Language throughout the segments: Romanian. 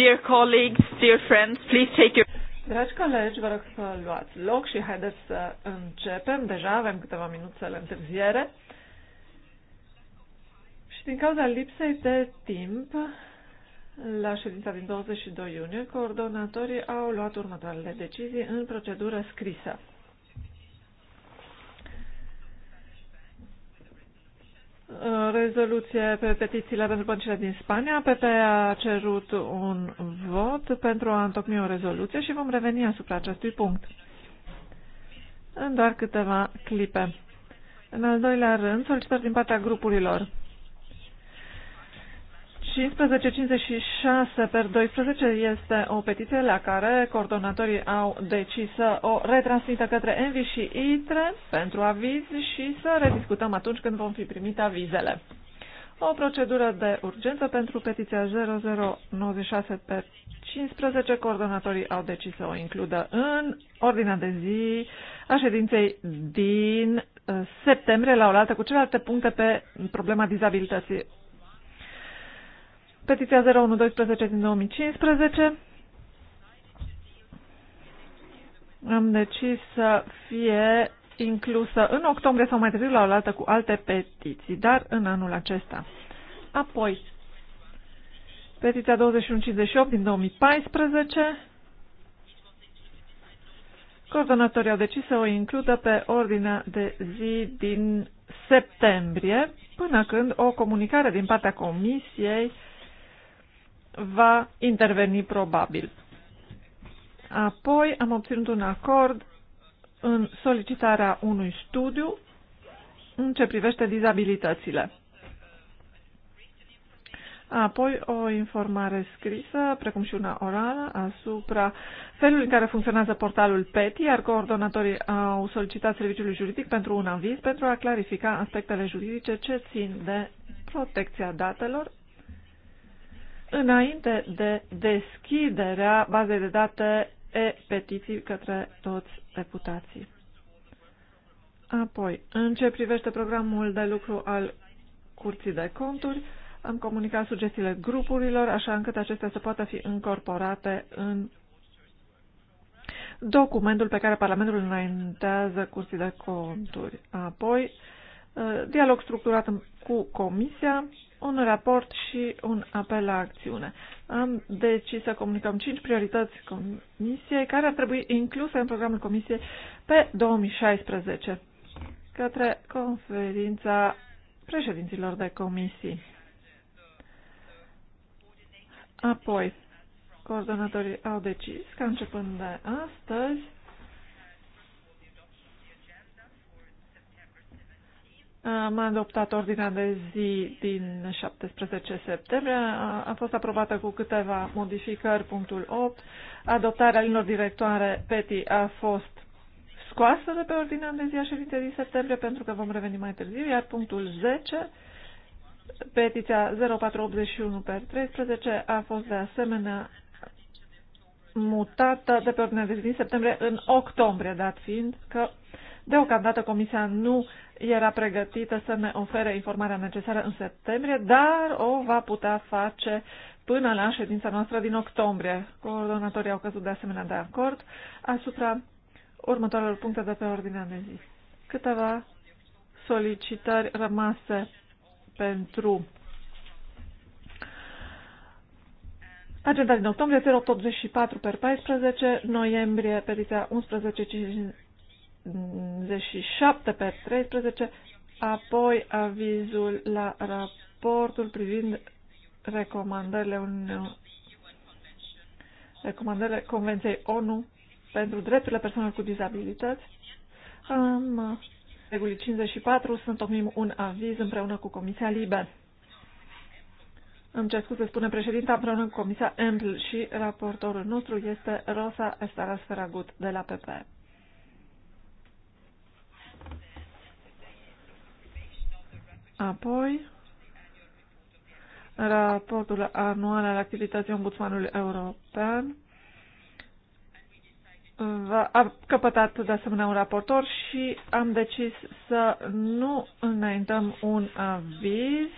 Dear colleagues, dear friends, please take your... Dragi colegi, vă rog să luați loc și haideți să începem. Deja avem câteva minuțele întârziere. Și din cauza lipsei de timp, la ședința din 22 iunie, coordonatorii au luat următoarele decizii în procedură scrisă. rezoluție pe petițiile pentru băncile din Spania. PP a cerut un vot pentru a întocmi o rezoluție și vom reveni asupra acestui punct în doar câteva clipe. În al doilea rând, solicitări din partea grupurilor. 1556 per 12 este o petiție la care coordonatorii au decis să o retransmită către Envi și ITRE pentru aviz și să rediscutăm atunci când vom fi primit avizele. O procedură de urgență pentru petiția 0096 per 15, coordonatorii au decis să o includă în ordinea de zi a ședinței din uh, septembrie la oaltă cu celelalte puncte pe problema dizabilității. Petiția 0112 din 2015. Am decis să fie inclusă în octombrie sau mai târziu la oaltă cu alte petiții, dar în anul acesta. Apoi, petiția 2158 din 2014. Coordonatorii au decis să o includă pe ordinea de zi din septembrie, până când o comunicare din partea Comisiei va interveni probabil. Apoi am obținut un acord în solicitarea unui studiu în ce privește dizabilitățile. Apoi o informare scrisă, precum și una orală, asupra felului în care funcționează portalul PETI, iar coordonatorii au solicitat serviciului juridic pentru un aviz pentru a clarifica aspectele juridice ce țin de protecția datelor înainte de deschiderea bazei de date e-petiții către toți deputații. Apoi, în ce privește programul de lucru al Curții de Conturi, am comunicat sugestiile grupurilor, așa încât acestea să poată fi incorporate în documentul pe care Parlamentul înaintează Curții de Conturi. Apoi, eh, dialog structurat cu Comisia, un raport și un apel la acțiune. Am decis să comunicăm cinci priorități Comisiei care ar trebui incluse în programul Comisiei pe 2016 către conferința președinților de comisii. Apoi, coordonatorii au decis că începând de astăzi Am adoptat ordinea de zi din 17 septembrie. A fost aprobată cu câteva modificări, punctul 8. Adoptarea linilor directoare PETI a fost scoasă de pe ordinea de zi a ședinței din septembrie pentru că vom reveni mai târziu, iar punctul 10, petiția 0481 per 13, a fost de asemenea mutată de pe ordinea de zi din septembrie în octombrie, dat fiind că uh, Deocamdată Comisia nu era pregătită să ne ofere informarea necesară în septembrie, dar o va putea face până la ședința noastră din octombrie. Coordonatorii au căzut de asemenea de acord asupra următoarelor puncte de pe ordinea de zi. Câteva solicitări rămase pentru agenda din octombrie 084 per 14, noiembrie petiția 1150 27 pe 13, apoi avizul la raportul privind recomandările, un, recomandările Convenției ONU pentru drepturile persoanelor cu dizabilități. Am regulii 54, sunt omim un aviz împreună cu Comisia Liber. Îmi cer scuze, spune președinta, împreună cu Comisia Empl și raportorul nostru este Rosa Estaras Feragut de la PP. Apoi, raportul anual al activității Ombudsmanului European a căpătat de asemenea un raportor și am decis să nu înaintăm un aviz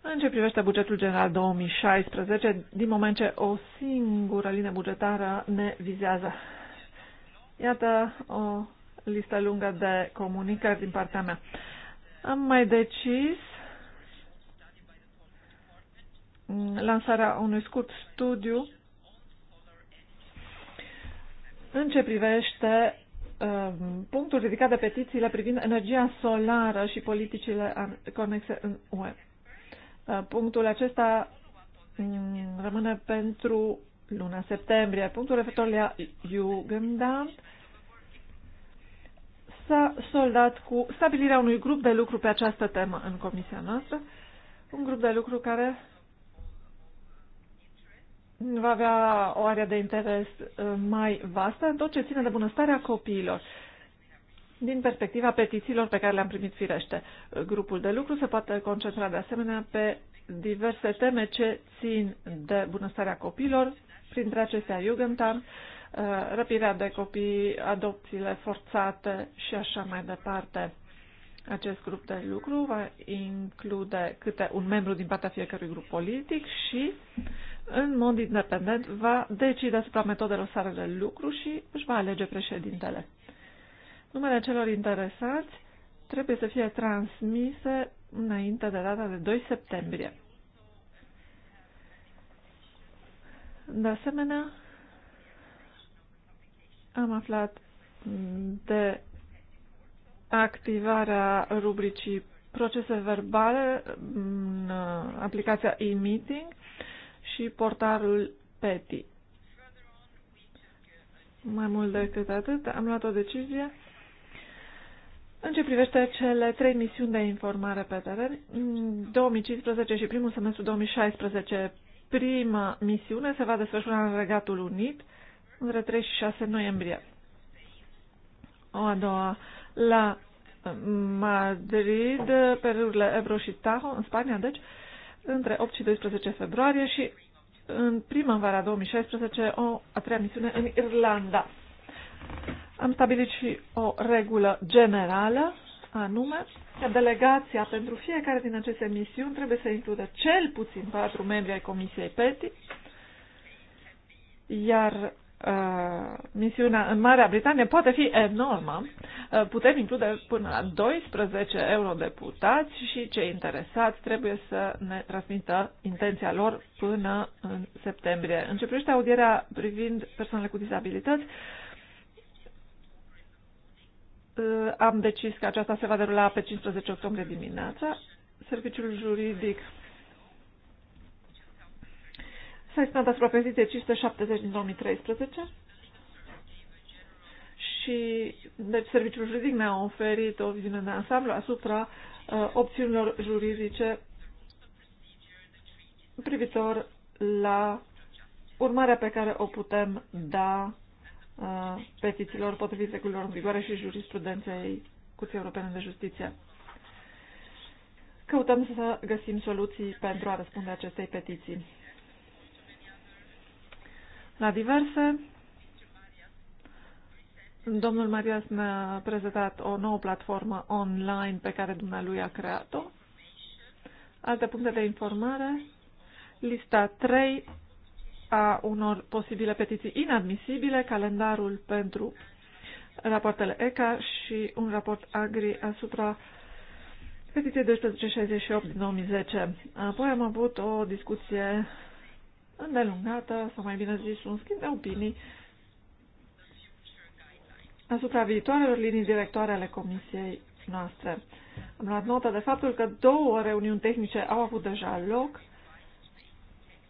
în ce privește bugetul general 2016, din moment ce o singură linie bugetară ne vizează. Iată o listă lungă de comunicări din partea mea. Am mai decis lansarea unui scurt studiu în ce privește um, punctul ridicat de petițiile privind energia solară și politicile conexe în UE. Uh, punctul acesta mm, rămâne pentru luna septembrie. Punctul referitor la Jugendamt s-a soldat cu stabilirea unui grup de lucru pe această temă în comisia noastră, un grup de lucru care va avea o area de interes uh, mai vastă în tot ce ține de bunăstarea copiilor. Din perspectiva petițiilor pe care le-am primit firește, uh, grupul de lucru se poate concentra de asemenea pe diverse teme ce țin de bunăstarea copiilor, printre acestea Jugendamt, Eh, răpirea de copii, adopțiile forțate și așa mai departe. Acest grup de lucru va include câte un membru din partea fiecărui grup politic și, în mod independent, va decide asupra metodelor sale de lucru și își va alege președintele. Numele celor interesați trebuie să fie transmise înainte de data de 2 septembrie. De asemenea, am aflat de activarea rubricii procese verbale în uh, aplicația e-meeting și portalul PETI. Mai mult decât atât, am luat o decizie în ce privește cele trei misiuni de informare pe teren, 2015 și primul semestru 2016, prima misiune se va desfășura în Regatul Unit între 3 și 6 noiembrie. O a doua, la mm, Madrid, pe râurile Ebro și Tahoe, în Spania, deci, între 8 și 12 februarie și în primăvara 2016 o a treia misiune în Irlanda. Am stabilit și o regulă generală, anume că delegația pentru fiecare din aceste misiuni trebuie să includă cel puțin patru membri ai Comisiei PETI, iar Uh, misiunea în Marea Britanie poate fi enormă. Uh, putem include până la 12 eurodeputați și cei interesați trebuie să ne transmită intenția lor până în septembrie. Începește audierea privind persoanele cu dizabilități, uh, am decis că aceasta se va derula pe 15 octombrie dimineața. Serviciul juridic S-a exprimat asupra petiției 570 din 2013 și deci serviciul juridic ne-a oferit o viziune de ansamblu asupra uh, opțiunilor juridice privitor la urmarea pe care o putem da uh, petițiilor potrivit regulilor în vigoare și jurisprudenței Curții Europene de Justiție. Căutăm să găsim soluții pentru a răspunde acestei petiții. La diverse, domnul Marias ne-a prezentat o nouă platformă online pe care dumnealui a creat-o. Alte puncte de informare, lista 3 a unor posibile petiții inadmisibile, calendarul pentru rapoartele ECA și un raport agri asupra petiției 268 din 2010. Apoi am avut o discuție îndelungată, sau mai bine zis, un schimb de opinii asupra viitoarelor linii directoare ale comisiei noastre. Am luat notă de faptul că două reuniuni tehnice au avut deja loc,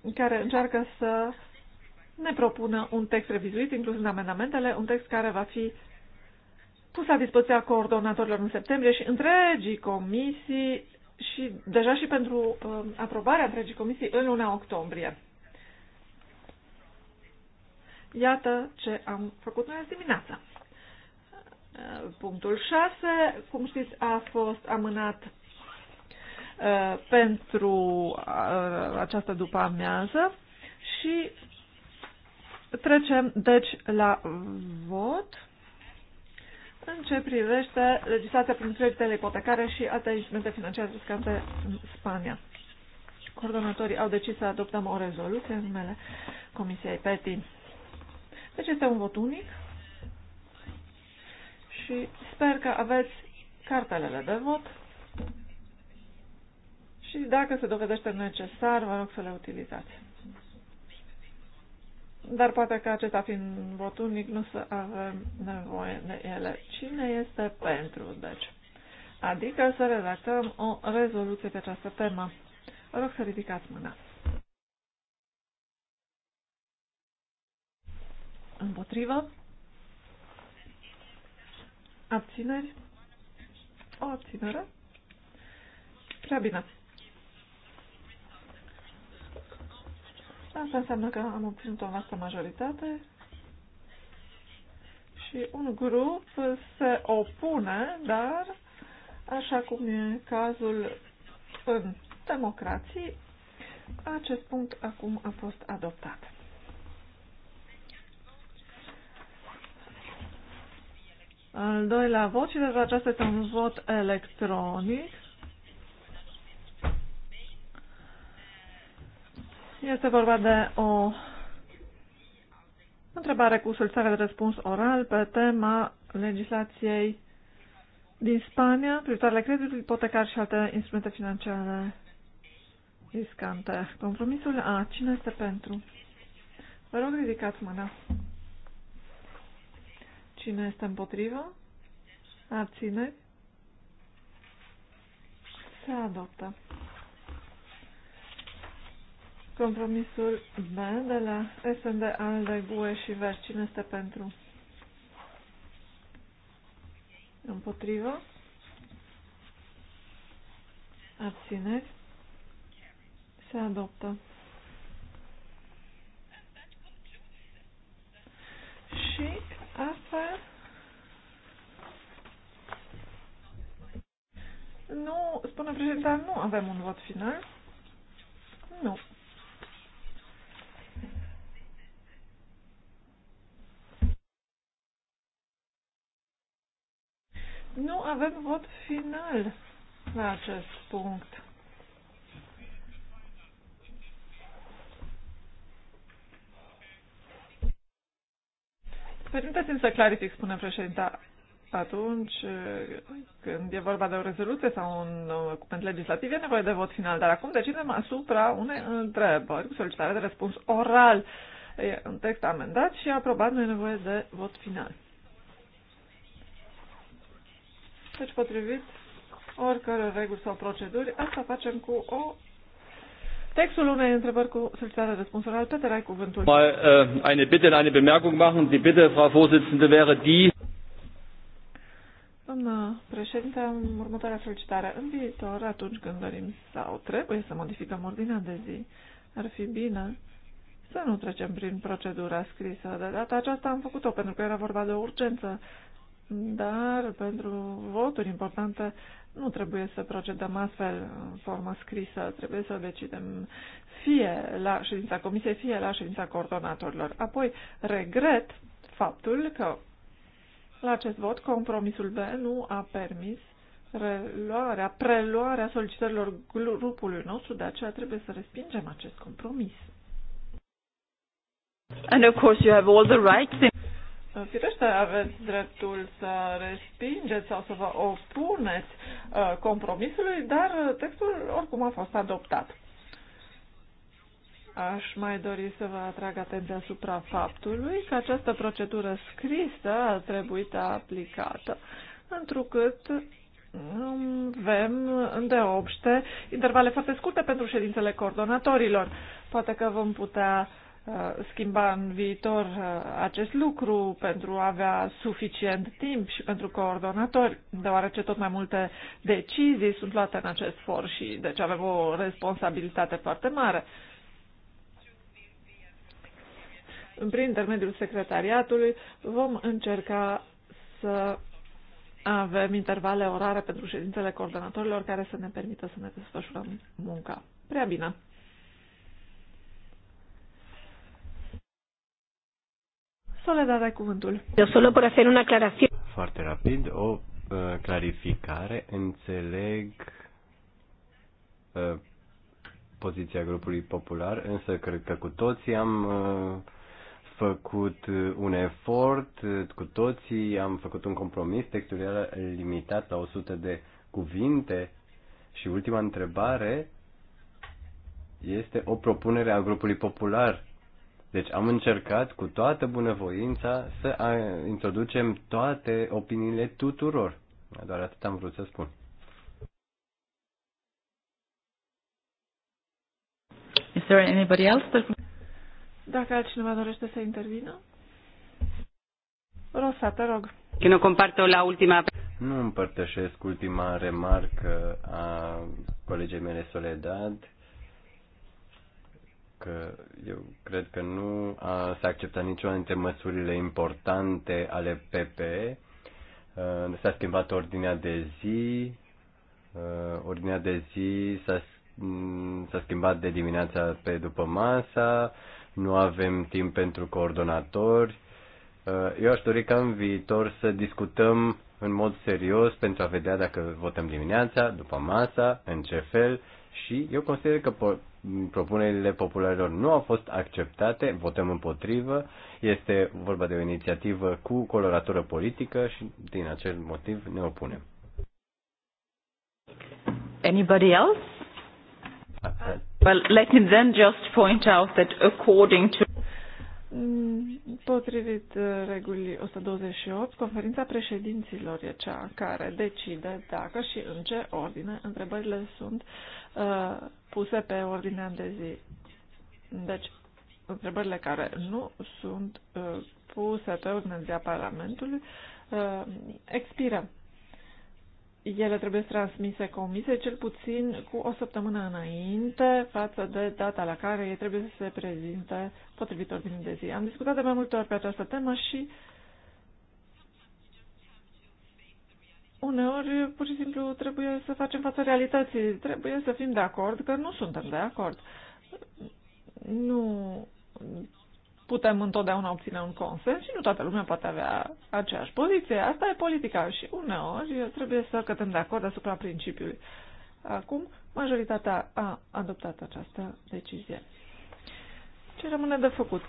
în care încearcă să ne propună un text revizuit, incluzând amendamentele, un text care va fi pus la dispoziția coordonatorilor în septembrie și întregii comisii și deja și pentru uh, aprobarea întregii comisii în luna octombrie. Iată ce am făcut noi azi dimineața. Punctul 6, cum știți, a fost amânat uh, pentru uh, această după amiază și trecem, deci, la vot în ce privește legislația prin creditele ipotecare și alte instrumente financiare riscante în Spania. Coordonatorii au decis să adoptăm o rezoluție în numele Comisiei Petin. Deci este un vot unic și sper că aveți cartelele de vot și dacă se dovedește necesar, vă rog să le utilizați. Dar poate că acesta fiind vot unic, nu să avem nevoie de ele. Cine este pentru, deci? Adică să redactăm o rezoluție pe această temă. Vă rog să ridicați mâna. Împotrivă. Abțineri. O abținere. Prea bine. Asta înseamnă că am obținut o vastă majoritate și un grup se opune, dar așa cum e cazul în democrații, acest punct acum a fost adoptat. Al doilea vot și de aceasta este un vot electronic. Este vorba de o întrebare cu solicitare de răspuns oral pe tema legislației din Spania privitoare la creditul ipotecar și alte instrumente financiare riscante. Compromisul A. Cine este pentru? Vă rog, ridicați mâna. Cine este împotrivă? Abține. Se adoptă. Compromisul B de la SND ALDE, GUE și VER. Cine este pentru? Împotrivă? Abțineri? Se adoptă. Și asta nu, spune președinte, nu avem un vot final. Nu. Nu avem vot final la acest punct. Permiteți-mi să clarific, spune președinta, atunci când e vorba de o rezoluție sau un document legislativ, e nevoie de vot final, dar acum decidem asupra unei întrebări cu solicitare de răspuns oral. E un text amendat și aprobat, nu e nevoie de vot final. Deci, potrivit oricărei reguli sau proceduri, asta facem cu o Textul unei întrebări cu solicitare răspunsul al Peter, ai cuvântul. Mai uh, eh, eine Bitte eine Bemerkung machen. Die Bitte, Frau Vorsitzende, wäre die. Doamnă președinte, am următoarea solicitare. În viitor, atunci când dorim sau trebuie să modificăm ordinea de zi, ar fi bine să nu trecem prin procedura scrisă. De data aceasta am făcut-o pentru că era vorba de o urgență, dar pentru voturi importante nu trebuie să procedăm astfel în formă scrisă, trebuie să decidem fie la ședința comisiei, fie la ședința coordonatorilor. Apoi regret faptul că la acest vot compromisul B nu a permis reluarea, preluarea solicitărilor grupului nostru, de aceea trebuie să respingem acest compromis. And of course you have all the rights. Firește, aveți dreptul să respingeți sau să vă opuneți uh, compromisului, dar uh, textul oricum a fost adoptat. Aș mai dori să vă atrag atenția asupra faptului că această procedură scrisă a trebuit aplicată, întrucât mm, avem îndeopște intervale foarte scurte pentru ședințele coordonatorilor. Poate că vom putea uh, Uh, schimba în viitor uh, acest lucru pentru a avea suficient timp și pentru coordonatori, deoarece tot mai multe decizii sunt luate în acest for și deci avem o responsabilitate foarte mare. Prin intermediul secretariatului vom încerca să avem intervale orare pentru ședințele coordonatorilor care să ne permită să ne desfășurăm munca. Prea bine! Soledad, ai cuvântul. Eu solo por hacer una aclaración. Foarte rapid, o uh, clarificare. Înțeleg uh, poziția grupului popular, însă cred că cu toții am uh, făcut un efort, uh, cu toții am făcut un compromis, textul era limitat la 100 de cuvinte și ultima întrebare este o propunere a grupului popular deci am încercat cu toată bunăvoința să introducem toate opiniile tuturor. Doar atât am vrut să spun. Is there anybody else that... Dacă altcineva dorește să intervină? Rosa, te rog. Că nu compartă la ultima... Nu împărtășesc ultima remarcă a colegei mele Soledad că eu cred că nu a, s-a acceptat niciuna dintre măsurile importante ale PPE. Uh, s-a schimbat ordinea de zi. Uh, ordinea de zi s-a, mm, s-a schimbat de dimineața pe după masa. Nu avem timp pentru coordonatori. Uh, eu aș dori ca în viitor să discutăm în mod serios pentru a vedea dacă votăm dimineața, după masa, în ce fel și eu consider că propunerile popularilor nu au fost acceptate, votăm împotrivă, este vorba de o inițiativă cu coloratură politică și din acel motiv ne opunem. Anybody else? Well, let me then just point out that according to Potrivit uh, regulii 128, conferința președinților e cea care decide dacă și în ce ordine întrebările sunt uh, puse pe ordinea de zi. Deci, întrebările care nu sunt uh, puse pe ordinea de zi a Parlamentului uh, expiră ele trebuie transmise comise cel puțin cu o săptămână înainte față de data la care ei trebuie să se prezinte potrivit ordinii de zi. Am discutat de mai multe ori pe această temă și uneori pur și simplu trebuie să facem față realității, trebuie să fim de acord că nu suntem de acord. Nu putem întotdeauna obține un consens și nu toată lumea poate avea aceeași poziție. Asta e politica și uneori trebuie să cătăm de acord asupra principiului. Acum, majoritatea a adoptat această decizie. Ce rămâne de făcut?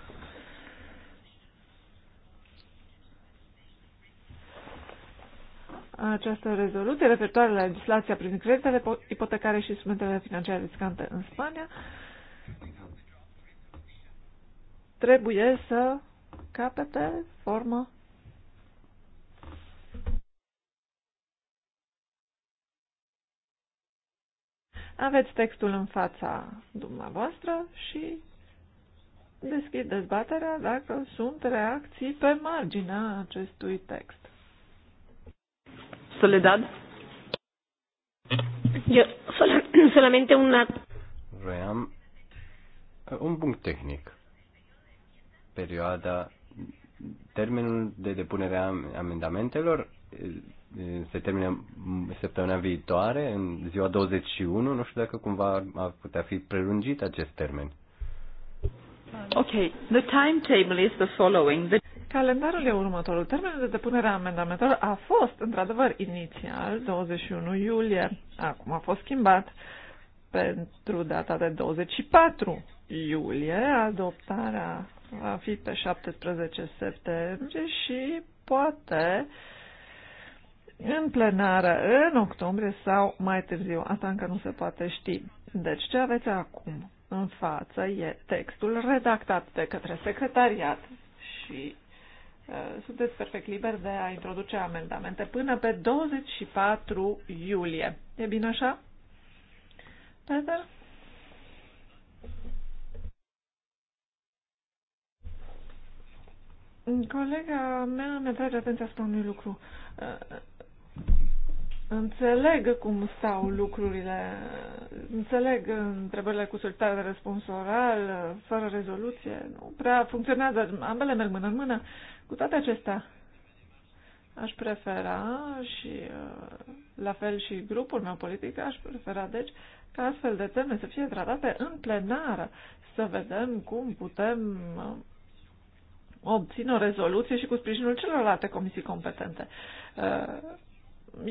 Această rezoluție referitoare la legislația privind creditele ipotecare și instrumentele financiare riscante în Spania trebuie să capete formă Aveți textul în fața dumneavoastră și deschid dezbaterea dacă sunt reacții pe marginea acestui text. Soledad? Eu sol solamente una... Vreau un punct tehnic perioada termenul de depunere a amendamentelor eh, eh, se termină săptămâna viitoare, în ziua 21, nu știu dacă cumva ar putea fi prelungit acest termen. Okay, the timetable is the following. The... Calendarul e următorul. Termenul de depunere a amendamentelor a fost, într-adevăr, inițial 21 iulie. Acum a fost schimbat pentru data de 24 iulie, adoptarea va fi pe 17 septembrie și poate în plenară în octombrie sau mai târziu. Asta încă nu se poate ști. Deci ce aveți acum în față e textul redactat de către secretariat și uh, sunteți perfect liber de a introduce amendamente până pe 24 iulie. E bine așa? Peter? Colega mea mi-a trage atenția asupra unui lucru. Uh, înțeleg cum stau lucrurile, înțeleg întrebările cu solicitare de răspuns oral, fără rezoluție, nu prea funcționează, ambele merg mână în mână. Cu toate acestea, aș prefera și uh, la fel și grupul meu politic aș prefera, deci, ca astfel de teme să fie tratate în plenară, să vedem cum putem uh, obțin o rezoluție și cu sprijinul celorlalte comisii competente. Uh,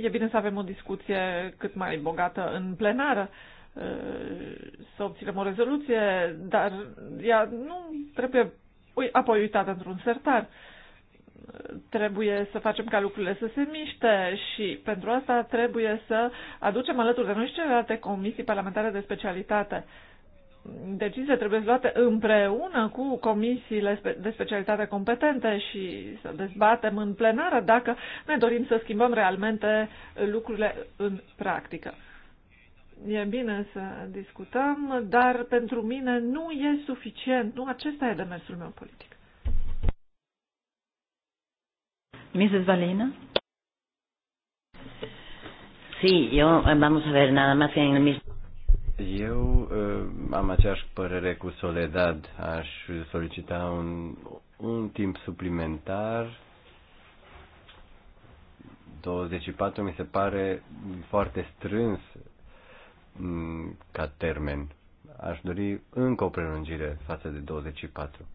e bine să avem o discuție cât mai bogată în plenară, uh, să obținem o rezoluție, dar ea nu trebuie apoi uitată într-un sertar. Trebuie să facem ca lucrurile să se miște și pentru asta trebuie să aducem alături de noi și celelalte comisii parlamentare de specialitate. Uh, decizie trebuie luate împreună cu comisiile de specialitate competente și să dezbatem în plenară dacă ne dorim să schimbăm realmente lucrurile în practică. E bine să discutăm, dar pentru mine nu e suficient, nu acesta e demersul meu politic. Mrs. Valina? Sí, yo, vamos a ver, nada más en el mismo. Eu uh, am aceeași părere cu Soledad. Aș solicita un, un timp suplimentar. 24 mi se pare foarte strâns mm, ca termen. Aș dori încă o prelungire față de 24.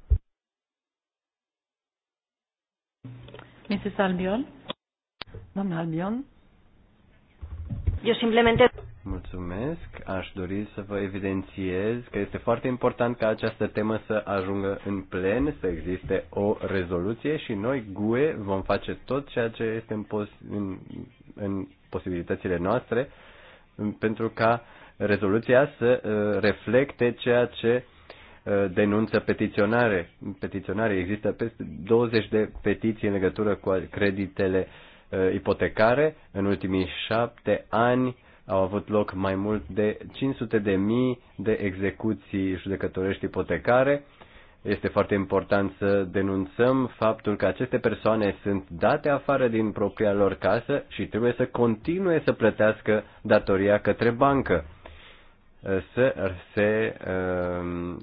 Mrs. Albion? Doamna Albion? Eu simplemente Mulțumesc. Aș dori să vă evidențiez că este foarte important ca această temă să ajungă în plen, să existe o rezoluție și noi, GUE, vom face tot ceea ce este în, pos- în, în posibilitățile noastre pentru ca rezoluția să uh, reflecte ceea ce uh, denunță petiționare. petiționare. Există peste 20 de petiții în legătură cu creditele uh, ipotecare. În ultimii șapte ani au avut loc mai mult de 500 de mii de execuții judecătorești ipotecare. Este foarte important să denunțăm faptul că aceste persoane sunt date afară din propria lor casă și trebuie să continue să plătească datoria către bancă. Să se um, uh,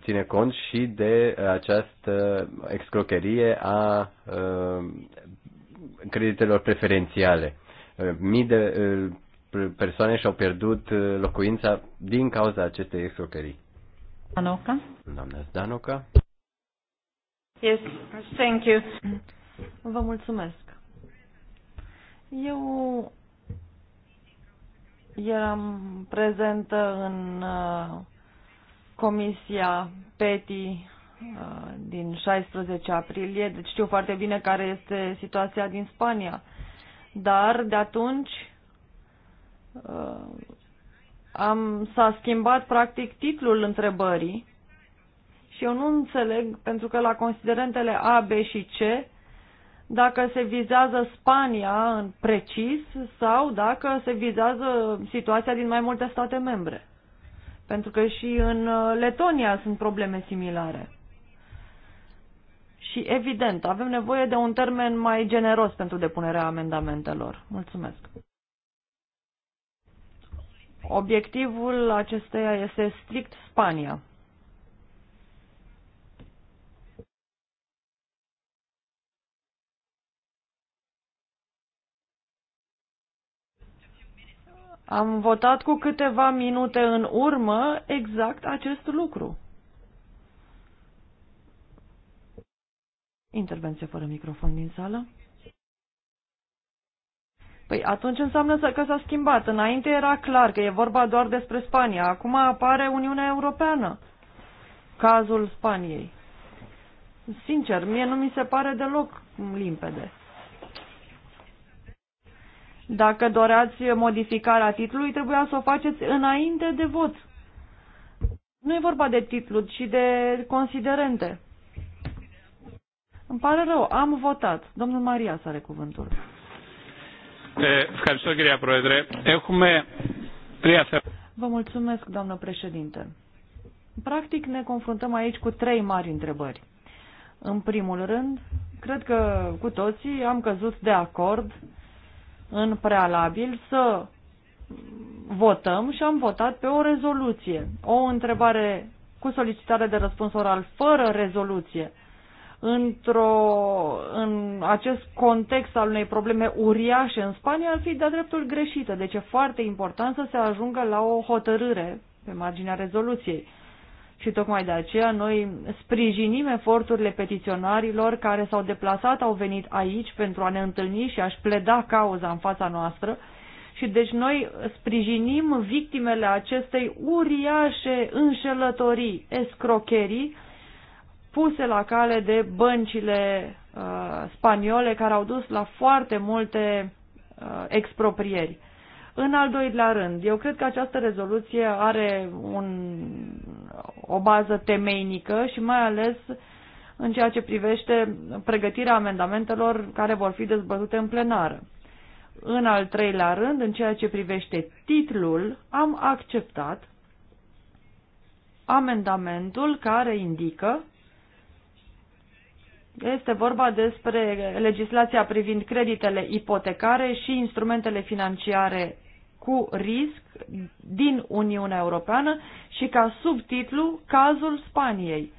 ține cont și de această excrocherie a um, creditelor preferențiale uh, mii de uh, persoane și-au pierdut uh, locuința din cauza acestei exocării. Danoca. Doamna Danoca. Yes, thank you. Vă mulțumesc. Eu eram prezentă în uh, Comisia PETI uh, din 16 aprilie, deci știu foarte bine care este situația din Spania. Dar de atunci Uh, am, s-a schimbat practic titlul întrebării și eu nu înțeleg, pentru că la considerentele A, B și C, dacă se vizează Spania în precis sau dacă se vizează situația din mai multe state membre. Pentru că și în uh, Letonia sunt probleme similare. Și evident, avem nevoie de un termen mai generos pentru depunerea amendamentelor. Mulțumesc. Obiectivul acesteia este strict Spania. Am votat cu câteva minute în urmă exact acest lucru. Intervenție fără microfon din sală. Păi atunci înseamnă că s-a schimbat. Înainte era clar că e vorba doar despre Spania. Acum apare Uniunea Europeană. Cazul Spaniei. Sincer, mie nu mi se pare deloc limpede. Dacă doreați modificarea titlului, trebuia să o faceți înainte de vot. Nu e vorba de titlu, ci de considerente. Îmi pare rău, am votat. Domnul Maria să are cuvântul. Eh, Ευχαριστώ κυρία Πρόεδρε. Έχουμε τρία θέματα. Vă mulțumesc, doamnă președinte. Practic ne confruntăm aici cu trei mari întrebări. În primul rând, cred că cu toții am căzut de acord în prealabil să votăm și am votat pe o rezoluție. O întrebare cu solicitare de răspuns oral fără rezoluție într-o, în acest context al unei probleme uriașe în Spania ar fi de-a dreptul greșită. Deci e foarte important să se ajungă la o hotărâre pe marginea rezoluției. Și tocmai de aceea noi sprijinim eforturile petiționarilor care s-au deplasat, au venit aici pentru a ne întâlni și a-și pleda cauza în fața noastră. Și deci noi sprijinim victimele acestei uriașe înșelătorii, escrocherii, puse la cale de băncile uh, spaniole care au dus la foarte multe uh, exproprieri. În al doilea rând, eu cred că această rezoluție are un, o bază temeinică și mai ales în ceea ce privește pregătirea amendamentelor care vor fi dezbătute în plenară. În al treilea rând, în ceea ce privește titlul, am acceptat amendamentul care indică este vorba despre legislația privind creditele ipotecare și instrumentele financiare cu risc din Uniunea Europeană și ca subtitlu Cazul Spaniei.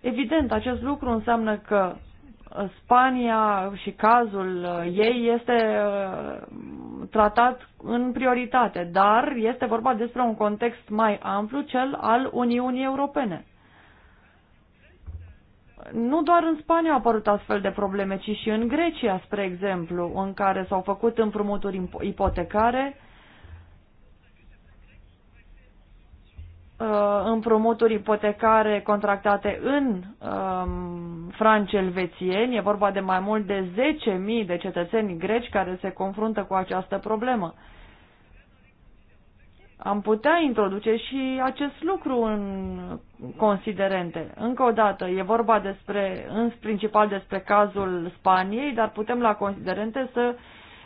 Evident, acest lucru înseamnă că uh, Spania și cazul uh, ei este uh, tratat în prioritate, dar este vorba despre un context mai amplu, cel al Uniunii Europene. Nu doar în Spania au apărut astfel de probleme, ci și în Grecia, spre exemplu, în care s-au făcut împrumuturi ipotecare, uh, împrumuturi ipotecare contractate în um, franci elvețieni. E vorba de mai mult de 10.000 de cetățeni greci care se confruntă cu această problemă am putea introduce și acest lucru în considerente. Încă o dată, e vorba despre, în principal despre cazul Spaniei, dar putem la considerente să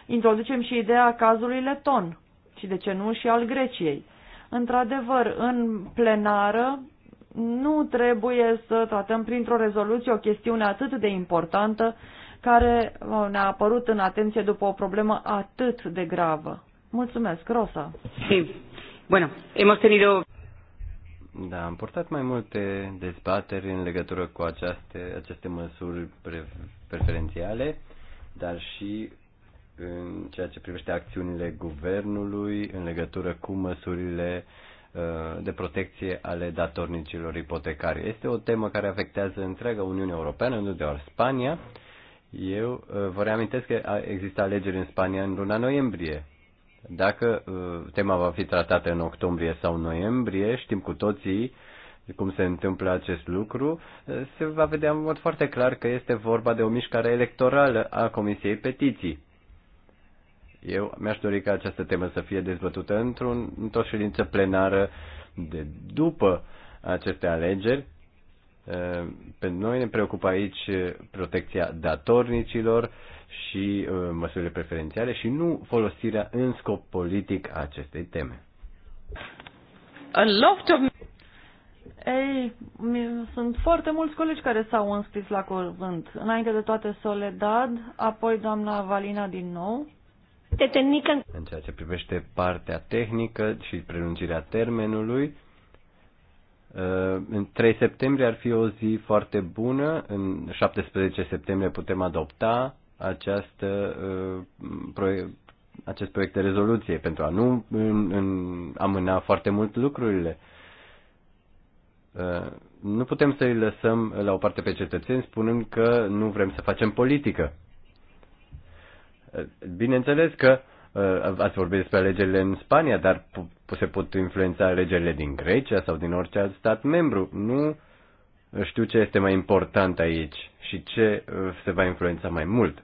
introducem și ideea cazului leton și de ce nu și al Greciei. Într-adevăr, în plenară nu trebuie să tratăm printr-o rezoluție o chestiune atât de importantă care uh, ne-a apărut în atenție după o problemă atât de gravă. Mulțumesc, Rosa. Sim. Bueno, hemos tenido... Da, am portat mai multe dezbateri în legătură cu aceste, aceste măsuri pre, preferențiale, dar și în ceea ce privește acțiunile guvernului în legătură cu măsurile uh, de protecție ale datornicilor ipotecari. Este o temă care afectează întreaga Uniune Europeană, nu doar Spania. Eu uh, vă reamintesc că există alegeri în Spania în luna noiembrie dacă uh, tema va fi tratată în octombrie sau noiembrie, știm cu toții cum se întâmplă acest lucru, uh, se va vedea în mod foarte clar că este vorba de o mișcare electorală a Comisiei Petiții. Eu mi-aș dori ca această temă să fie dezbătută într o într-o ședință plenară de după aceste alegeri. Uh, pe noi ne preocupă aici protecția datornicilor, și uh, măsurile preferențiale și nu folosirea în scop politic a acestei teme. A lot of... Ei, sunt foarte mulți colegi care s-au înscris la cuvânt. Înainte de toate Soledad, apoi doamna Valina din nou. De tehnică. În ceea ce privește partea tehnică și prelungirea termenului, uh, în 3 septembrie ar fi o zi foarte bună, în 17 septembrie putem adopta această, uh, acest proiect de rezoluție, pentru a nu amâna foarte mult lucrurile. Uh, nu putem să îi lăsăm la o parte pe cetățeni spunând că nu vrem să facem politică. Uh, bineînțeles că ați vorbit despre alegerile în Spania, dar se pot influența alegerile din Grecia sau din orice alt stat membru. Nu știu ce este mai important aici și ce uh, se va influența mai mult.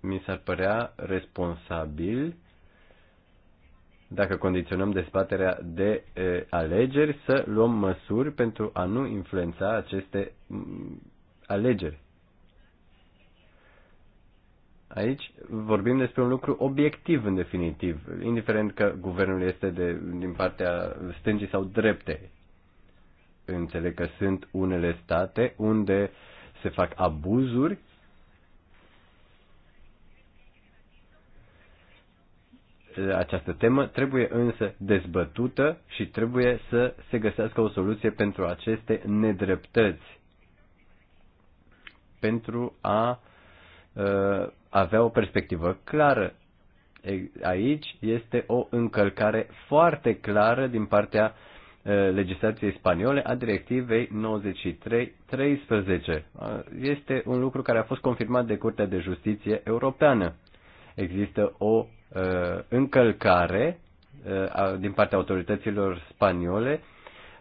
Mi s-ar părea responsabil dacă condiționăm dezbaterea de e, uh, alegeri, să luăm măsuri pentru a nu influența aceste mm, alegeri. Aici vorbim despre un lucru obiectiv în definitiv, indiferent că guvernul este de, din partea stângii sau drepte. Înțeleg că sunt unele state unde se fac abuzuri această temă trebuie însă dezbătută și trebuie să se găsească o soluție pentru aceste nedreptăți, pentru a uh, avea o perspectivă clară. Aici este o încălcare foarte clară din partea legislației spaniole a directivei 93-13. Este un lucru care a fost confirmat de Curtea de Justiție Europeană. Există o încălcare din partea autorităților spaniole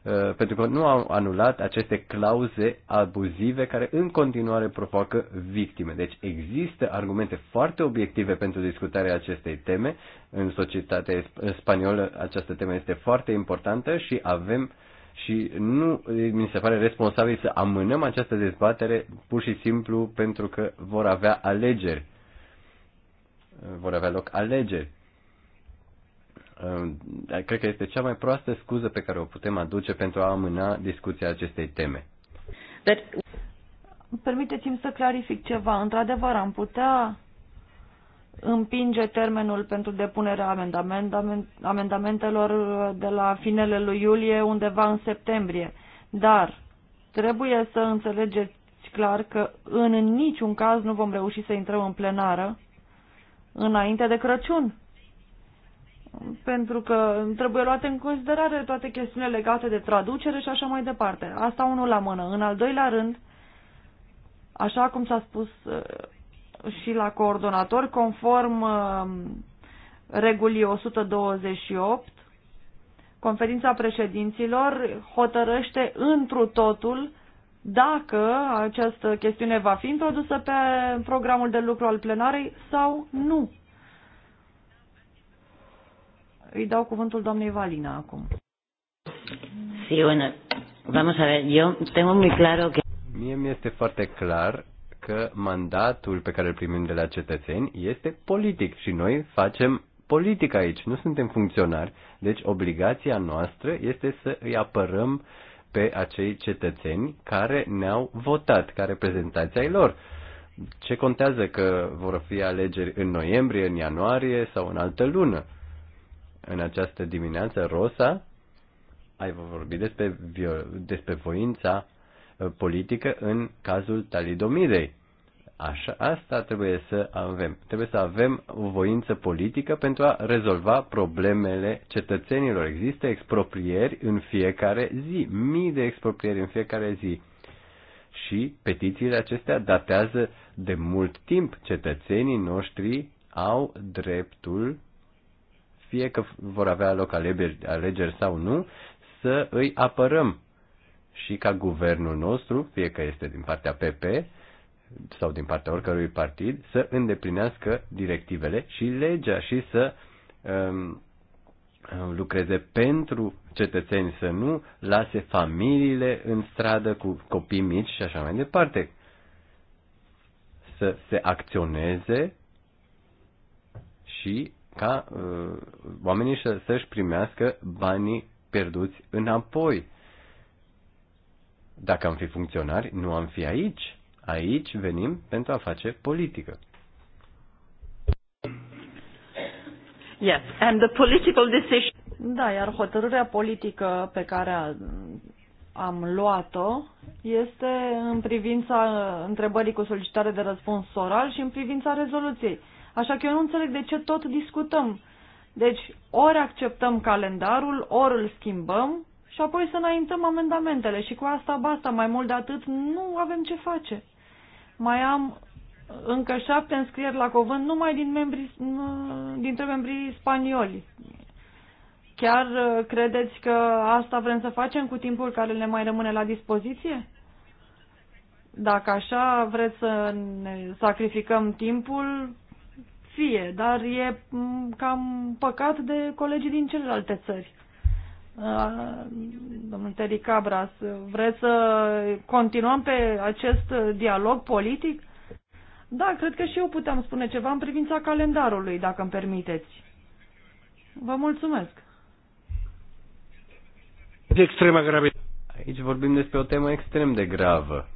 Uh, pentru că nu au anulat aceste clauze abuzive care în continuare provoacă victime. Deci există argumente foarte obiective pentru discutarea acestei teme. În societatea spaniolă această temă este foarte importantă și avem și nu mi se pare responsabil să amânăm această dezbatere pur și simplu pentru că vor avea alegeri. Vor avea loc alegeri cred că este cea mai proastă scuză pe care o putem aduce pentru a amâna discuția acestei teme. But... Permiteți-mi să clarific ceva. Într-adevăr, am putea împinge termenul pentru depunerea amendament, amendamentelor de la finele lui iulie undeva în septembrie. Dar trebuie să înțelegeți clar că în niciun caz nu vom reuși să intrăm în plenară înainte de Crăciun pentru că trebuie luate în considerare toate chestiunile legate de traducere și așa mai departe. Asta unul la mână. În al doilea rând, așa cum s-a spus uh, și la coordonator, conform uh, regulii 128, conferința președinților hotărăște întru totul dacă această chestiune va fi introdusă pe programul de lucru al plenarei sau nu. Îi dau cuvântul doamnei Valina acum. Sí, bueno, vamos a ver, yo tengo muy claro que... Mie mi este foarte clar că mandatul pe care îl primim de la cetățeni este politic și noi facem politică aici, nu suntem funcționari, deci obligația noastră este să îi apărăm pe acei cetățeni care ne-au votat, ca reprezentanții ai lor. Ce contează că vor fi alegeri în noiembrie, în ianuarie sau în altă lună? în această dimineață, Rosa, ai vorbit despre, despre voința uh, politică în cazul talidomidei. Așa, asta trebuie să avem. Trebuie să avem o voință politică pentru a rezolva problemele cetățenilor. Există exproprieri în fiecare zi, mii de exproprieri în fiecare zi. Și petițiile acestea datează de mult timp. Cetățenii noștri au dreptul fie că vor avea loc alegeri, alegeri sau nu, să îi apărăm și ca guvernul nostru, fie că este din partea PP sau din partea oricărui partid, să îndeplinească directivele și legea și să um, lucreze pentru cetățeni, să nu lase familiile în stradă cu copii mici și așa mai departe. Să se acționeze și ca uh, oamenii să-și primească banii pierduți înapoi. Dacă am fi funcționari, nu am fi aici. Aici venim pentru a face politică. Yes, and the political decision. Da, iar hotărârea politică pe care am luat-o este în privința uh, întrebării cu solicitare de răspuns oral și în privința rezoluției. Așa că eu nu înțeleg de ce tot discutăm. Deci, ori acceptăm calendarul, ori îl schimbăm și apoi să înaintăm amendamentele și cu asta basta, mai mult de atât nu avem ce face. Mai am uh, încă șapte înscrieri la cuvânt numai din membrii, uh, dintre membrii spanioli. Chiar uh, credeți că asta vrem să facem cu timpul care ne mai rămâne la dispoziție? Dacă așa vreți să ne sacrificăm timpul, fie, dar e cam păcat de colegii din celelalte țări. Domnul Teri Cabras, vreți să continuăm pe acest dialog politic? Da, cred că și eu puteam spune ceva în privința calendarului, dacă îmi permiteți. Vă mulțumesc. De extremă grave. Aici vorbim despre o temă extrem de gravă.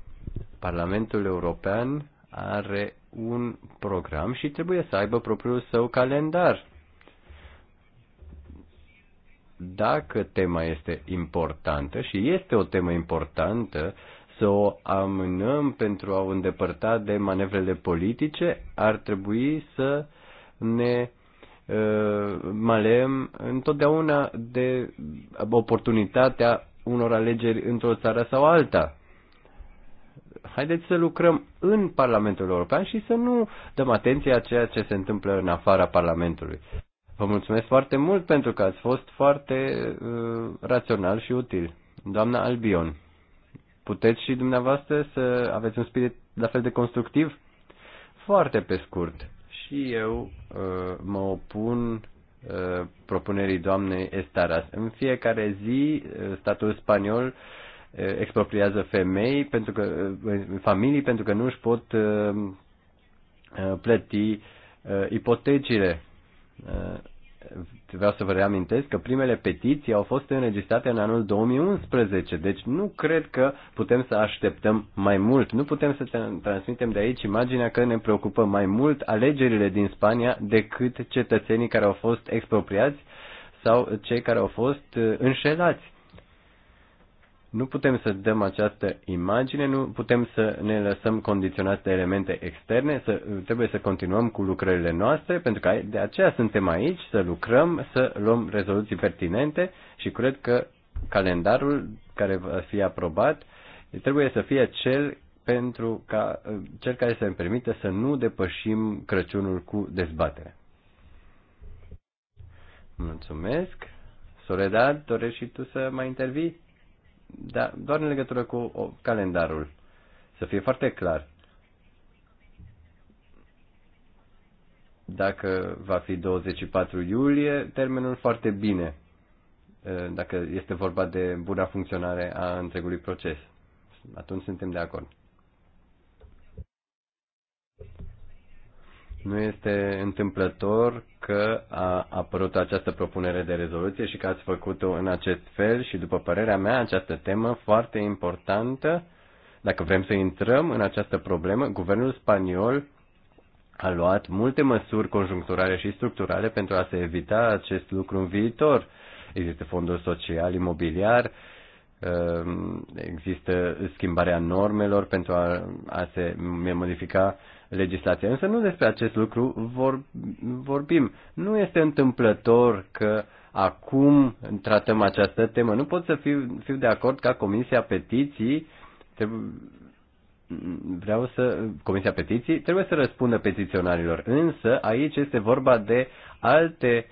Parlamentul European are un program și trebuie să aibă propriul său calendar. Dacă tema este importantă și este o temă importantă, să o amânăm pentru a o îndepărta de manevrele politice, ar trebui să ne uh, malem întotdeauna de oportunitatea unor alegeri într-o țară sau alta haideți să lucrăm în Parlamentul European și să nu dăm atenție a ceea ce se întâmplă în afara Parlamentului. Vă mulțumesc foarte mult pentru că ați fost foarte uh, rațional și util. Doamna Albion, puteți și dumneavoastră să aveți un spirit la fel de constructiv? Foarte pe scurt. Și eu uh, mă opun uh, propunerii doamnei Estaras. În fiecare zi, uh, statul spaniol uh, expropriază femei pentru că, familii pentru că nu își pot plăti ipotecile. Vreau să vă reamintesc că primele petiții au fost înregistrate în anul 2011, deci nu cred că putem să așteptăm mai mult. Nu putem să transmitem de aici imaginea că ne preocupă mai mult alegerile din Spania decât cetățenii care au fost expropriați sau cei care au fost înșelați nu putem să dăm această imagine, nu putem să ne lăsăm condiționați de elemente externe, să, trebuie să continuăm cu lucrările noastre, pentru că de aceea suntem aici, să lucrăm, să luăm rezoluții pertinente și cred că calendarul care va fi aprobat trebuie să fie cel pentru ca, cel care să ne permite să nu depășim Crăciunul cu dezbatere. Mulțumesc. Soledad, dorești și tu să mai intervii? dar doar în legătură cu calendarul. Să fie foarte clar. Dacă va fi 24 iulie, termenul foarte bine, dacă este vorba de buna funcționare a întregului proces. Atunci suntem de acord. Nu este întâmplător că a apărut această propunere de rezoluție și că ați făcut-o în acest fel și, după părerea mea, această temă foarte importantă, dacă vrem să intrăm în această problemă, guvernul spaniol a luat multe măsuri conjuncturale și structurale pentru a se evita acest lucru în viitor. Există fondul social, imobiliar, ehm, există schimbarea normelor pentru a, a se modifica legislație. Însă nu despre acest lucru vor, vorbim. Nu este întâmplător că acum tratăm această temă. Nu pot să fiu, fiu de acord ca Comisia Petiții trebuie, vreau să, Comisia Petiții trebuie să răspundă petiționarilor. Însă aici este vorba de alte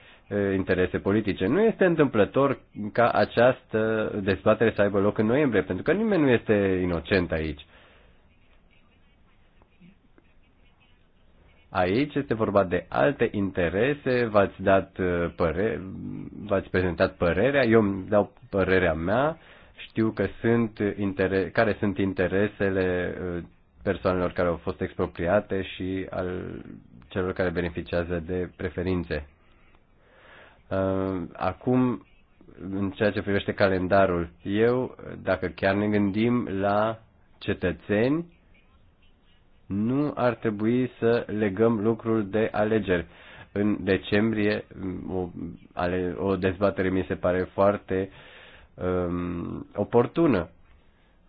interese politice. Nu este întâmplător ca această dezbatere să aibă loc în noiembrie, pentru că nimeni nu este inocent aici. Aici este vorba de alte interese, v-ați, dat uh, păre- v-ați prezentat părerea, eu îmi dau părerea mea, știu că sunt inter- care sunt interesele uh, persoanelor care au fost expropriate și al celor care beneficiază de preferințe. Uh, acum, în ceea ce privește calendarul, eu, dacă chiar ne gândim la cetățeni, nu ar trebui să legăm lucrul de alegeri. În decembrie, mm, o, ale, o dezbatere mi se pare foarte um, oportună.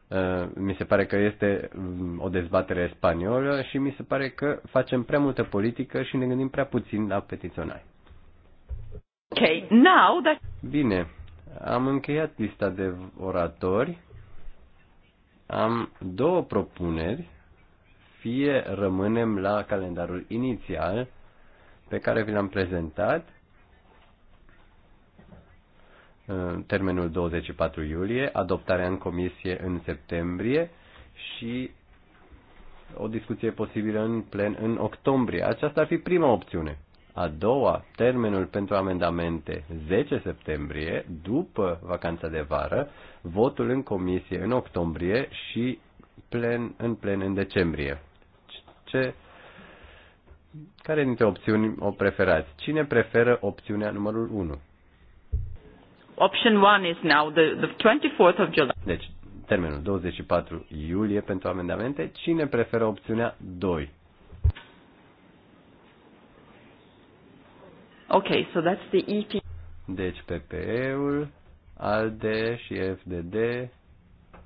Uh, mi se pare că este um, o dezbatere spaniolă și mi se pare că facem prea multă politică și ne gândim prea puțin la petiționari. Okay, now that... Bine, am încheiat lista de oratori. Am două propuneri fie rămânem la calendarul inițial pe care vi l-am prezentat, uh, termenul 24 iulie, adoptarea în comisie în septembrie și o discuție posibilă în plen în octombrie. Aceasta ar fi prima opțiune. A doua, termenul pentru amendamente 10 septembrie, după vacanța de vară, votul în comisie în octombrie și plen, în plen în decembrie ce, care dintre opțiuni o preferați? Cine preferă opțiunea numărul 1? Option 1 is now the, the 24th of July. Deci, termenul 24 iulie pentru amendamente. Cine preferă opțiunea 2? Okay, so that's the EP. Deci PPE-ul, ALDE și FDD,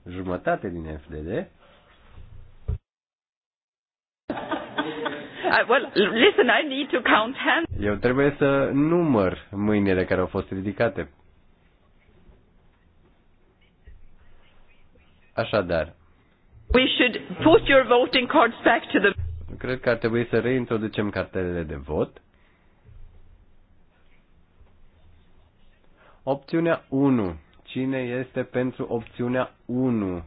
jumătate din FDD. I, well, listen, I need to count hands. Eu trebuie să număr mâinile care au fost ridicate. Așadar. We should put your voting cards back to the Cred că ar trebui să reintroducem cartelele de vot. Opțiunea 1. Cine este pentru opțiunea 1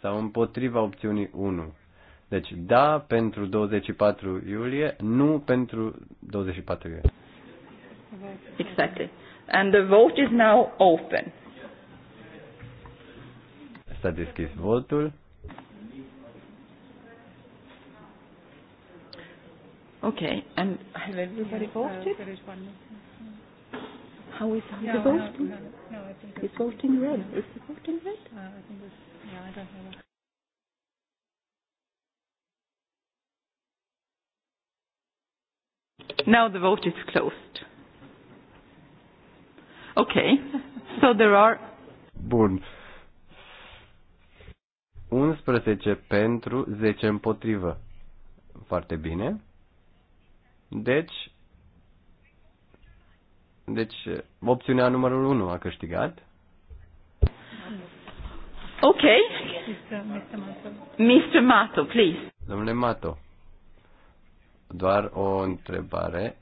sau împotriva opțiunii 1? Deci da pentru 24 iulie, nu pentru 24 iulie. Exactly. And the vote is now open. S-a deschis votul. Okay, and have everybody voted? How is yeah, the voting? No, no, no, no, I think it's, it's voting red. Is the voting red? Uh, I think it's, yeah, I don't know. Now the vote is closed. Okay. So there are... Bun. 11 pentru, 10 împotrivă. Foarte bine. Deci, deci opțiunea numărul 1 a câștigat. Ok. Mr. Mato, please. Domnule Mato doar o întrebare.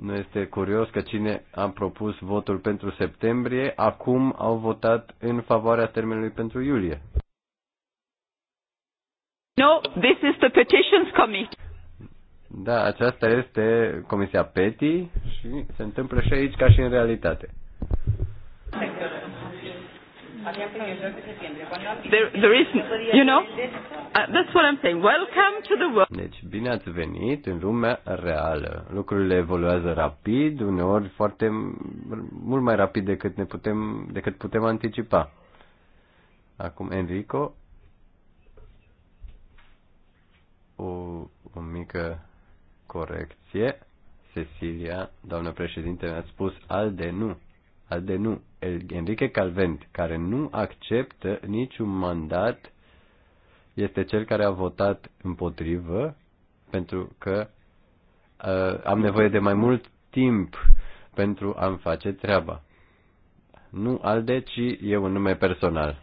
Nu este curios că cine a propus votul pentru septembrie, acum au votat în favoarea termenului pentru iulie. No, this is the petitions committee. Da, aceasta este Comisia PETI și se întâmplă și aici ca și în realitate. Thank you. There, there is, you know, uh, that's what I'm saying. Welcome to the world. Deci, bine ați venit în lumea reală. Lucrurile evoluează rapid, uneori foarte mult mai rapid decât ne putem decât putem anticipa. Acum Enrico o, o mică corecție. Cecilia, doamnă președinte, mi-a spus al de nu. Al de nu. Enrique Calvent, care nu acceptă niciun mandat, este cel care a votat împotrivă, pentru că uh, am nevoie de mai mult timp pentru a-mi face treaba. Nu al de ci eu un nume personal.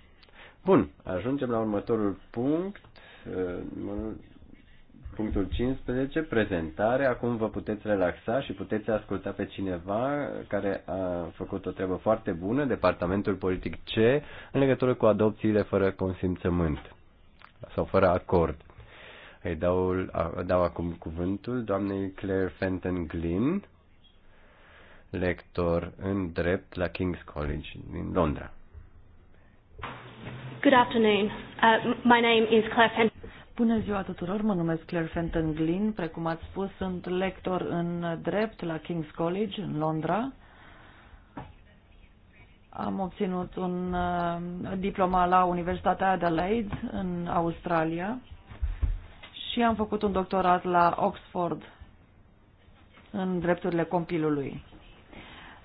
Bun, ajungem la următorul punct, uh, Punctul 15, prezentare. Acum vă puteți relaxa și puteți asculta pe cineva care a făcut o treabă foarte bună, Departamentul Politic C, în legătură cu adopțiile fără consimțământ sau fără acord. Îi dau, dau acum cuvântul doamnei Claire Fenton Glynn, lector în drept la King's College din Londra. Good afternoon. Uh, my name is Claire Fenton. Bună ziua tuturor, mă numesc Claire Fenton Glynn, precum ați spus, sunt lector în drept la King's College în Londra. Am obținut un uh, diploma la Universitatea Adelaide în Australia și am făcut un doctorat la Oxford în drepturile compilului.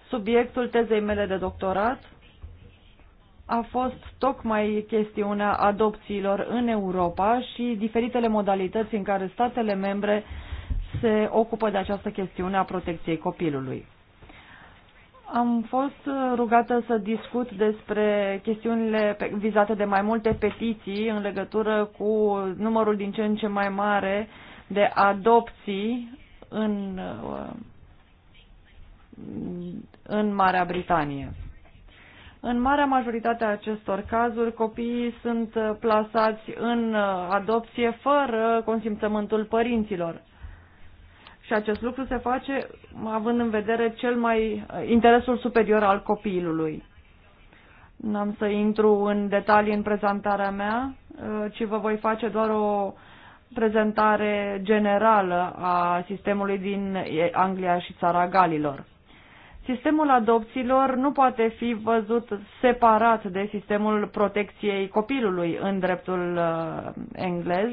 Subiectul tezei mele de doctorat a fost tocmai chestiunea adopțiilor în Europa și diferitele modalități în care statele membre se ocupă de această chestiune a protecției copilului. Am fost rugată să discut despre chestiunile vizate de mai multe petiții în legătură cu numărul din ce în ce mai mare de adopții în, în Marea Britanie. În marea majoritate a acestor cazuri, copiii sunt uh, plasați în uh, adopție fără consimțământul părinților. Și acest lucru se face având în vedere cel mai uh, interesul superior al copilului. N-am să intru în detalii în prezentarea mea, ci vă voi face doar o prezentare generală a sistemului din Anglia și țara Galilor. Sistemul adopțiilor nu poate fi văzut separat de sistemul protecției copilului în dreptul uh, englez.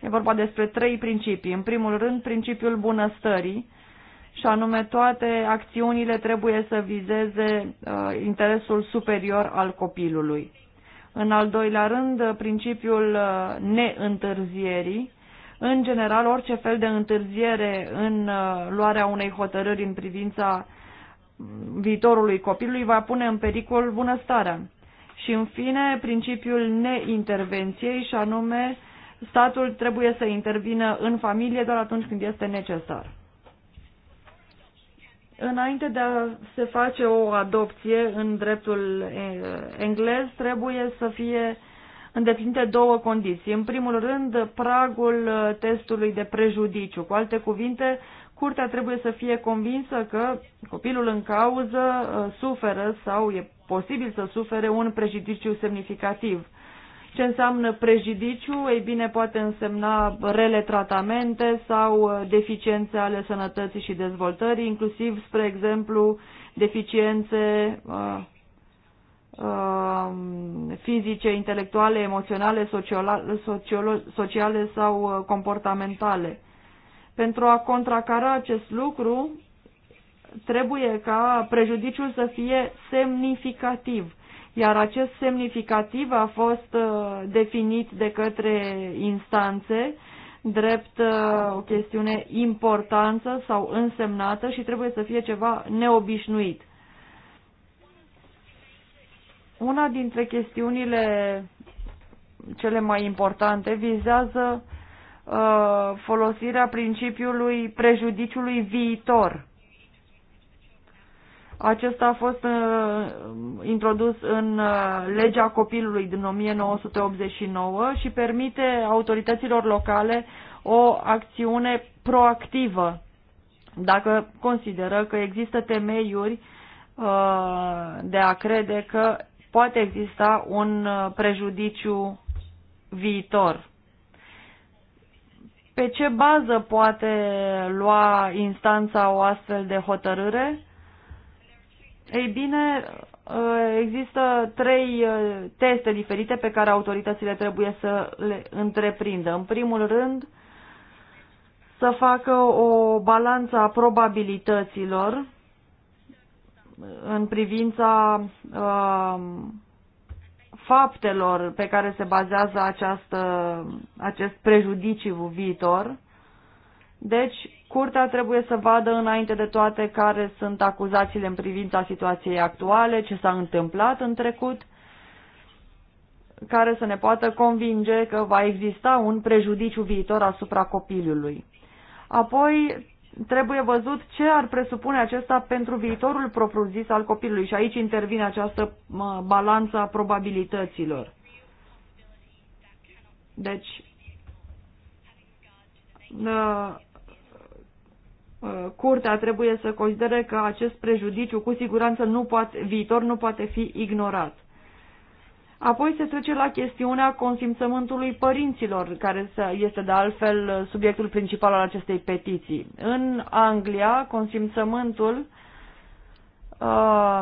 E vorba despre trei principii. În primul rând, principiul bunăstării, și anume toate acțiunile trebuie să vizeze uh, interesul superior al copilului. În al doilea rând, principiul uh, neîntârzierii. În general, orice fel de întârziere în uh, luarea unei hotărâri în privința viitorului copilului va pune în pericol bunăstarea. Și în fine, principiul neintervenției și anume statul trebuie să intervină în familie doar atunci când este necesar. Înainte de a se face o adopție în dreptul eh, englez, trebuie să fie îndeplinite două condiții. În primul rând, pragul eh, testului de prejudiciu. Cu alte cuvinte, curtea trebuie să fie convinsă că copilul în cauză uh, suferă sau e posibil să sufere un prejudiciu semnificativ. Ce înseamnă prejudiciu? Ei bine, poate însemna rele tratamente sau uh, deficiențe ale sănătății și dezvoltării, inclusiv, spre exemplu, deficiențe uh, uh, fizice, intelectuale, emoționale, sociolo sociale sau uh, comportamentale. Pentru a contracara acest lucru, trebuie ca prejudiciul să fie semnificativ. Iar acest semnificativ a fost uh, definit de către instanțe drept uh, o chestiune importantă sau însemnată și trebuie să fie ceva neobișnuit. Una dintre chestiunile cele mai importante vizează Uh, folosirea principiului prejudiciului viitor. Acesta a fost uh, introdus în uh, legea copilului din 1989 și permite autorităților locale o acțiune proactivă dacă consideră că există temeiuri de a crede că poate exista un prejudiciu viitor. Pe ce bază poate lua instanța o astfel de hotărâre? Ei bine, există trei uh, teste diferite pe care autoritățile trebuie să le întreprindă. În primul rând, să facă o balanță a probabilităților în privința uh, faptelor pe care se bazează această, acest prejudiciu viitor. Deci, curtea trebuie să vadă înainte de toate care sunt acuzațiile în privința situației actuale, ce s-a întâmplat în trecut, care să ne poată convinge că va exista un prejudiciu viitor asupra copilului. Apoi trebuie văzut ce ar presupune acesta pentru viitorul propriu-zis al copilului și aici intervine această balanță a probabilităților. Deci, curtea trebuie să considere că acest prejudiciu cu siguranță nu poate, viitor nu poate fi ignorat. Apoi se trece la chestiunea consimțământului părinților, care este de altfel subiectul principal al acestei petiții. În Anglia, consimțământul uh,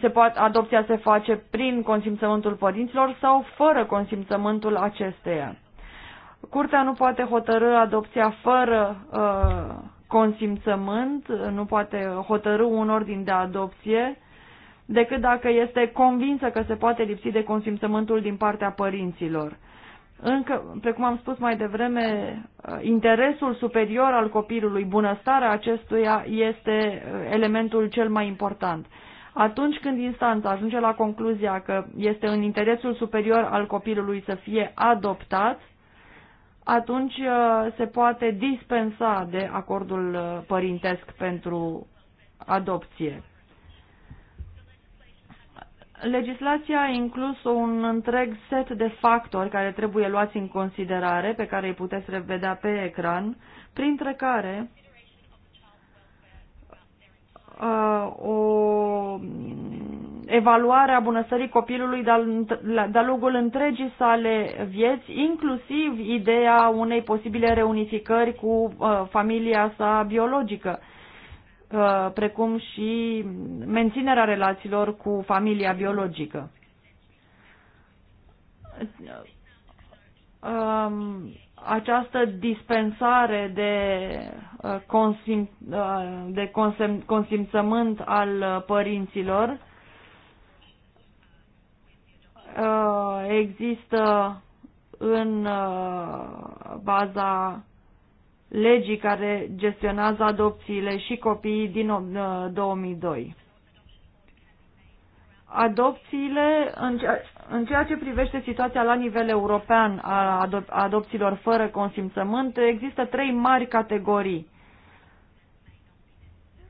se poate, adopția se face prin consimțământul părinților sau fără consimțământul acesteia. Curtea nu poate hotărâ adopția fără uh, consimțământ, nu poate hotărâ un ordin de adopție uh, decât dacă este convinsă că se poate lipsi de consimțământul din partea părinților. Încă, precum am spus mai devreme, uh, interesul superior al copilului, bunăstarea acestuia este uh, elementul cel mai important. Atunci când instanța ajunge la concluzia că este în interesul superior al copilului să fie adoptat, atunci uh, se poate dispensa de acordul părintesc pentru adopție. Legislația a inclus un întreg set de factori care trebuie luați în considerare, pe care îi puteți revedea pe ecran, printre care uh, o evaluare a bunăstării copilului de-a lungul întregii sale vieți, inclusiv ideea unei posibile reunificări cu uh, familia sa biologică. Uh, precum și menținerea relațiilor cu familia biologică. Um, această dispensare de, uh, consim, uh, de consim, consimțământ al părinților există în baza legii care gestionează adopțiile și copiii din 2002. Uh, adopțiile, în ceea ce privește situația la nivel european a adopțiilor fără consimțământ, există trei mari categorii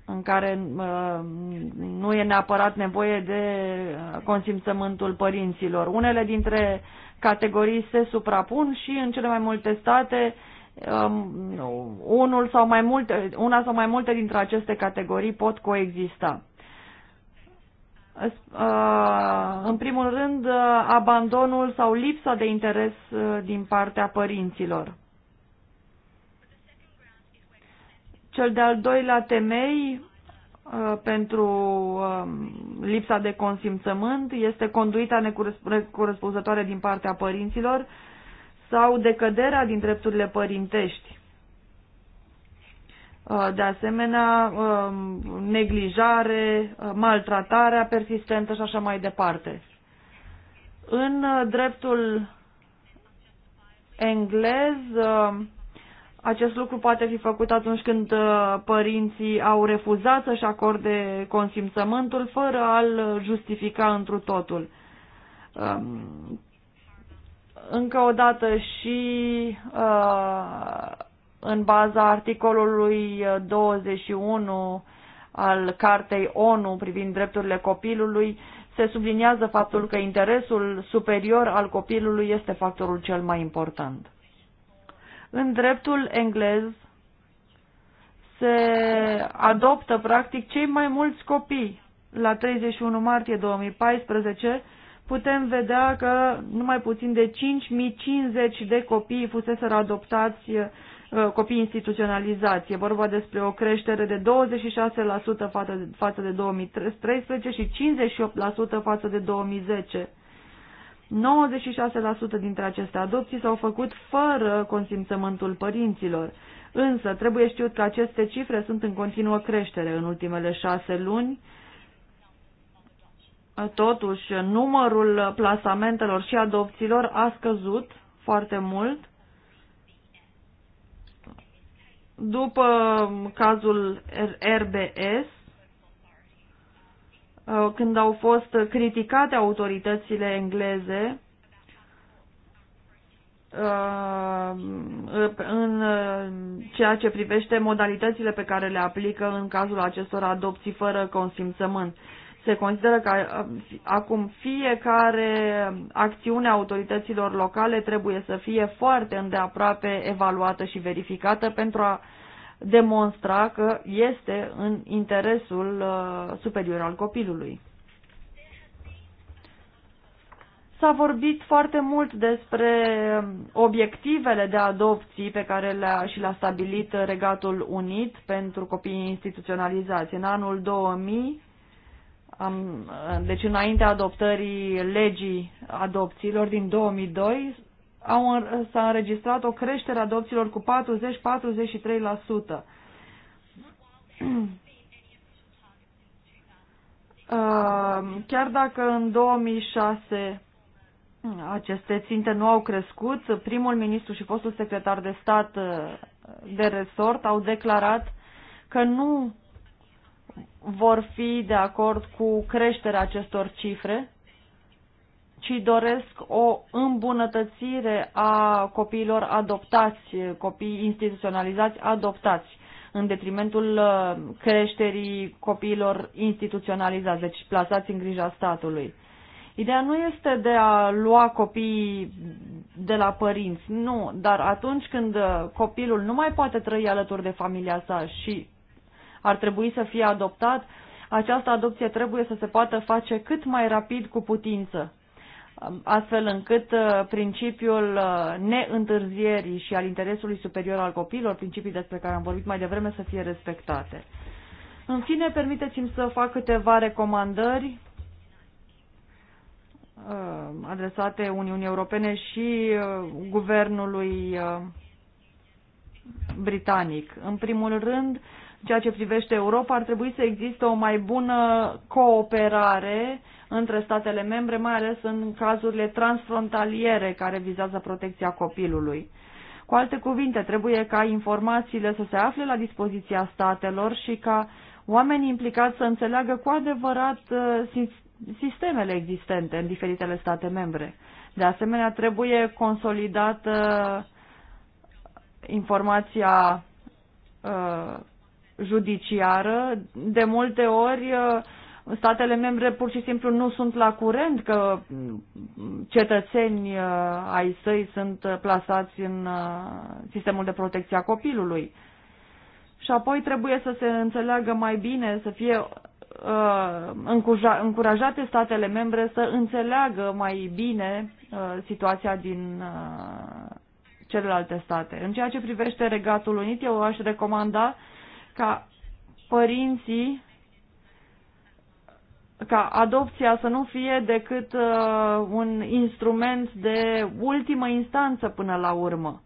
în care uh, nu e neapărat nevoie de uh, consimțământul părinților. Unele dintre categorii se suprapun și în cele mai multe state uh, um, unul sau mai multe, una sau mai multe dintre aceste categorii pot coexista. În primul rând, abandonul sau lipsa de interes din partea părinților. Cel de-al doilea temei pentru lipsa de consimțământ este conduita necorespunzătoare din partea părinților, sau decăderea din drepturile părintești. Uh, de asemenea, um, neglijare, uh, maltratarea persistentă și așa mai departe. În uh, dreptul englez, acest lucru poate fi făcut atunci când părinții au refuzat să-și acorde consimțământul fără a-l justifica întru totul um, încă o dată și uh, în baza articolului 21 al Cartei ONU privind drepturile copilului, se subliniază faptul că interesul superior al copilului este factorul cel mai important. În dreptul englez se adoptă practic cei mai mulți copii. La 31 martie 2014, putem vedea că numai puțin de 5.050 de copii fuseseră adoptați uh, copii instituționalizați. E vorba despre o creștere de 26% față de 2013 și 58% față de 2010. 96% dintre aceste adopții s-au făcut fără consimțământul părinților. Însă, trebuie știut că aceste cifre sunt în continuă creștere. În ultimele șase luni, Totuși, numărul plasamentelor și adopțiilor a scăzut foarte mult. După cazul RBS, uh, când au fost criticate autoritățile engleze uh, în ceea ce privește modalitățile pe care le aplică în cazul acestor adopții fără consimțământ. Se consideră că uh, acum fiecare acțiune a autorităților locale trebuie să fie foarte îndeaproape evaluată și verificată pentru a demonstra că este în interesul uh, superior al copilului. S-a vorbit foarte mult despre obiectivele de adopții pe care le-a și le-a stabilit Regatul Unit pentru copiii instituționalizați. În anul 2000, am, deci înaintea adoptării legii adopțiilor din 2002 au, s-a înregistrat o creștere a adopțiilor cu 40-43%. Uh, chiar dacă în 2006 aceste ținte nu au crescut, primul ministru și fostul secretar de stat uh, de resort au declarat că nu vor fi de acord cu creșterea acestor cifre, ci doresc o îmbunătățire a copiilor adoptați, copii instituționalizați adoptați, în detrimentul uh, creșterii copiilor instituționalizați, deci plasați în grija statului. Ideea nu este de a lua copiii de la părinți, nu, dar atunci când uh, copilul nu mai poate trăi alături de familia sa și ar trebui să fie adoptat, această adopție trebuie să se poată face cât mai rapid cu putință, um, astfel încât uh, principiul uh, neîntârzierii și al interesului superior al copiilor, principii despre care am vorbit mai devreme, să fie respectate. În fine, permiteți-mi să fac câteva recomandări uh, adresate Uniunii Europene și guvernului britanic. În primul rând, ceea ce privește Europa, ar trebui să existe o mai bună cooperare între statele membre, mai ales în cazurile transfrontaliere care vizează protecția copilului. Cu alte cuvinte, trebuie ca informațiile să se afle la dispoziția statelor și ca oamenii implicați să înțeleagă cu adevărat uh, sistemele existente în diferitele state membre. De asemenea, trebuie consolidată uh, informația uh, judiciară. De multe ori uh, statele membre pur și simplu nu sunt la curent că mm, cetățeni uh, ai săi sunt uh, plasați în sistemul de protecție a copilului. Și apoi trebuie să se înțeleagă mai bine, să fie încurajate statele membre să înțeleagă mai bine situația din celelalte state. În ceea ce privește Regatul Unit, eu aș recomanda ca părinții ca adopția să nu fie decât uh, un instrument de ultimă instanță până la urmă.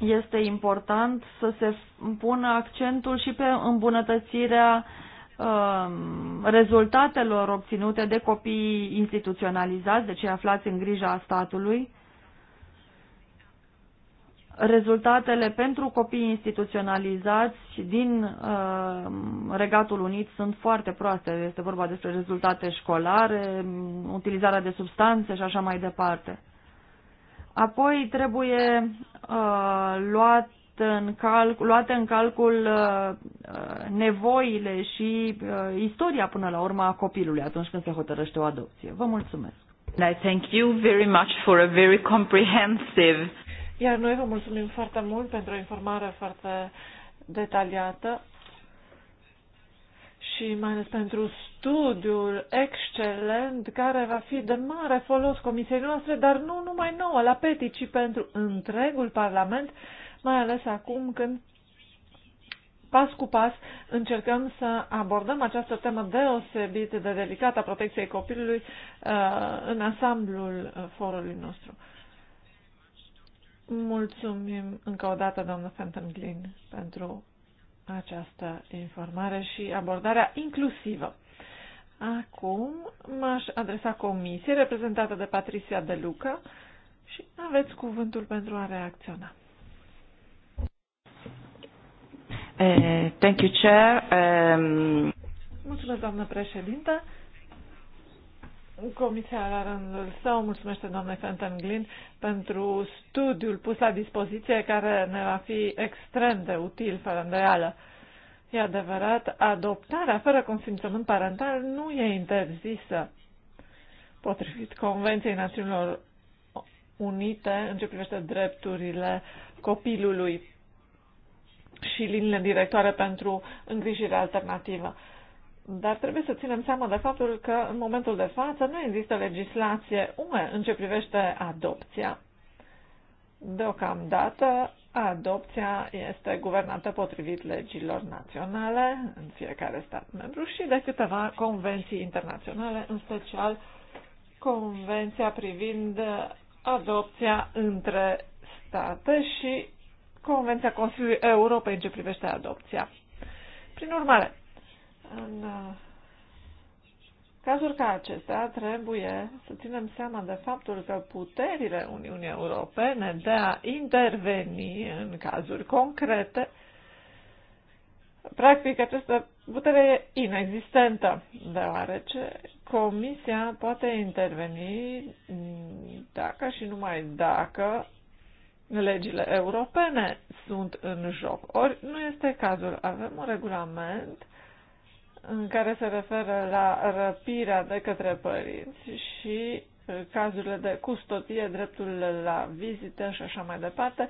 Este important să se pună accentul și pe îmbunătățirea uh, rezultatelor obținute de copiii instituționalizați, de cei aflați în grija statului, rezultatele pentru copiii instituționalizați din uh, Regatul Unit sunt foarte proaste. Este vorba despre rezultate școlare, utilizarea de substanțe și așa mai departe. Apoi trebuie uh, luat în calcul, luate în calcul uh, nevoile și uh, istoria până la urmă a copilului atunci când se hotărăște o adopție. Vă mulțumesc! I thank you very much for a very comprehensive iar noi vă mulțumim foarte mult pentru o informare foarte detaliată și mai ales pentru studiul excelent care va fi de mare folos comisiei noastre, dar nu numai nouă la PETI, ci pentru întregul Parlament, mai ales acum când pas cu pas încercăm să abordăm această temă deosebit de delicată a protecției copilului uh, în ansamblul uh, forului nostru. Mulțumim încă o dată, doamnă Fenton Glynn, pentru această informare și abordarea inclusivă. Acum m-aș adresa comisiei reprezentată de Patricia De Luca și aveți cuvântul pentru a reacționa. Uh, thank you, Chair. Um... Mulțumesc, doamnă președintă. Comisia la rândul său mulțumește doamnei Fenton Glyn pentru studiul pus la dispoziție care ne va fi extrem de util, fără îndoială. E adevărat, adoptarea fără consimțământ parental nu e interzisă. Potrivit Convenției Națiunilor Unite în ce privește drepturile copilului și liniile directoare pentru îngrijire alternativă. Dar trebuie să ținem seama de faptul că în momentul de față nu există legislație UE în ce privește adopția. Deocamdată, adopția este guvernată potrivit legilor naționale în fiecare stat membru și de câteva convenții internaționale, în special Convenția privind adopția între state și Convenția Consiliului Europei în ce privește adopția. Prin urmare, în uh, cazuri ca acestea, trebuie să ținem seama de faptul că puterile Uniunii Europene de a interveni în cazuri concrete, practic această putere e inexistentă, deoarece Comisia poate interveni dacă și numai dacă legile europene sunt în joc. Ori nu este cazul. Avem un regulament în care se referă la răpirea de către părinți și uh, cazurile de custodie, dreptul la vizite și așa mai departe,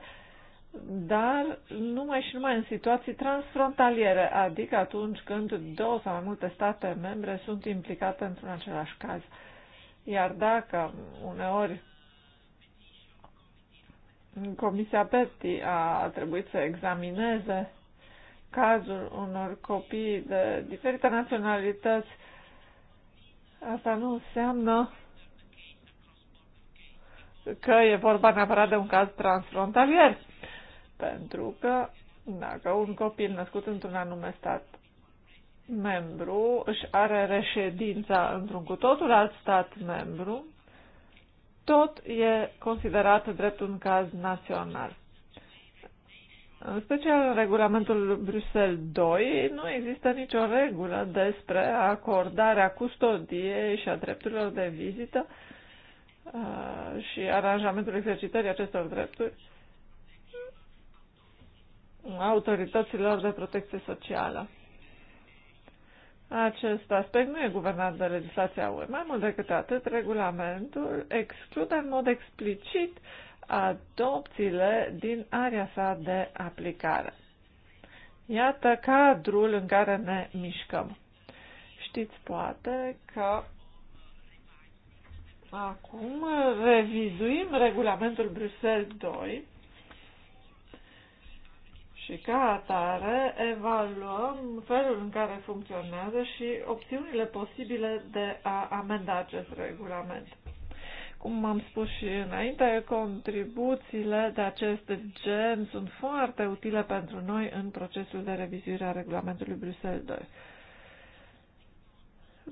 dar numai și numai în situații transfrontaliere, adică atunci când două sau mai multe state membre sunt implicate într-un același caz. Iar dacă uneori Comisia PETI a trebuit să examineze cazul unor copii de diferite naționalități, asta nu înseamnă că e vorba neapărat de un caz transfrontalier, pentru că dacă un copil născut într-un anume stat membru își are reședința într-un cu totul alt stat membru, tot e considerat drept un caz național. În special în regulamentul Bruxelles 2 nu există nicio regulă despre acordarea custodiei și a drepturilor de vizită uh, și aranjamentul exercitării acestor drepturi autorităților de protecție socială. Acest aspect nu e guvernat de legislația UE. Mai mult decât atât, regulamentul exclude în mod explicit adopțiile din area sa de aplicare. Iată cadrul în care ne mișcăm. Știți poate că acum revizuim regulamentul Bruxelles 2 și ca atare evaluăm felul în care funcționează și opțiunile posibile de a amenda acest regulament. Cum am spus și înainte, contribuțiile de acest gen sunt foarte utile pentru noi în procesul de revizuire a regulamentului Bruxelles 2.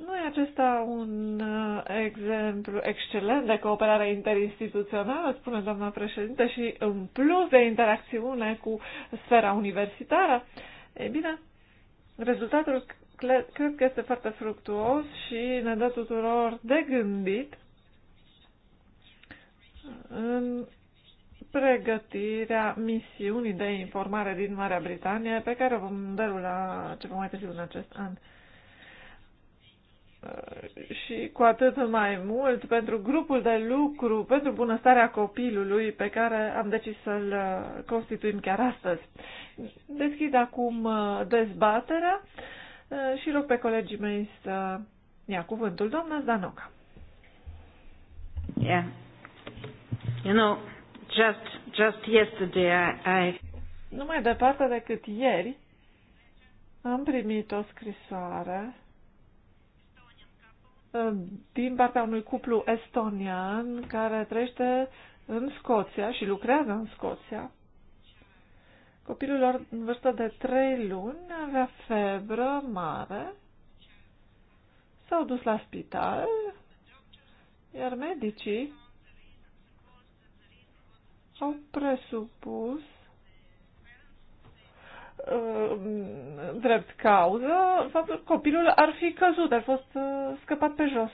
Nu e acesta un uh, exemplu excelent de cooperare interinstituțională, spune doamna președinte, și în plus de interacțiune cu sfera universitară? Ei bine, rezultatul cred că este foarte fructuos și ne dă tuturor de gândit în pregătirea misiunii de informare din Marea Britanie pe care o vom derula ceva mai târziu în acest an. Uh, și cu atât mai mult pentru grupul de lucru pentru bunăstarea copilului pe care am decis să-l uh, constituim chiar astăzi. Deschid acum uh, dezbaterea și rog pe colegii mei să ia cuvântul. Doamna Zdanoca. Yeah. You know, just, just yesterday I, I... Nu mai departe decât ieri am primit o scrisoare uh, din partea unui cuplu estonian care trăiește în Scoția și lucrează în Scoția. Copilul lor în vârstă de trei luni avea febră mare, s-au dus la spital, iar medicii au presupus uh, drept cauză faptul că copilul ar fi căzut, ar fost uh, scăpat pe jos.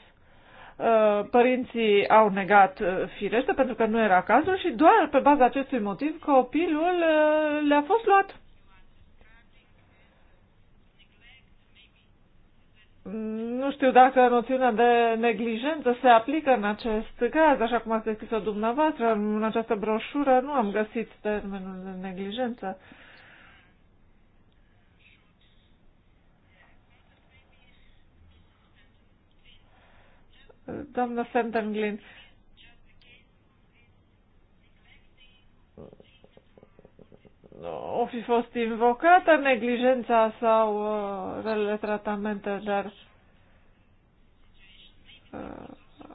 Uh, părinții au negat firește pentru că nu era cazul și doar pe baza acestui motiv copilul le-a fost luat Nu știu dacă noțiunea de neglijență se aplică în acest caz, așa cum ați descris-o dumneavoastră. În această broșură nu am găsit termenul de neglijență. Doamna Fenton Glynn, o fi fost invocată neglijența sau uh, relele tratamente, dar uh,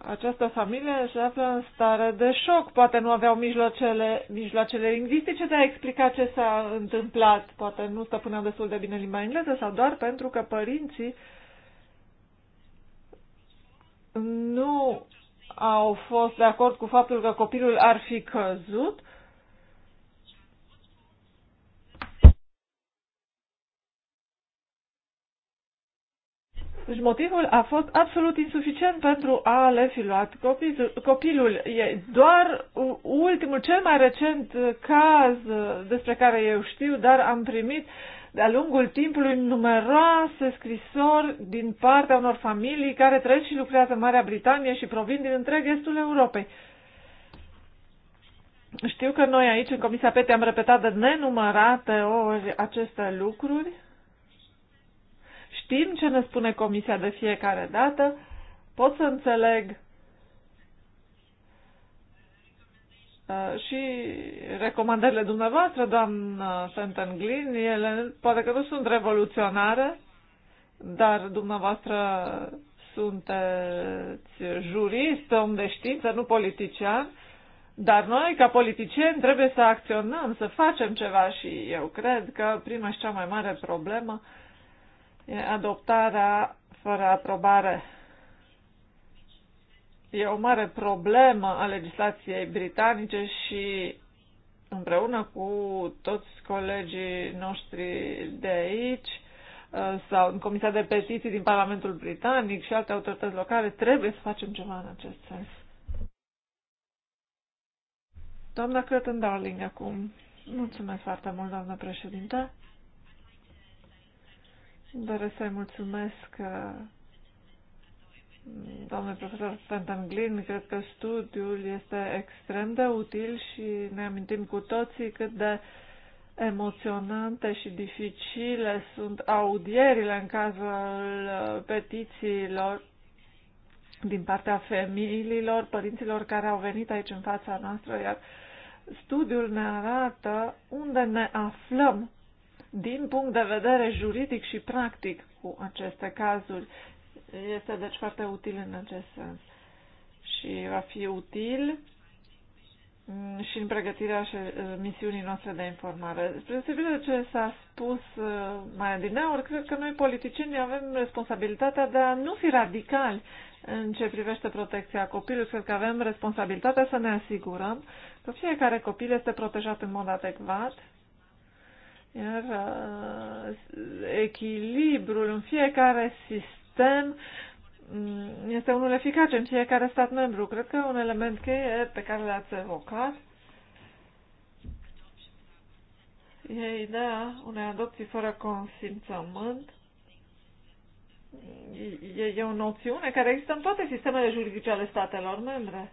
această familie se află în stare de șoc. Poate nu aveau mijloacele, mijloacele lingvistice de a explica ce s-a întâmplat. Poate nu stăpâneau destul de bine limba engleză sau doar pentru că părinții nu au fost de acord cu faptul că copilul ar fi căzut Deci motivul a fost absolut insuficient pentru a le fi luat copilul. copilul. E doar ultimul, cel mai recent caz uh, despre care eu știu, dar am primit de-a lungul timpului numeroase scrisori din partea unor familii care trăiesc și lucrează în Marea Britanie și provin din întreg estul Europei. Știu că noi aici, în Comisia PETE, am repetat de nenumărate ori aceste lucruri Știm ce ne spune Comisia de fiecare dată. Pot să înțeleg uh, și recomandările dumneavoastră, doamnă Fenton-Glin, ele poate că nu sunt revoluționare, dar dumneavoastră sunteți jurist, om de știință, nu politician, dar noi, ca politicieni, trebuie să acționăm, să facem ceva și eu cred că prima și cea mai mare problemă uh, e adoptarea fără aprobare. E o mare problemă a legislației britanice și împreună cu toți colegii noștri de aici uh, sau în Comisia de Petiții din Parlamentul Britanic și alte autorități locale, trebuie să facem ceva în acest sens. Doamna Cretton Darling, acum. Mulțumesc foarte mult, doamnă președinte. Doresc să-i mulțumesc uh, doamne profesor Stantanglin, cred că studiul este extrem de util și ne amintim cu toții cât de emoționante și dificile sunt audierile în cazul uh, petițiilor din partea familiilor, părinților care au venit aici în fața noastră, iar studiul ne arată unde ne aflăm din punct de vedere juridic și practic cu aceste cazuri. Este deci foarte util în acest sens și va fi util mm, și în pregătirea uh, misiunii noastre de informare. Spre de ce s-a spus uh, mai adineauri, cred că noi politicienii avem responsabilitatea de a nu fi radicali în ce privește protecția copilului. Cred că avem responsabilitatea să ne asigurăm că fiecare copil este protejat în mod adecvat iar uh, echilibrul în fiecare sistem mm, este unul eficace în fiecare stat membru. Cred că un element cheie pe care l-ați evocat e ideea unei adopții fără consimțământ. E, e o noțiune care există în toate sistemele juridice ale statelor membre.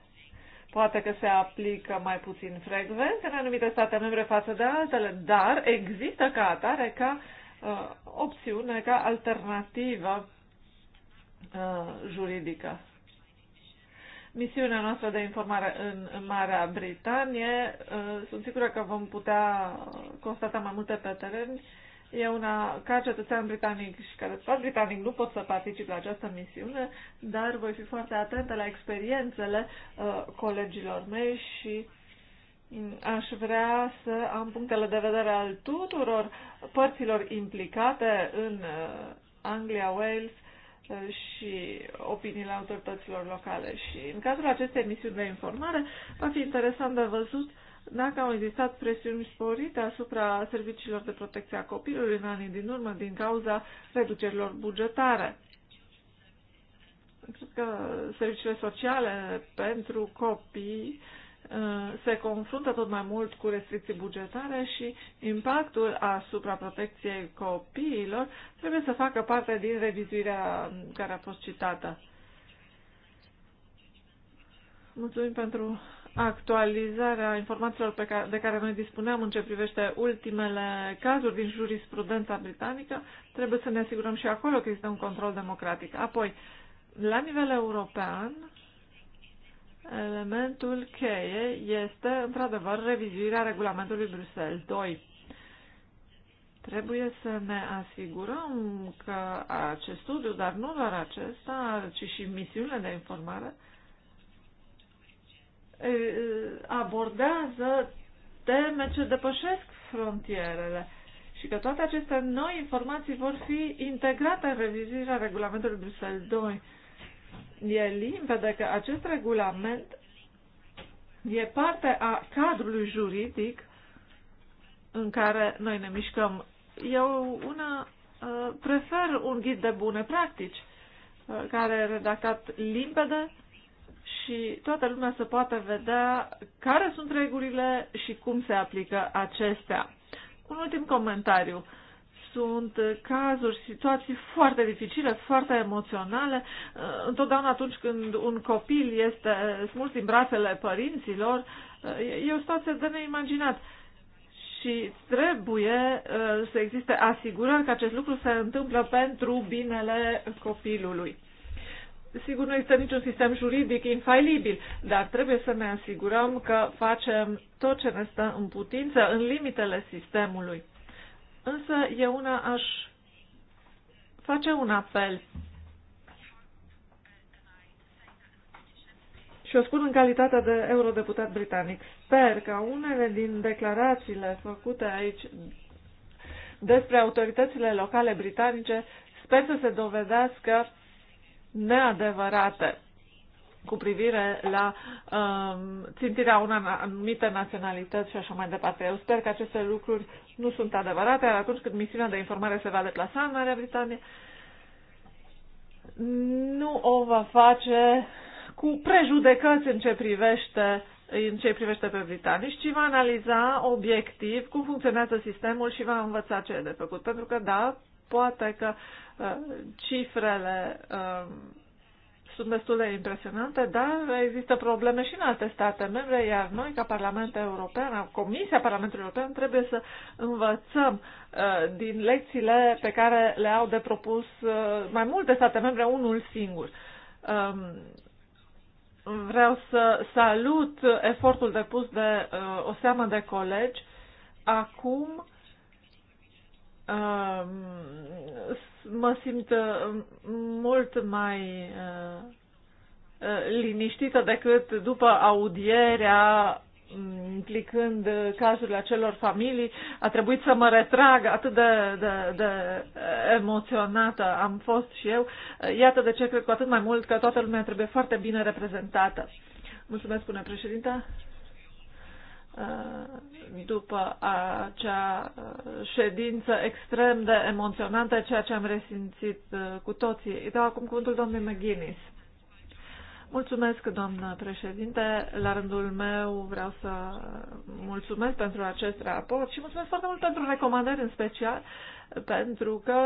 Poate că se aplică mai puțin frecvent în anumite state membre față de altele, dar există ca atare, ca uh, opțiune, ca alternativă uh, juridică. Misiunea noastră de informare în, în Marea Britanie, uh, sunt sigură că vom putea constata mai multe pe teren E una ca cetățean britanic și ca deputat britanic nu pot să particip la această misiune, dar voi fi foarte atentă la experiențele uh, colegilor mei și aș vrea să am punctele de vedere al tuturor părților implicate în uh, Anglia, Wales uh, și opiniile autorităților locale. Și în cazul acestei emisiuni de informare va fi interesant de văzut uh, dacă au existat presiuni sporite asupra serviciilor de protecție a copilului în anii din urmă din cauza reducerilor bugetare. Cred că serviciile sociale pentru copii uh, se confruntă tot mai mult cu restricții bugetare și impactul asupra protecției copiilor trebuie să facă parte din revizuirea care a fost citată. Mulțumim pentru actualizarea informațiilor pe care, de care noi dispuneam în ce privește ultimele cazuri din jurisprudența britanică, trebuie să ne asigurăm și acolo că există un control democratic. Apoi, la nivel european, elementul cheie este, într-adevăr, revizuirea regulamentului Bruxelles 2. Trebuie să ne asigurăm că acest studiu, dar nu doar acesta, ci și misiunile de informare, abordează teme ce depășesc frontierele și că toate aceste noi informații vor fi integrate în revizirea regulamentului Bruxelles 2. E limpede că acest regulament e parte a cadrului juridic în care noi ne mișcăm. Eu una ă, prefer un ghid de bune practici ă, care e redactat limpede și toată lumea să poată vedea care sunt regulile și cum se aplică acestea. Un ultim comentariu. Sunt cazuri, situații foarte dificile, foarte emoționale. Întotdeauna atunci când un copil este smuls din brațele părinților, e o situație de neimaginat și trebuie uh, să existe asigurări că acest lucru se întâmplă pentru binele copilului. Sigur, nu există niciun sistem juridic infailibil, dar trebuie să ne asigurăm că facem tot ce ne stă în putință, în limitele sistemului. Însă eu una aș face un apel. Și o spun în calitate de eurodeputat britanic. Sper că unele din declarațiile făcute aici despre autoritățile locale britanice sper să se dovedească neadevărate cu privire la um, țintirea unei anumite naționalități și așa mai departe. Eu sper că aceste lucruri nu sunt adevărate, iar atunci când misiunea de informare se va deplasa în Marea Britanie, nu o va face cu prejudecăți în ce privește în ce privește pe britanici, ci va analiza obiectiv cum funcționează sistemul și va învăța ce e de făcut. Pentru că, da, Poate că uh, cifrele uh, sunt destul de impresionante, dar există probleme și în alte state membre, iar noi, ca Parlament European, Comisia Parlamentului European, trebuie să învățăm uh, din lecțiile pe care le-au de propus uh, mai multe state membre, unul singur. Um, vreau să salut efortul depus de uh, o seamă de colegi. Acum Um, mă simt uh, mult mai uh, uh, liniștită decât după audierea mm, implicând cazurile acelor familii, a trebuit să mă retrag atât de, de, de emoționată am fost și eu. Iată de ce cred cu atât mai mult că toată lumea trebuie foarte bine reprezentată. Mulțumesc, spune președinte. Uh, după acea uh, ședință extrem de emoționantă, ceea ce am resimțit uh, cu toții. Îi dau acum cuvântul domnului McGuinness. Mulțumesc, doamnă președinte. La rândul meu vreau să mulțumesc pentru acest raport și mulțumesc foarte mult pentru recomandări în special, pentru că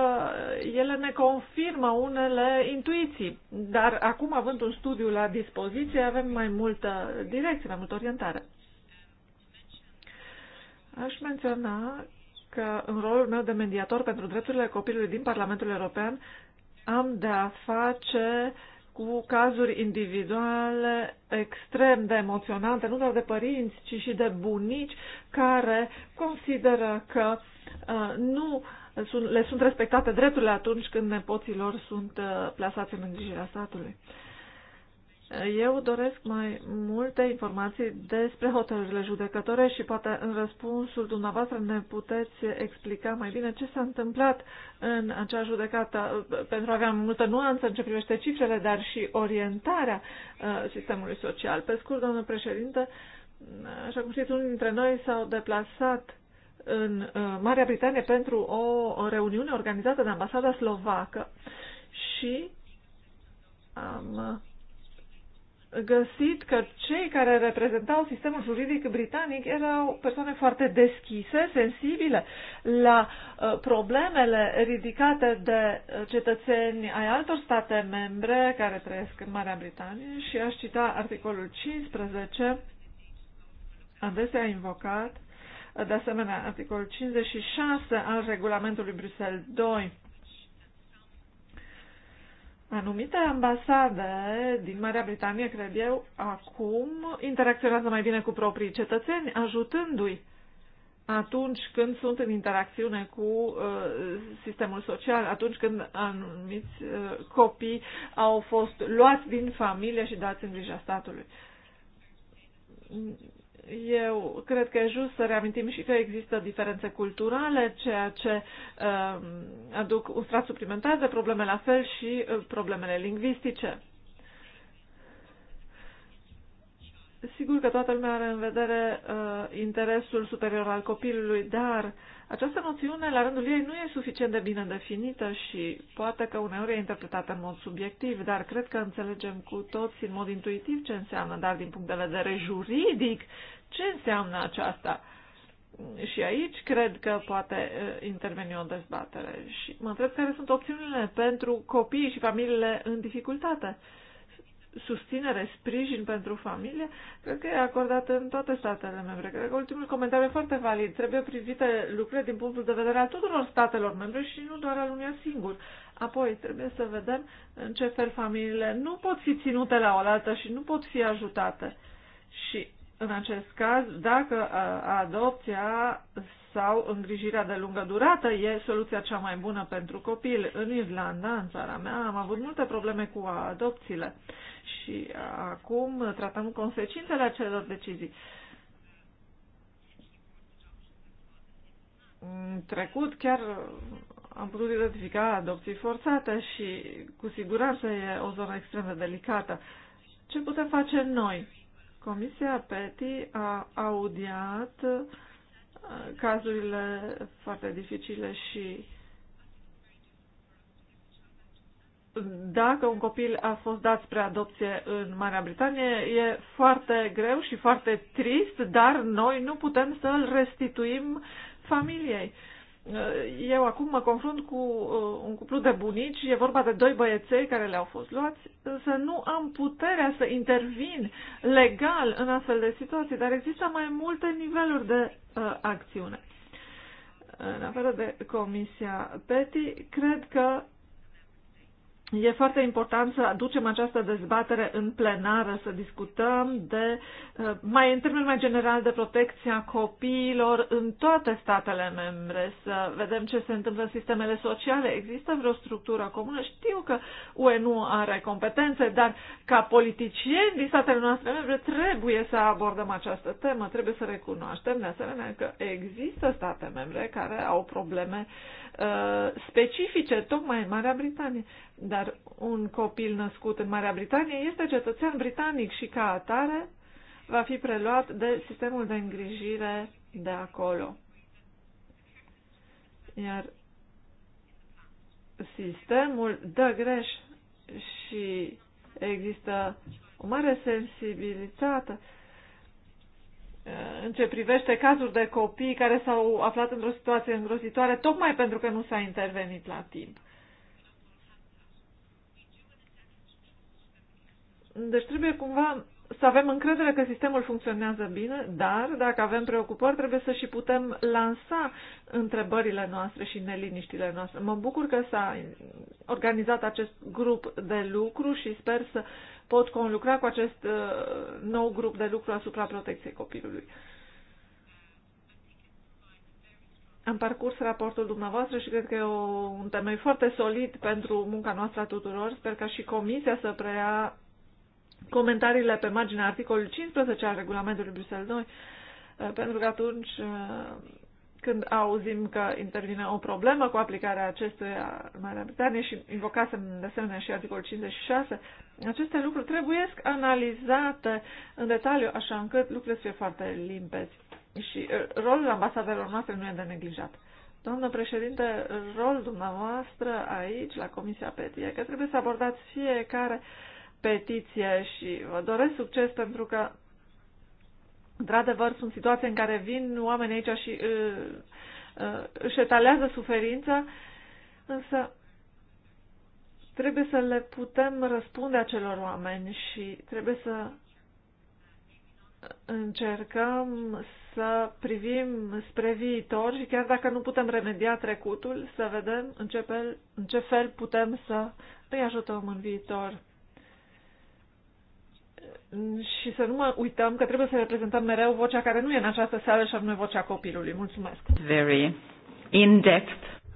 ele ne confirmă unele intuiții. Dar acum, având un studiu la dispoziție, avem mai multă direcție, mai multă orientare. Aș menționa că în rolul meu de mediator pentru drepturile copilului din Parlamentul European am de-a face cu cazuri individuale extrem de emoționante, nu doar de părinți, ci și de bunici care consideră că uh, nu sunt, le sunt respectate drepturile atunci când nepoții lor sunt uh, plasați în îngrijirea statului. Uh, eu doresc mai multe informații despre hotărârile judecătoare și poate în răspunsul dumneavoastră ne puteți explica mai bine ce s-a întâmplat în acea judecată pentru a avea multă nuanță în ce privește cifrele, dar și orientarea uh, sistemului social. Pe scurt, domnul președinte, uh, așa cum știți, unii dintre noi s-au deplasat în uh, Marea Britanie pentru o reuniune organizată de ambasada slovacă și am găsit că cei care reprezentau sistemul juridic britanic erau persoane foarte deschise, sensibile la uh, problemele ridicate de uh, cetățeni ai altor state membre care trăiesc în Marea Britanie și aș cita articolul 15, adesea invocat, uh, de asemenea articolul 56 al regulamentului Bruxelles 2 Anumite ambasade din Marea Britanie, cred eu, acum interacționează mai bine cu proprii cetățeni, ajutându-i atunci când sunt în interacțiune cu uh, sistemul social, atunci când anumiți uh, copii au fost luați din familie și dați în grija statului. Eu cred că e just să reamintim și că există diferențe culturale, ceea ce uh, aduc un strat suplimentar de probleme la fel și uh, problemele lingvistice. Sigur că toată lumea are în vedere uh, interesul superior al copilului, dar această noțiune, la rândul ei, nu e suficient de bine definită și poate că uneori e interpretată în mod subiectiv, dar cred că înțelegem cu toți în mod intuitiv ce înseamnă, dar din punct de vedere juridic, ce înseamnă aceasta? Și aici cred că poate uh, interveni o dezbatere. Și mă întreb care sunt opțiunile pentru copiii și familiile în dificultate. Uh, susținere, sprijin pentru familie, cred că e acordată în toate statele membre. Cred că ultimul comentariu e foarte valid. Trebuie privite lucrurile din punctul de vedere al tuturor statelor membre și nu doar al unui singur. Apoi, trebuie să vedem în ce fel familiile nu pot fi ținute la oaltă și nu pot fi ajutate. Și în acest caz, dacă adopția sau îngrijirea de lungă durată e soluția cea mai bună pentru copil. În Irlanda, în țara mea, am avut multe probleme cu adopțiile și acum tratăm consecințele acelor decizii. În trecut chiar am putut identifica adopții forțate și cu siguranță e o zonă extrem de delicată. Ce putem face noi? Comisia PETI a audiat uh, cazurile foarte dificile și dacă un copil a fost dat spre adopție în Marea Britanie, e foarte greu și foarte trist, dar noi nu putem să îl restituim familiei. Uh, eu acum mă confrunt cu uh, un cuplu de bunici, e vorba de doi băieței care le-au fost luați, să nu am puterea să intervin legal în astfel de situații, dar există mai multe niveluri de uh, acțiune. În afară de Comisia PETI, cred că E foarte important să aducem această dezbatere în plenară, să discutăm de, uh, mai în termen mai general, de protecția copiilor în toate statele membre, să vedem ce se întâmplă în sistemele sociale. Există vreo structură comună? Știu că UE nu are competențe, dar ca politicieni din statele noastre membre trebuie să abordăm această temă, trebuie să recunoaștem de asemenea că există state membre care au probleme uh, Uh, specifice tocmai în Marea Britanie. Dar un copil născut în Marea Britanie este cetățean britanic și ca atare va fi preluat de sistemul de îngrijire de acolo. Iar sistemul dă greș și există o mare sensibilitate uh, în ce privește cazuri de copii care s-au aflat într-o situație îngrozitoare, tocmai pentru că nu s-a intervenit la timp. Deci trebuie cumva să avem încredere că sistemul funcționează bine, dar dacă avem preocupări, trebuie să și putem lansa întrebările noastre și neliniștile noastre. Mă bucur că s-a organizat acest grup de lucru și sper să uh, pot conlucra cu acest uh, nou grup de lucru asupra protecției copilului. Am parcurs raportul dumneavoastră și cred că e o, un temei foarte solid pentru munca noastră a tuturor. Sper ca și comisia să preia comentariile pe marginea articolului 15 al regulamentului Bruxelles 2, uh, pentru că atunci uh, când auzim că intervine o problemă cu aplicarea acestuia în Marea Britanie și invocasem de asemenea și articolul 56, aceste lucruri trebuie analizate în detaliu, așa încât lucrurile să fie foarte limpezi. Și rolul ambasadelor noastre nu e de neglijat. Doamnă președinte, rolul dumneavoastră aici, la Comisia Petie, că trebuie să abordați fiecare petiție și vă doresc succes pentru că Într-adevăr, sunt situații în care vin oameni aici și uh, uh, își etalează suferința, însă trebuie să le putem răspunde acelor oameni și trebuie să încercăm să privim spre viitor și chiar dacă nu putem remedia trecutul, să vedem în ce fel, în ce fel putem să îi ajutăm în viitor și să nu mă uităm că trebuie să reprezentăm mereu vocea care nu e în această sală și anume vocea copilului. Mulțumesc! Very in-depth.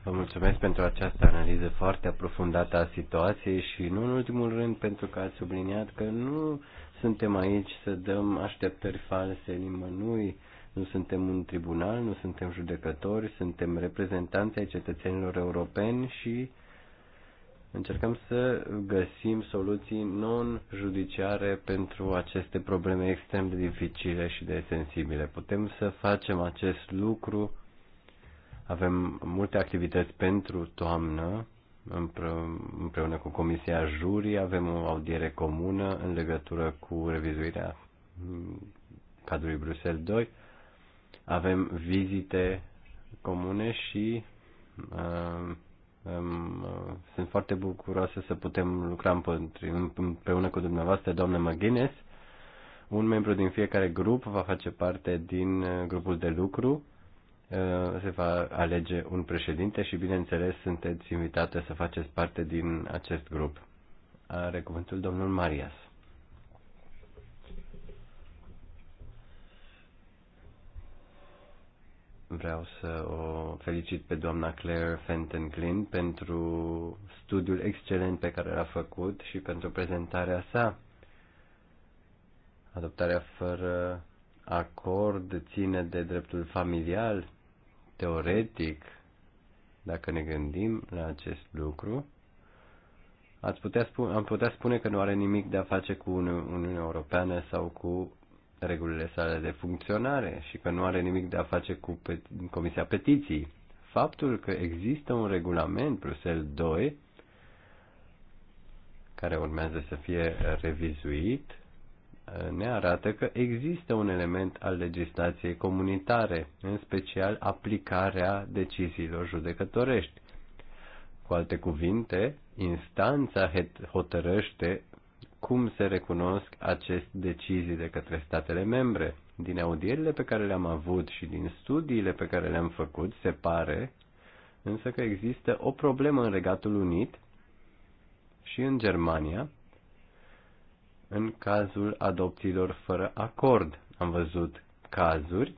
Vă mulțumesc pentru această analiză foarte aprofundată a situației și nu în ultimul rând pentru că ați subliniat că nu suntem aici să dăm așteptări false nimănui, nu suntem un tribunal, nu suntem judecători, suntem reprezentanți ai cetățenilor europeni și Încercăm să găsim soluții non-judiciare pentru aceste probleme extrem de dificile și de sensibile. Putem să facem acest lucru. Avem multe activități pentru toamnă, împreună cu Comisia Jurii avem o audiere comună în legătură cu revizuirea cadrului Bruxelles 2. Avem vizite comune și uh, Uh, sunt foarte bucuroasă să putem lucra împreună cu dumneavoastră, doamnă McGuinness. Un membru din fiecare grup va face parte din uh, grupul de lucru. Uh, se va alege un președinte și, bineînțeles, sunteți invitate să faceți parte din acest grup. Are cuvântul domnul Marias. Vreau să o felicit pe doamna Claire Fenton Glynn pentru studiul excelent pe care l-a făcut și pentru prezentarea sa. Adoptarea fără acord ține de dreptul familial, teoretic, dacă ne gândim la acest lucru. Ați putea spune, am putea spune că nu are nimic de a face cu Uniunea Europeană sau cu regulile sale de funcționare și că nu are nimic de a face cu pet- Comisia Petiții. Faptul că există un regulament Bruxelles 2 care urmează să fie revizuit ne arată că există un element al legislației comunitare, în special aplicarea deciziilor judecătorești. Cu alte cuvinte, instanța hotărăște cum se recunosc aceste decizii de către statele membre. Din audierile pe care le-am avut și din studiile pe care le-am făcut, se pare însă că există o problemă în Regatul Unit și în Germania în cazul adopțiilor fără acord. Am văzut cazuri,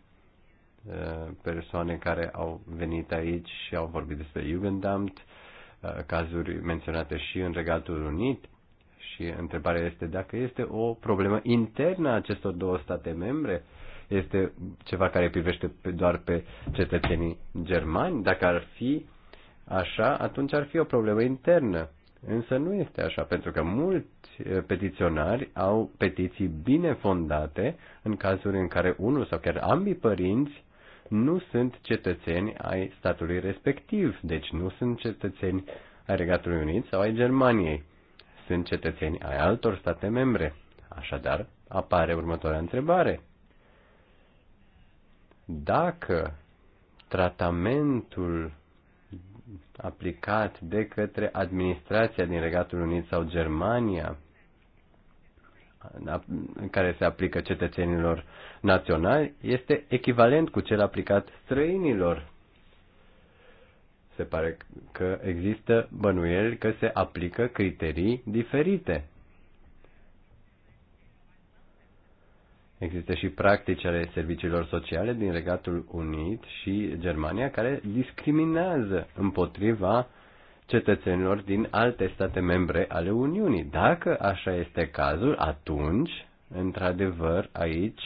uh, persoane care au venit aici și au vorbit despre Jugendamt, uh, cazuri menționate și în Regatul Unit, și întrebarea este dacă este o problemă internă a acestor două state membre, este ceva care privește pe, doar pe cetățenii germani. Dacă ar fi așa, atunci ar fi o problemă internă. Însă nu este așa, pentru că mulți eh, petiționari au petiții bine fondate în cazuri în care unul sau chiar ambii părinți nu sunt cetățeni ai statului respectiv, deci nu sunt cetățeni ai Regatului Unit sau ai Germaniei sunt cetățeni ai altor state membre. Așadar, apare următoarea întrebare. Dacă tratamentul aplicat de către administrația din Regatul Unit sau Germania, în care se aplică cetățenilor naționali, este echivalent cu cel aplicat străinilor se pare că există bănuieli că se aplică criterii diferite. Există și practici ale serviciilor sociale din Regatul Unit și Germania care discriminează împotriva cetățenilor din alte state membre ale Uniunii. Dacă așa este cazul, atunci, într-adevăr, aici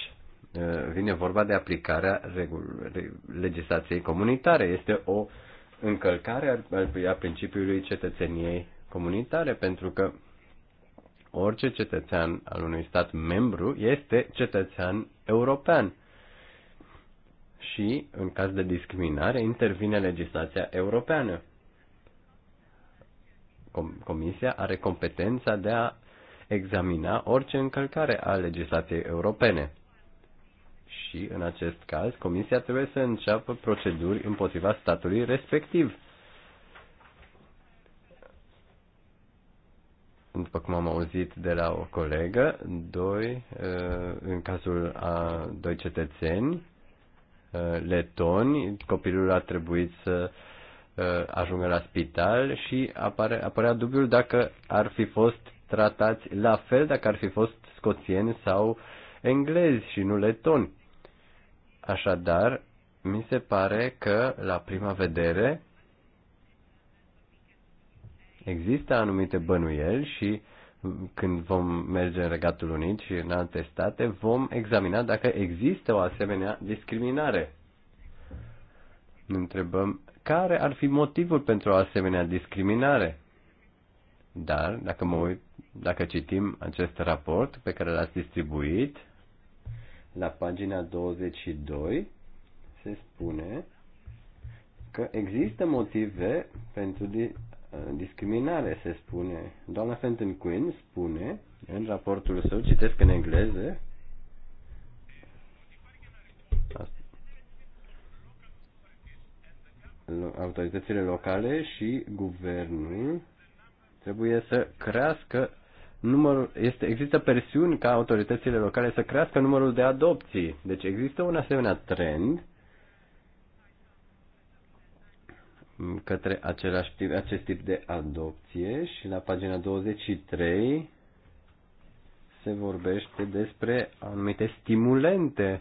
uh, vine vorba de aplicarea legislației comunitare. Este o încălcare a principiului cetățeniei comunitare, pentru că orice cetățean al unui stat membru este cetățean european. Și, în caz de discriminare, intervine legislația europeană. Comisia are competența de a examina orice încălcare a legislației europene și, în acest caz, Comisia trebuie să înceapă proceduri împotriva statului respectiv. După cum am auzit de la o colegă, doi, eh, în cazul a doi cetățeni eh, letoni, copilul a trebuit să eh, ajungă la spital și apare, apărea dubiul dacă ar fi fost tratați la fel dacă ar fi fost scoțieni sau englezi și nu letoni. Așadar, mi se pare că, la prima vedere, există anumite bănuieli și mm, când vom merge în Regatul Unit și în alte state, vom examina dacă există o asemenea discriminare. Ne întrebăm care ar fi motivul pentru o asemenea discriminare. Dar, dacă mă uit, dacă citim acest raport pe care l-ați distribuit, la pagina 22 se spune că există motive pentru uh, discriminare, se spune. Doamna Fenton Quinn spune în raportul său, citesc în engleză, autoritățile locale și guvernul trebuie să crească numărul, este, există presiuni ca autoritățile locale să crească numărul de adopții. Deci există un asemenea trend către același tip, acest tip de adopție și la pagina 23 se vorbește despre anumite stimulente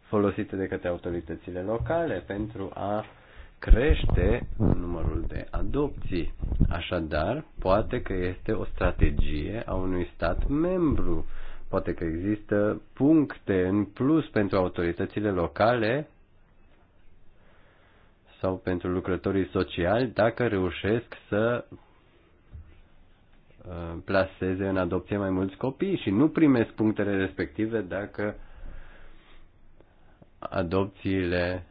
folosite de către autoritățile locale pentru a crește numărul de adopții. Așadar, poate că este o strategie a unui stat membru. Poate că există puncte în plus pentru autoritățile locale sau pentru lucrătorii sociali dacă reușesc să uh, plaseze în adopție mai mulți copii și nu primesc punctele respective dacă adopțiile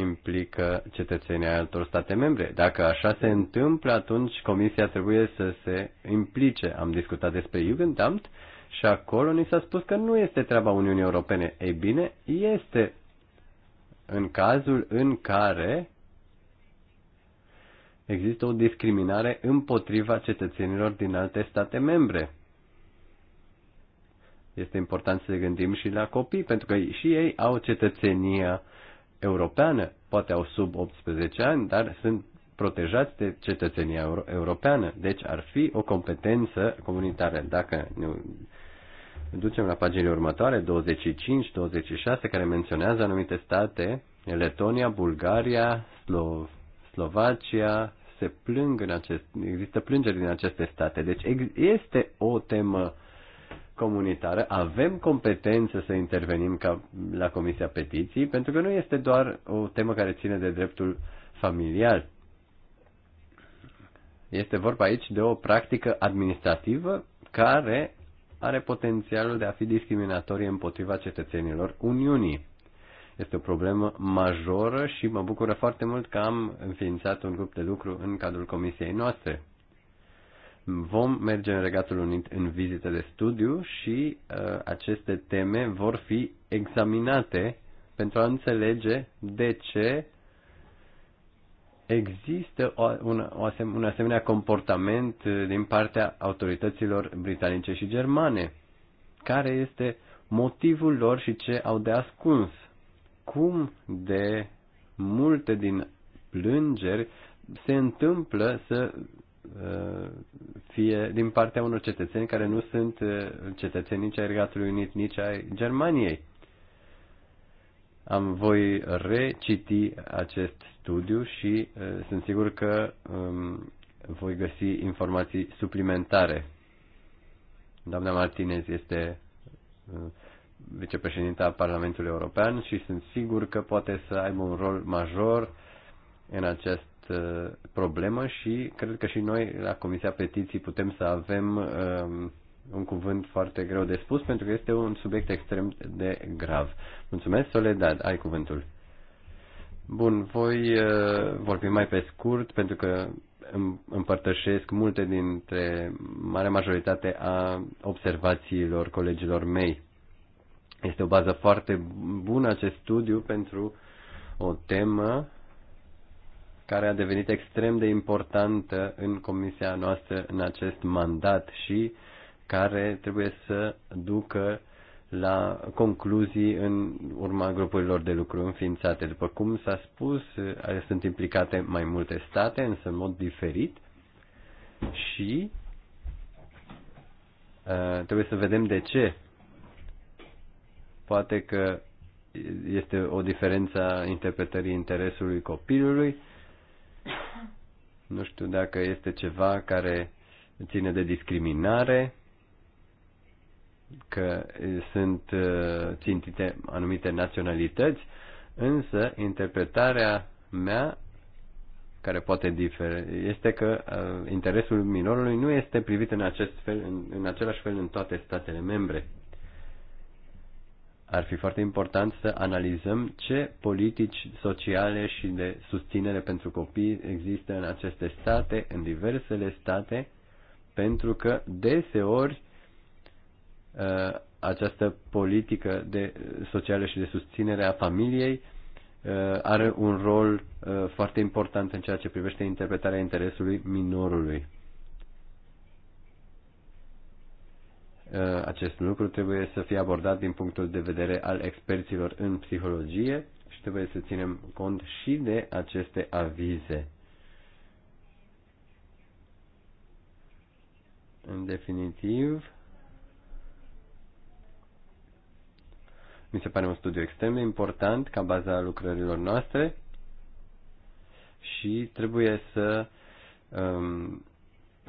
implică cetățenii altor state membre. Dacă așa se întâmplă, atunci Comisia trebuie să se implice. Am discutat despre Jugendamt și acolo ni s-a spus că nu este treaba Uniunii Europene. Ei bine, este în cazul în care există o discriminare împotriva cetățenilor din alte state membre. Este important să gândim și la copii, pentru că și ei au cetățenia uh, europeană, poate au sub 18 ani, dar sunt protejați de cetățenia euro- europeană. Deci ar fi o competență comunitară. Dacă ne ducem la paginile următoare, 25-26, care menționează anumite state, Letonia, Bulgaria, Slo- Slovacia, se plâng în acest, există plângeri din aceste state. Deci este o temă comunitară, avem competență să intervenim ca la Comisia Petiții, pentru că nu este doar o temă care ține de dreptul familial. Este vorba aici de o practică administrativă care are potențialul de a fi discriminatorie împotriva cetățenilor Uniunii. Este o problemă majoră și mă bucură foarte mult că am înființat un grup de lucru în cadrul comisiei noastre vom merge în Regatul Unit în vizite de studiu și uh, aceste teme vor fi examinate pentru a înțelege de ce există o, un, o asem, un asemenea comportament uh, din partea autorităților britanice și germane. Care este motivul lor și ce au de ascuns? Cum de multe din plângeri se întâmplă să Uh, fie din partea unor cetățeni care nu sunt uh, cetățeni nici ai Regatului Unit, nici ai Germaniei. Am voi reciti acest studiu și uh, sunt sigur că um, voi găsi informații suplimentare. Doamna Martinez este uh, vicepreședinta a Parlamentului European și sunt sigur că poate să aibă un rol major în acest această problemă și cred că și noi la Comisia Petiții putem să avem um, un cuvânt foarte greu de spus pentru că este un subiect extrem de grav. Mulțumesc, Soledad, ai cuvântul. Bun, voi uh, vorbi mai pe scurt pentru că împărtășesc multe dintre marea majoritate a observațiilor colegilor mei. Este o bază foarte bună acest studiu pentru o temă care a devenit extrem de importantă în comisia noastră în acest mandat și care trebuie să ducă la concluzii în urma grupurilor de lucru înființate. După cum s-a spus, sunt implicate mai multe state, însă în mod diferit și uh, trebuie să vedem de ce. Poate că este o diferență a interpretării interesului copilului, nu știu dacă este ceva care ține de discriminare, că sunt uh, țintite anumite naționalități, însă interpretarea mea care poate diferi este că uh, interesul minorului nu este privit în acest fel, în, în același fel în toate statele membre ar fi foarte important să analizăm ce politici sociale și de susținere pentru copii există în aceste state, în diversele state, pentru că deseori uh, această politică de socială și de susținere a familiei uh, are un rol uh, foarte important în ceea ce privește interpretarea interesului minorului. Uh, acest lucru trebuie să fie abordat din punctul de vedere al experților în psihologie și trebuie să ținem cont și de aceste avize. În definitiv, mi se pare un studiu extrem de important ca baza a lucrărilor noastre și trebuie să um,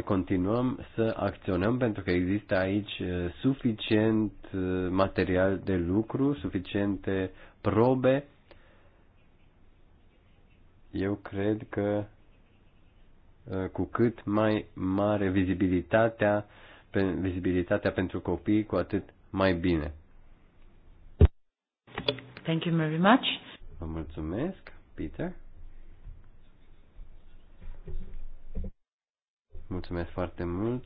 continuăm să acționăm pentru că există aici uh, suficient uh, material de lucru, suficiente probe. Eu cred că uh, cu cât mai mare vizibilitatea, vizibilitatea pentru copii, cu atât mai bine. Thank you very much. Vă mulțumesc, Peter. Mulțumesc foarte mult,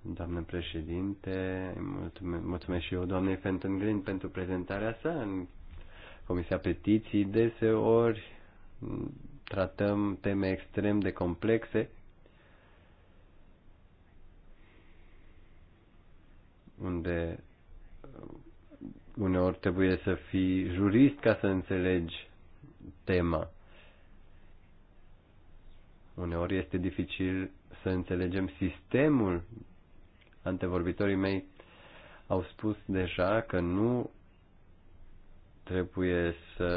doamnă președinte. Mulțumesc, mulțumesc și eu, doamnei Fenton Green, pentru prezentarea sa în Comisia Petiții. Deseori tratăm teme extrem de complexe unde uneori trebuie să fii jurist ca să înțelegi tema. Uneori este dificil să înțelegem sistemul. Antevorbitorii mei au spus deja că nu trebuie să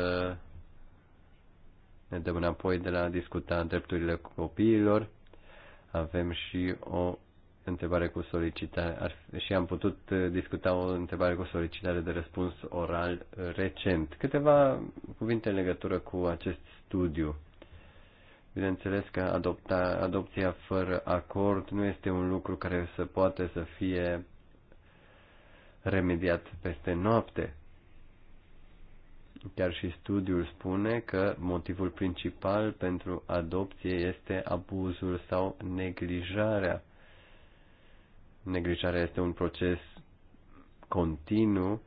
ne dăm înapoi de la a discuta drepturile copiilor. Avem și o întrebare cu solicitare și am putut uh, discuta o întrebare cu solicitare de răspuns oral uh, recent. Câteva cuvinte în legătură cu acest studiu. Bineînțeles că adopta, adopția fără acord nu este un lucru care să poate să fie remediat peste noapte. Chiar și studiul spune că motivul principal pentru adopție este abuzul sau neglijarea. Neglijarea este un proces continuu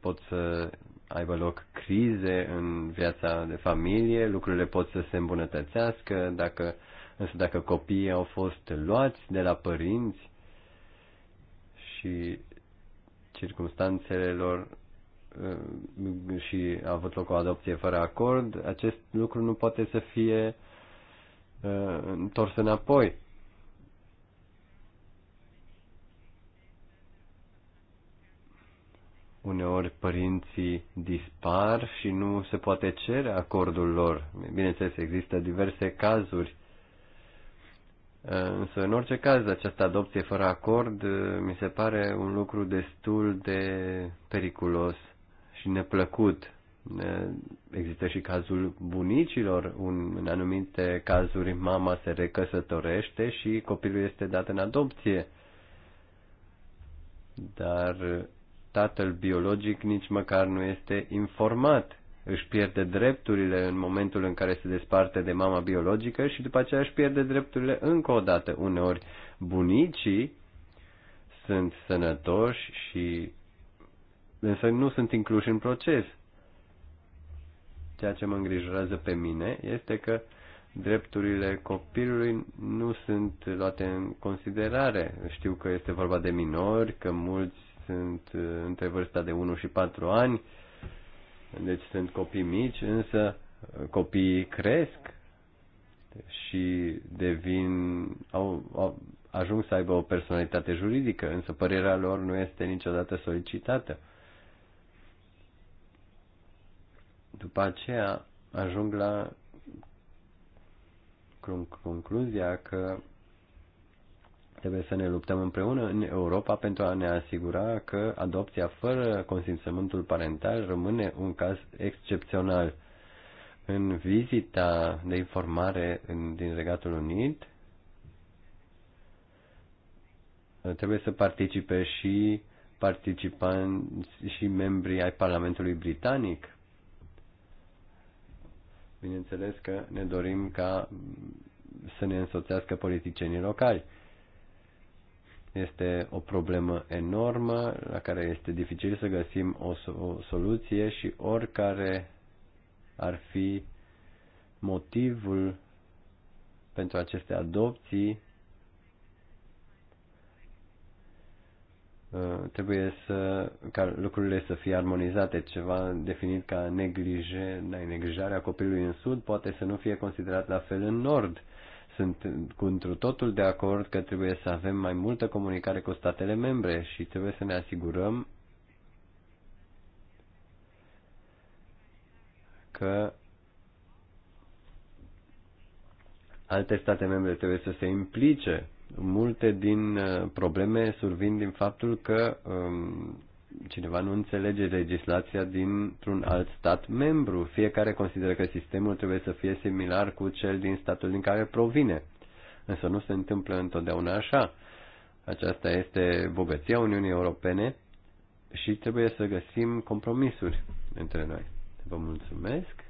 pot să aibă loc crize în viața de familie, lucrurile pot să se îmbunătățească, dacă, însă dacă copiii au fost luați de la părinți și circumstanțele lor uh, și a avut loc o adopție fără acord, acest lucru nu poate să fie uh, întors înapoi. Uneori părinții dispar și nu se poate cere acordul lor. Bineînțeles, există diverse cazuri. Însă, în orice caz, această adopție fără acord mi se pare un lucru destul de periculos și neplăcut. Există și cazul bunicilor. Un, în anumite cazuri, mama se recăsătorește și copilul este dat în adopție. Dar tatăl biologic nici măcar nu este informat. Își pierde drepturile în momentul în care se desparte de mama biologică și după aceea își pierde drepturile încă o dată. Uneori bunicii sunt sănătoși și însă nu sunt incluși în proces. Ceea ce mă îngrijorează pe mine este că drepturile copilului nu sunt luate în considerare. Știu că este vorba de minori, că mulți sunt uh, între vârsta de 1 și 4 ani, deci sunt copii mici, însă uh, copiii cresc și devin, au, au, ajung să aibă o personalitate juridică, însă părerea lor nu este niciodată solicitată. După aceea ajung la concluzia că Trebuie să ne luptăm împreună în Europa pentru a ne asigura că adopția fără consimțământul parental rămâne un caz excepțional. În vizita de informare în, din Regatul Unit, trebuie să participe și participanți și membrii ai Parlamentului Britanic. Bineînțeles că ne dorim ca să ne însoțească politicienii locali. Este o problemă enormă la care este dificil să găsim o, o soluție și oricare ar fi motivul pentru aceste adopții ă, trebuie să, ca lucrurile să fie armonizate. Ceva definit ca neglije, neglijarea copilului în sud poate să nu fie considerat la fel în nord. Sunt cu totul de acord că trebuie să avem mai multă comunicare cu statele membre și trebuie să ne asigurăm că alte state membre trebuie să se implice. Multe din uh, probleme survin din faptul că um, cineva nu înțelege legislația dintr-un alt stat membru. Fiecare consideră că sistemul trebuie să fie similar cu cel din statul din care provine. Însă nu se întâmplă întotdeauna așa. Aceasta este bogăția Uniunii Europene și trebuie să găsim compromisuri între noi. Vă mulțumesc.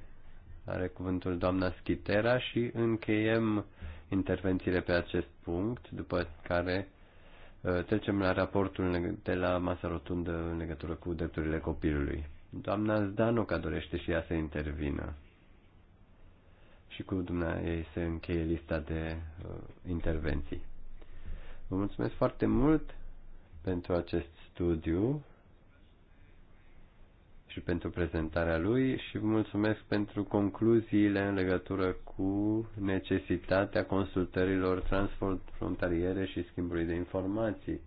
Are cuvântul doamna Schitera și încheiem intervențiile pe acest punct, după care Uh, trecem la raportul de la masa rotundă în legătură cu drepturile copilului. Doamna Zdanoca dorește și ea să intervină. Și cu dumneavoastră ei se încheie lista de uh, intervenții. Vă mulțumesc foarte mult pentru acest studiu și pentru prezentarea lui și vă mulțumesc pentru concluziile în legătură cu necesitatea consultărilor transfrontaliere și schimbului de informații.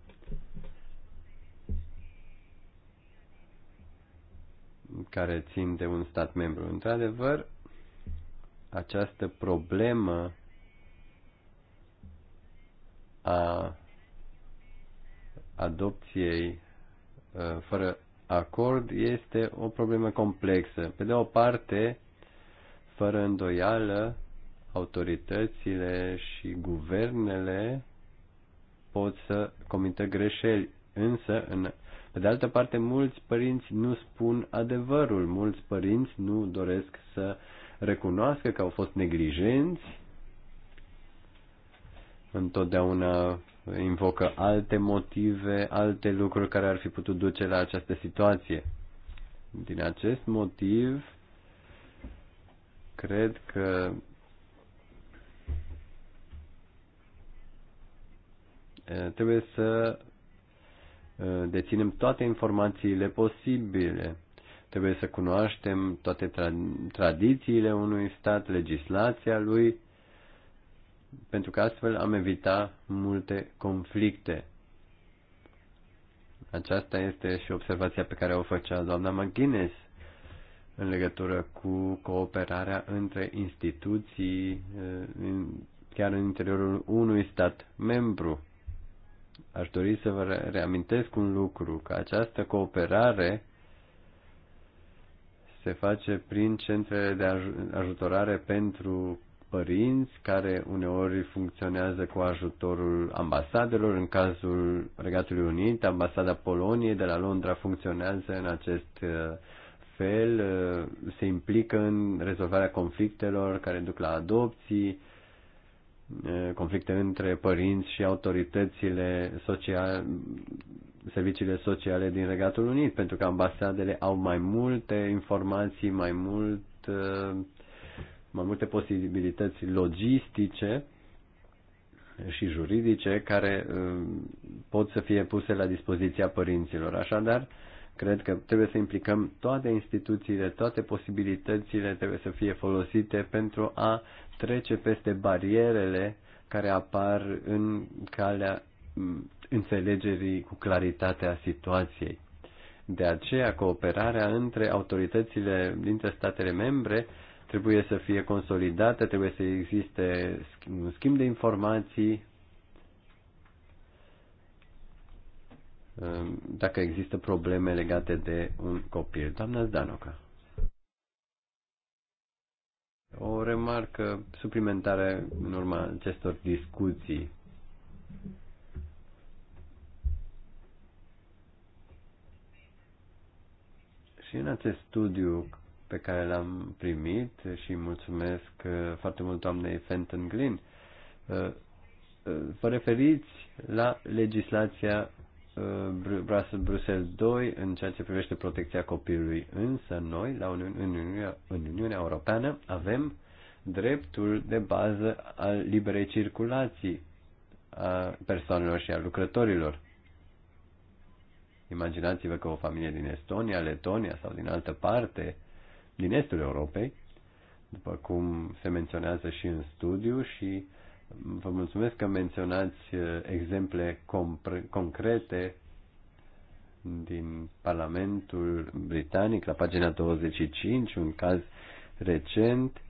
care țin de un stat membru. Într-adevăr, această problemă a adopției uh, fără acord este o problemă complexă. Pe de o parte, fără îndoială, autoritățile și guvernele pot să comită greșeli, însă, în, pe de altă parte, mulți părinți nu spun adevărul, mulți părinți nu doresc să recunoască că au fost neglijenți. Întotdeauna invocă alte motive, alte lucruri care ar fi putut duce la această situație. Din acest motiv, cred că trebuie să uh, deținem toate informațiile posibile. Trebuie să cunoaștem toate tra- tradițiile unui stat, legislația lui, pentru că astfel am evita multe conflicte. Aceasta este și observația pe care o făcea doamna McGuinness în legătură cu cooperarea între instituții eh, chiar în interiorul unui stat membru. Aș dori să vă reamintesc un lucru, că această cooperare se face prin centrele de ajutorare pentru părinți care uneori funcționează cu ajutorul ambasadelor. În cazul Regatului Unit, ambasada Poloniei de la Londra funcționează în acest uh, fel, uh, se implică în rezolvarea conflictelor care duc la adopții, uh, conflicte între părinți și autoritățile sociale, serviciile sociale din Regatul Unit, pentru că ambasadele au mai multe informații, mai mult mai multe posibilități logistice și juridice care uh, pot să fie puse la dispoziția părinților. Așadar, cred că trebuie să implicăm toate instituțiile, toate posibilitățile trebuie să fie folosite pentru a trece peste barierele care apar în calea mm, înțelegerii cu claritatea situației. De aceea, cooperarea între autoritățile dintre statele membre trebuie să fie consolidată, trebuie să existe un schimb de informații. Ehm, dacă există probleme legate de un copil. Doamna Zdanoca. O remarcă suplimentară în urma acestor discuții. Și în acest studiu pe care l-am primit și mulțumesc uh, foarte mult doamnei Fenton Green. Uh, uh, vă referiți la legislația Bruxelles 2 în ceea ce privește protecția copilului, însă noi, la în, Uniunea, în Uniunea Europeană, avem dreptul de bază al liberei circulații a persoanelor și a lucrătorilor. Imaginați-vă că o familie din Estonia, Letonia sau din altă parte din estul Europei, după cum se menționează și în studiu și vă mulțumesc că menționați uh, exemple concrete din Parlamentul Britanic la pagina 25, un caz recent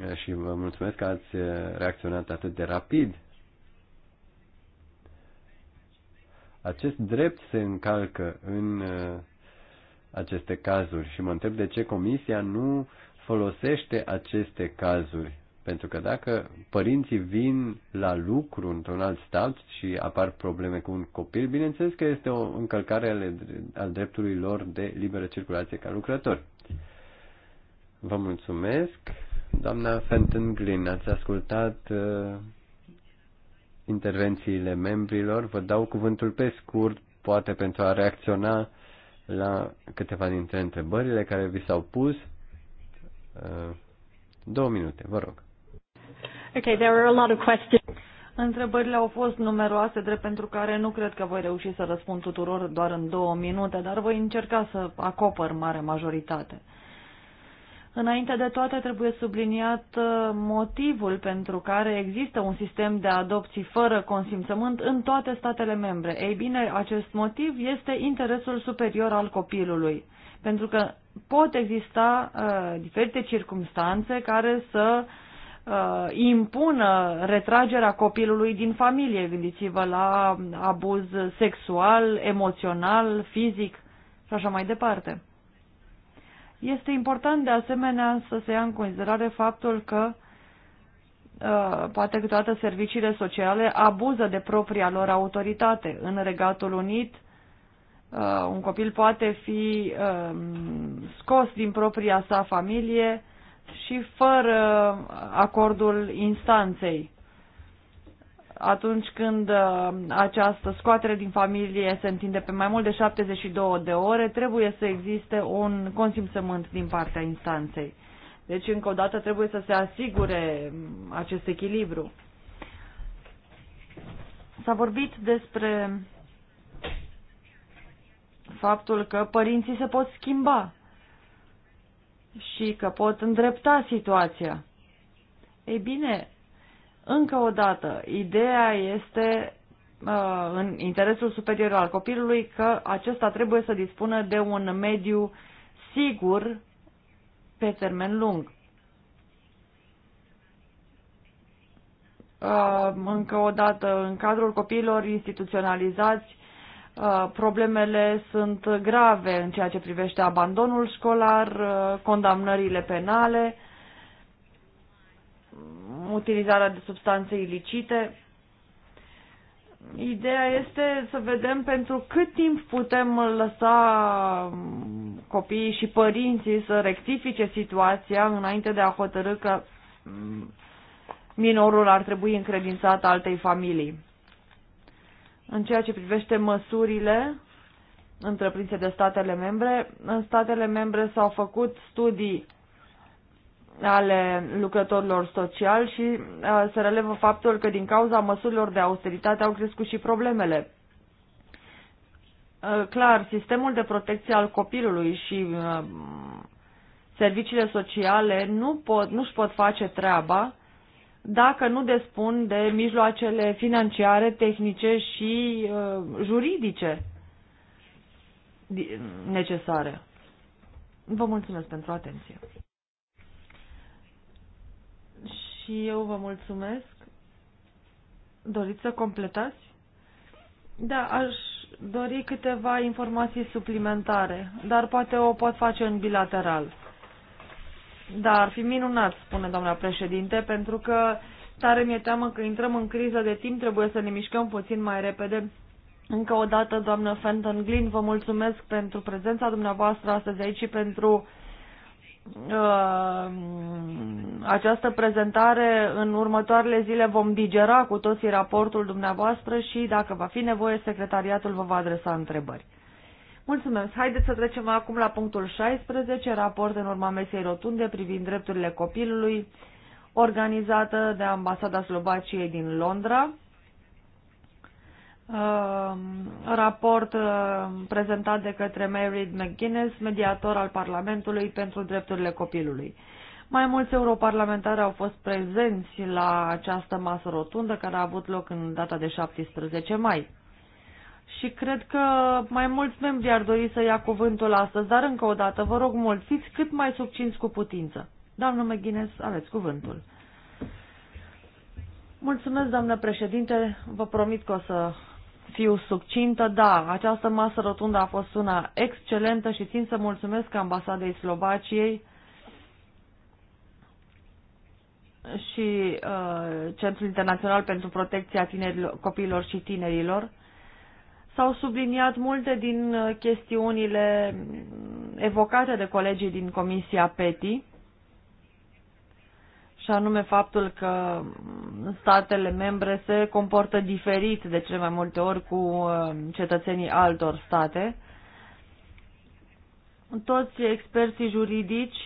uh, și vă mulțumesc că ați uh, reacționat atât de rapid. Acest drept se încalcă în aceste cazuri și mă întreb de ce comisia nu folosește aceste cazuri. Pentru că dacă părinții vin la lucru într-un alt stat și apar probleme cu un copil, bineînțeles că este o încălcare al dreptului lor de liberă circulație ca lucrători. Vă mulțumesc. Doamna Fenton Glynn, ați ascultat uh, intervențiile membrilor. Vă dau cuvântul pe scurt, poate pentru a reacționa la câteva dintre întrebările care vi s-au pus. Uh, două minute, vă rog. Okay, there are a lot of questions. Întrebările au fost numeroase, drept pentru care nu cred că voi reuși să răspund tuturor doar în două minute, dar voi încerca să acopăr mare majoritate. Înainte de toate, trebuie subliniat uh, motivul pentru care există un sistem de adopții fără consimțământ în toate statele membre. Ei bine, acest motiv este interesul superior al copilului, pentru că pot exista uh, diferite circumstanțe care să uh, impună retragerea copilului din familie. Gândiți-vă la abuz sexual, emoțional, fizic și așa mai departe. Este important de asemenea să se ia în considerare faptul că uh, poate că toate serviciile sociale abuză de propria lor autoritate. În Regatul Unit, uh, un copil poate fi um, scos din propria sa familie și fără acordul instanței atunci când uh, această scoatere din familie se întinde pe mai mult de 72 de ore, trebuie să existe un consimțământ din partea instanței. Deci, încă o dată, trebuie să se asigure mm, acest echilibru. S-a vorbit despre faptul că părinții se pot schimba și că pot îndrepta situația. Ei bine, încă o dată, ideea este uh, în interesul superior al copilului că acesta trebuie să dispună de un mediu sigur pe termen lung. Uh, încă o dată, în cadrul copiilor instituționalizați, uh, problemele sunt grave în ceea ce privește abandonul școlar, condamnările penale, utilizarea de substanțe ilicite. Ideea este să vedem pentru cât timp putem lăsa copiii și părinții să rectifice situația înainte de a hotărâ că minorul ar trebui încredințat altei familii. În ceea ce privește măsurile întreprinse de statele membre, în statele membre s-au făcut studii ale lucrătorilor sociali și uh, se relevă faptul că din cauza măsurilor de austeritate au crescut și problemele. Uh, clar, sistemul de protecție al copilului și uh, serviciile sociale nu pot, nu-și pot face treaba dacă nu despun de mijloacele financiare, tehnice și uh, juridice necesare. Vă mulțumesc pentru atenție și eu vă mulțumesc. Doriți să completați? Da, aș dori câteva informații suplimentare, dar poate o pot face în bilateral. Da, ar fi minunat, spune doamna președinte, pentru că tare mi-e teamă că intrăm în criză de timp, trebuie să ne mișcăm puțin mai repede. Încă o dată, doamnă Fenton Glyn, vă mulțumesc pentru prezența dumneavoastră astăzi aici și pentru Uh, această prezentare. În următoarele zile vom digera cu toții raportul dumneavoastră și, dacă va fi nevoie, secretariatul vă va adresa întrebări. Mulțumesc. Haideți să trecem acum la punctul 16, raport în urma mesei rotunde privind drepturile copilului, organizată de Ambasada Slovaciei din Londra. Uh, raport uh, prezentat de către Mary McGuinness, mediator al Parlamentului pentru drepturile copilului. Mai mulți europarlamentari au fost prezenți la această masă rotundă care a avut loc în data de 17 mai. Și cred că mai mulți membri ar dori să ia cuvântul astăzi, dar încă o dată vă rog mult, fiți cât mai subcinți cu putință. Doamnă McGuinness, aveți cuvântul. Mulțumesc, doamnă președinte, vă promit că o să fiu succintă, da, această masă rotundă a fost una excelentă și țin să mulțumesc ambasadei Slovaciei și uh, Centrul Internațional pentru Protecția tinerilor, Copiilor și Tinerilor. S-au subliniat multe din uh, chestiunile evocate de colegii din Comisia PETI și anume faptul că statele membre se comportă diferit de cele mai multe ori cu uh, cetățenii altor state. Toți experții juridici,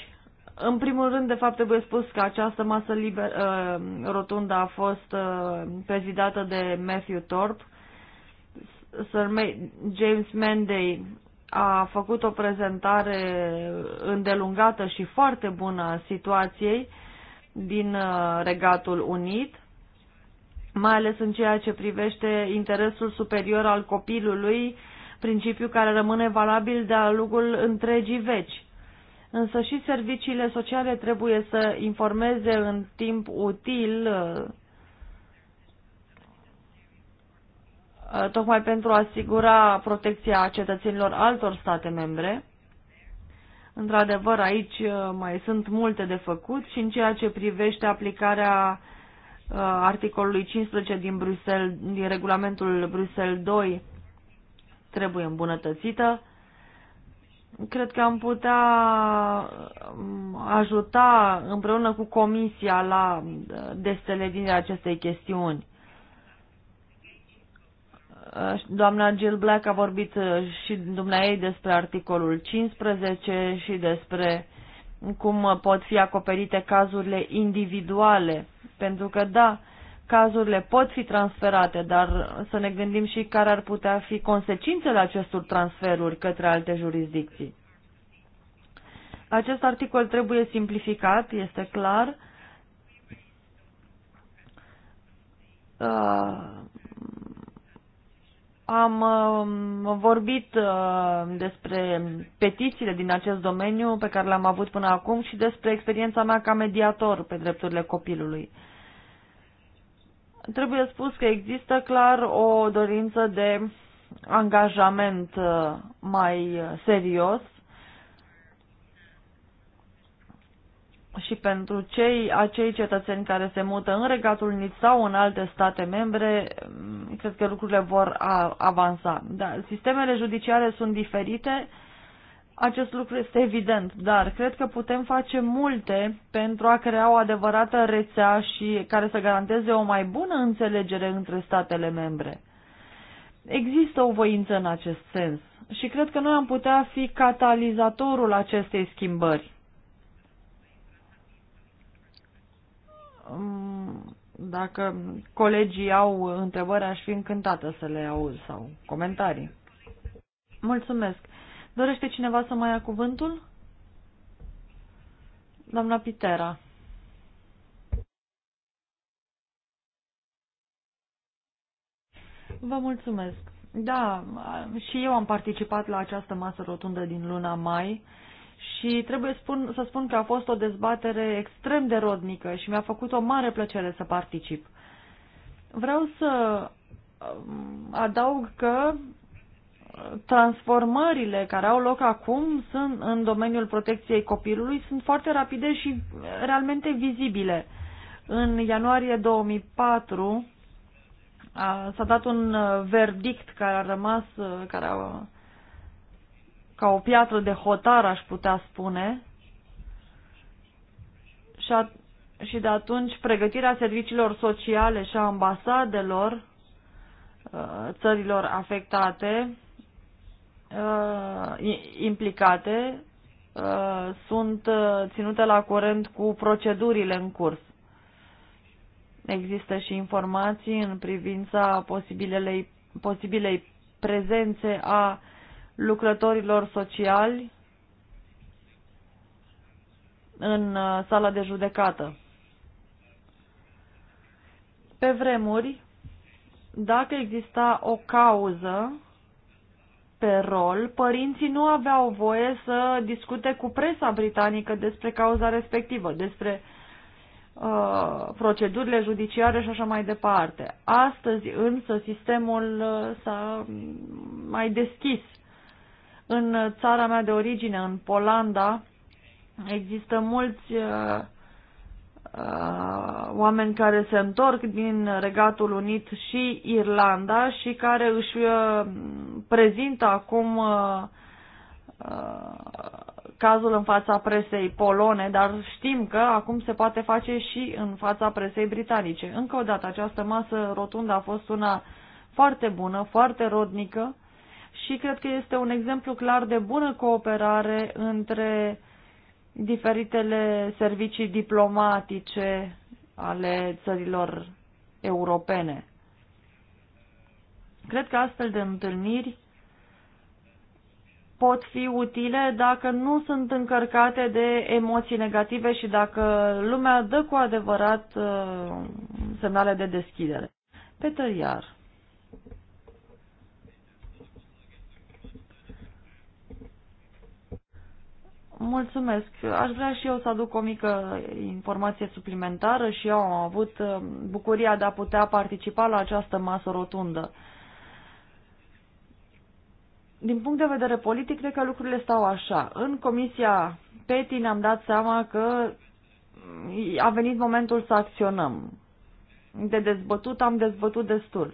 în primul rând, de fapt, trebuie spus că această masă liber, uh, rotundă a fost uh, prezidată de Matthew Thorpe. Sir James Manday a făcut o prezentare îndelungată și foarte bună a situației din uh, Regatul Unit, mai ales în ceea ce privește interesul superior al copilului, principiu care rămâne valabil de-a lungul întregii veci. Însă și serviciile sociale trebuie să informeze în timp util uh, uh, tocmai pentru a asigura protecția cetățenilor altor state membre. Într-adevăr, aici uh, mai sunt multe de făcut și în ceea ce privește aplicarea uh, articolului 15 din, Bruxelles, din regulamentul Bruxelles 2 trebuie îmbunătățită. Cred că am putea um, ajuta împreună cu Comisia la uh, desteledirea acestei chestiuni. Doamna Jill Black a vorbit uh, și dumneai despre articolul 15 și despre cum pot fi acoperite cazurile individuale, pentru că da, cazurile pot fi transferate, dar să ne gândim și care ar putea fi consecințele acestor transferuri către alte jurisdicții. Acest articol trebuie simplificat, este clar. Uh, am um, vorbit uh, despre petițiile din acest domeniu pe care le-am avut până acum și despre experiența mea ca mediator pe drepturile copilului. Trebuie spus că există clar o dorință de angajament uh, mai serios și pentru cei, acei cetățeni care se mută în Regatul Unit sau în alte state membre, mm, cred că lucrurile vor avansa. Da, sistemele judiciare sunt diferite, acest lucru este evident, dar cred că putem face multe pentru a crea o adevărată rețea și care să garanteze o mai bună înțelegere între statele membre. Există o voință în acest sens și cred că noi am putea fi catalizatorul acestei schimbări. Mm, dacă colegii au întrebări, aș fi încântată să le auz sau comentarii. Mulțumesc. Dorește cineva să mai ia cuvântul? Doamna Pitera. Vă mulțumesc. Da, și eu am participat la această masă rotundă din luna mai și trebuie spun, să spun că a fost o dezbatere extrem de rodnică și mi-a făcut o mare plăcere să particip. Vreau să um, adaug că uh, transformările care au loc acum sunt în domeniul protecției copilului sunt foarte rapide și uh, realmente vizibile. În ianuarie 2004 uh, s-a dat un verdict care a rămas, care a ca o piatră de hotar, aș putea spune. Și, a, și de atunci pregătirea serviciilor sociale și a ambasadelor uh, țărilor afectate uh, implicate uh, sunt ținute la curent cu procedurile în curs. Există și informații în privința posibilei, posibilei prezențe a lucrătorilor sociali în uh, sala de judecată. Pe vremuri, dacă exista o cauză pe rol, părinții nu aveau voie să discute cu presa britanică despre cauza respectivă, despre uh, procedurile judiciare și așa mai departe. Astăzi însă sistemul uh, s-a mai deschis în țara mea de origine, în Polanda, există mulți uh, uh, oameni care se întorc din Regatul Unit și Irlanda și care își uh, prezintă acum uh, uh, cazul în fața presei polone, dar știm că acum se poate face și în fața presei britanice. Încă o dată, această masă rotundă a fost una foarte bună, foarte rodnică și cred că este un exemplu clar de bună cooperare între diferitele servicii diplomatice ale țărilor europene. Cred că astfel de întâlniri pot fi utile dacă nu sunt încărcate de emoții negative și dacă lumea dă cu adevărat uh, semnale de deschidere. Peter Iar Mulțumesc. Aș vrea și eu să aduc o mică informație suplimentară și eu am avut uh, bucuria de a putea participa la această masă rotundă. Din punct de vedere politic, cred că lucrurile stau așa. În Comisia PETI ne-am dat seama că a venit momentul să acționăm. De dezbătut am dezbătut destul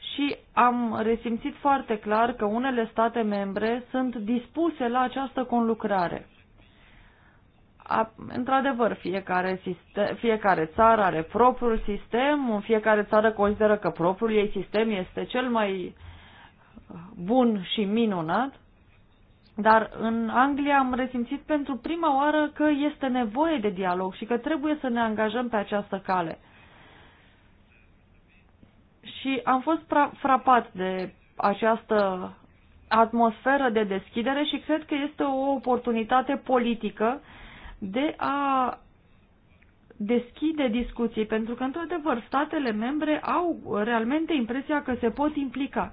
și am resimțit foarte clar că unele state membre sunt dispuse la această conlucrare. Într-adevăr, fiecare, sistem, fiecare țară are propriul sistem, fiecare țară consideră că propriul ei sistem este cel mai bun și minunat, dar în Anglia am resimțit pentru prima oară că este nevoie de dialog și că trebuie să ne angajăm pe această cale și am fost frapat de această atmosferă de deschidere și cred că este o oportunitate politică de a deschide discuții, pentru că, într-adevăr, statele membre au realmente impresia că se pot implica.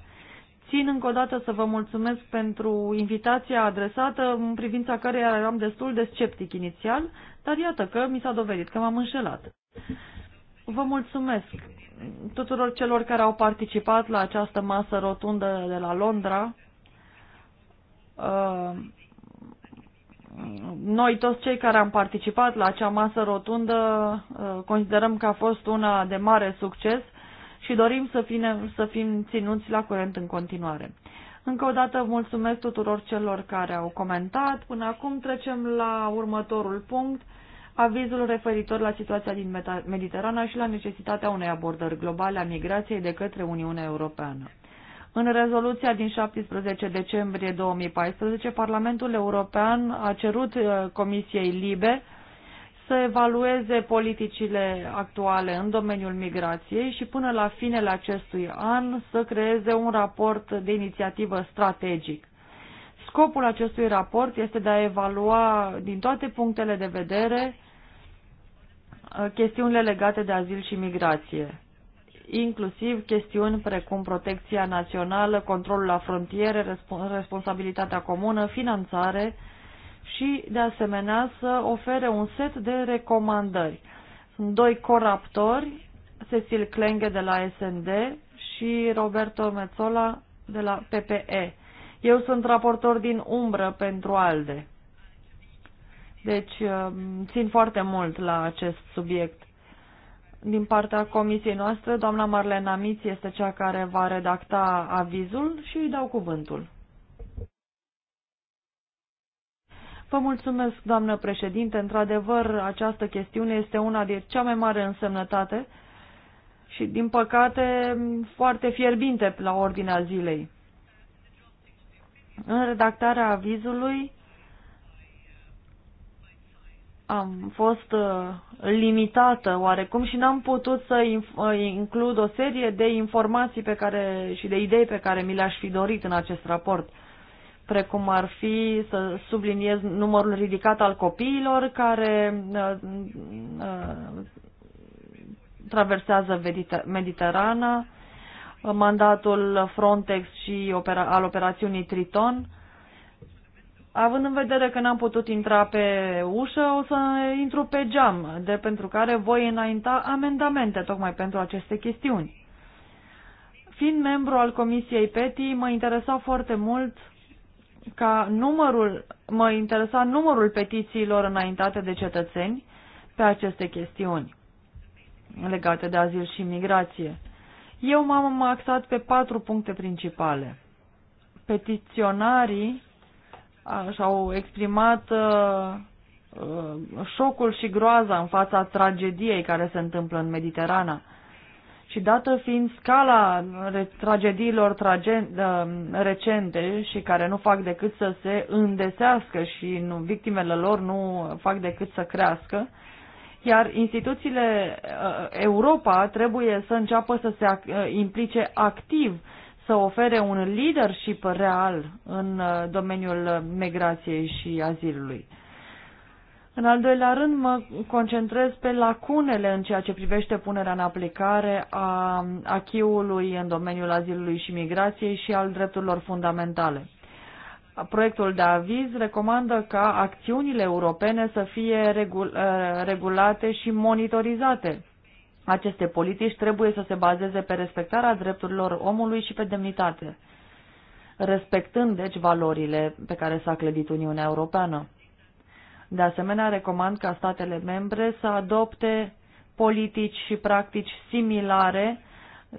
Țin încă o dată să vă mulțumesc pentru invitația adresată, în privința care eram destul de sceptic inițial, dar iată că mi s-a dovedit că m-am înșelat. Vă mulțumesc tuturor celor care au participat la această masă rotundă de la Londra. Uh, noi, toți cei care am participat la acea masă rotundă, uh, considerăm că a fost una de mare succes și dorim să fim, să fim ținuți la curent în continuare. Încă o dată mulțumesc tuturor celor care au comentat. Până acum trecem la următorul punct avizul referitor la situația din Mediterana și la necesitatea unei abordări globale a migrației de către Uniunea Europeană. În rezoluția din 17 decembrie 2014, Parlamentul European a cerut uh, Comisiei Libe să evalueze politicile actuale în domeniul migrației și până la finele acestui an să creeze un raport de inițiativă strategic. Scopul acestui raport este de a evalua din toate punctele de vedere Uh, chestiunile legate de azil și migrație, inclusiv chestiuni precum protecția națională, controlul la frontiere, responsabilitatea comună, finanțare și, de asemenea, să ofere un set de recomandări. Sunt doi coraptori, Cecil Klenge de la SND și Roberto Mezzola de la PPE. Eu sunt raportor din umbră pentru ALDE. Deci uh, țin foarte mult la acest subiect. Din partea comisiei noastre, doamna Marlena Miț este cea care va redacta avizul și îi dau cuvântul. Vă mulțumesc, doamnă președinte. Într-adevăr, această chestiune este una de cea mai mare însemnătate și, din păcate, foarte fierbinte la ordinea zilei. În redactarea avizului am fost uh, limitată oarecum și n-am putut să uh, includ o serie de informații pe care, și de idei pe care mi le-aș fi dorit în acest raport, precum ar fi să subliniez numărul ridicat al copiilor care uh, traversează Mediterana, mandatul Frontex și al operațiunii Triton, Având în vedere că n-am putut intra pe ușă, o să intru pe geam, de pentru care voi înainta amendamente tocmai pentru aceste chestiuni. Fiind membru al Comisiei PETI, mă interesa foarte mult ca numărul, mă interesa numărul petițiilor înaintate de cetățeni pe aceste chestiuni legate de azil și migrație. Eu m-am axat pe patru puncte principale. Petiționarii și-au exprimat uh, uh, șocul și groaza în fața tragediei care se întâmplă în Mediterana. Și dată fiind scala tragediilor trage uh, recente și care nu fac decât să se îndesească și nu, victimele lor nu fac decât să crească, iar instituțiile Europa trebuie să înceapă să se implice activ să ofere un leadership real în uh, domeniul uh, migrației și azilului. În al doilea rând, mă concentrez pe lacunele în ceea ce privește punerea în aplicare a achiului în domeniul azilului și migrației și al drepturilor fundamentale. Proiectul de aviz recomandă ca acțiunile europene să fie uh, regulate și monitorizate aceste politici trebuie să se bazeze pe respectarea drepturilor omului și pe demnitate, respectând deci valorile pe care s-a clădit Uniunea Europeană. De asemenea, recomand ca statele membre să adopte politici și practici similare uh,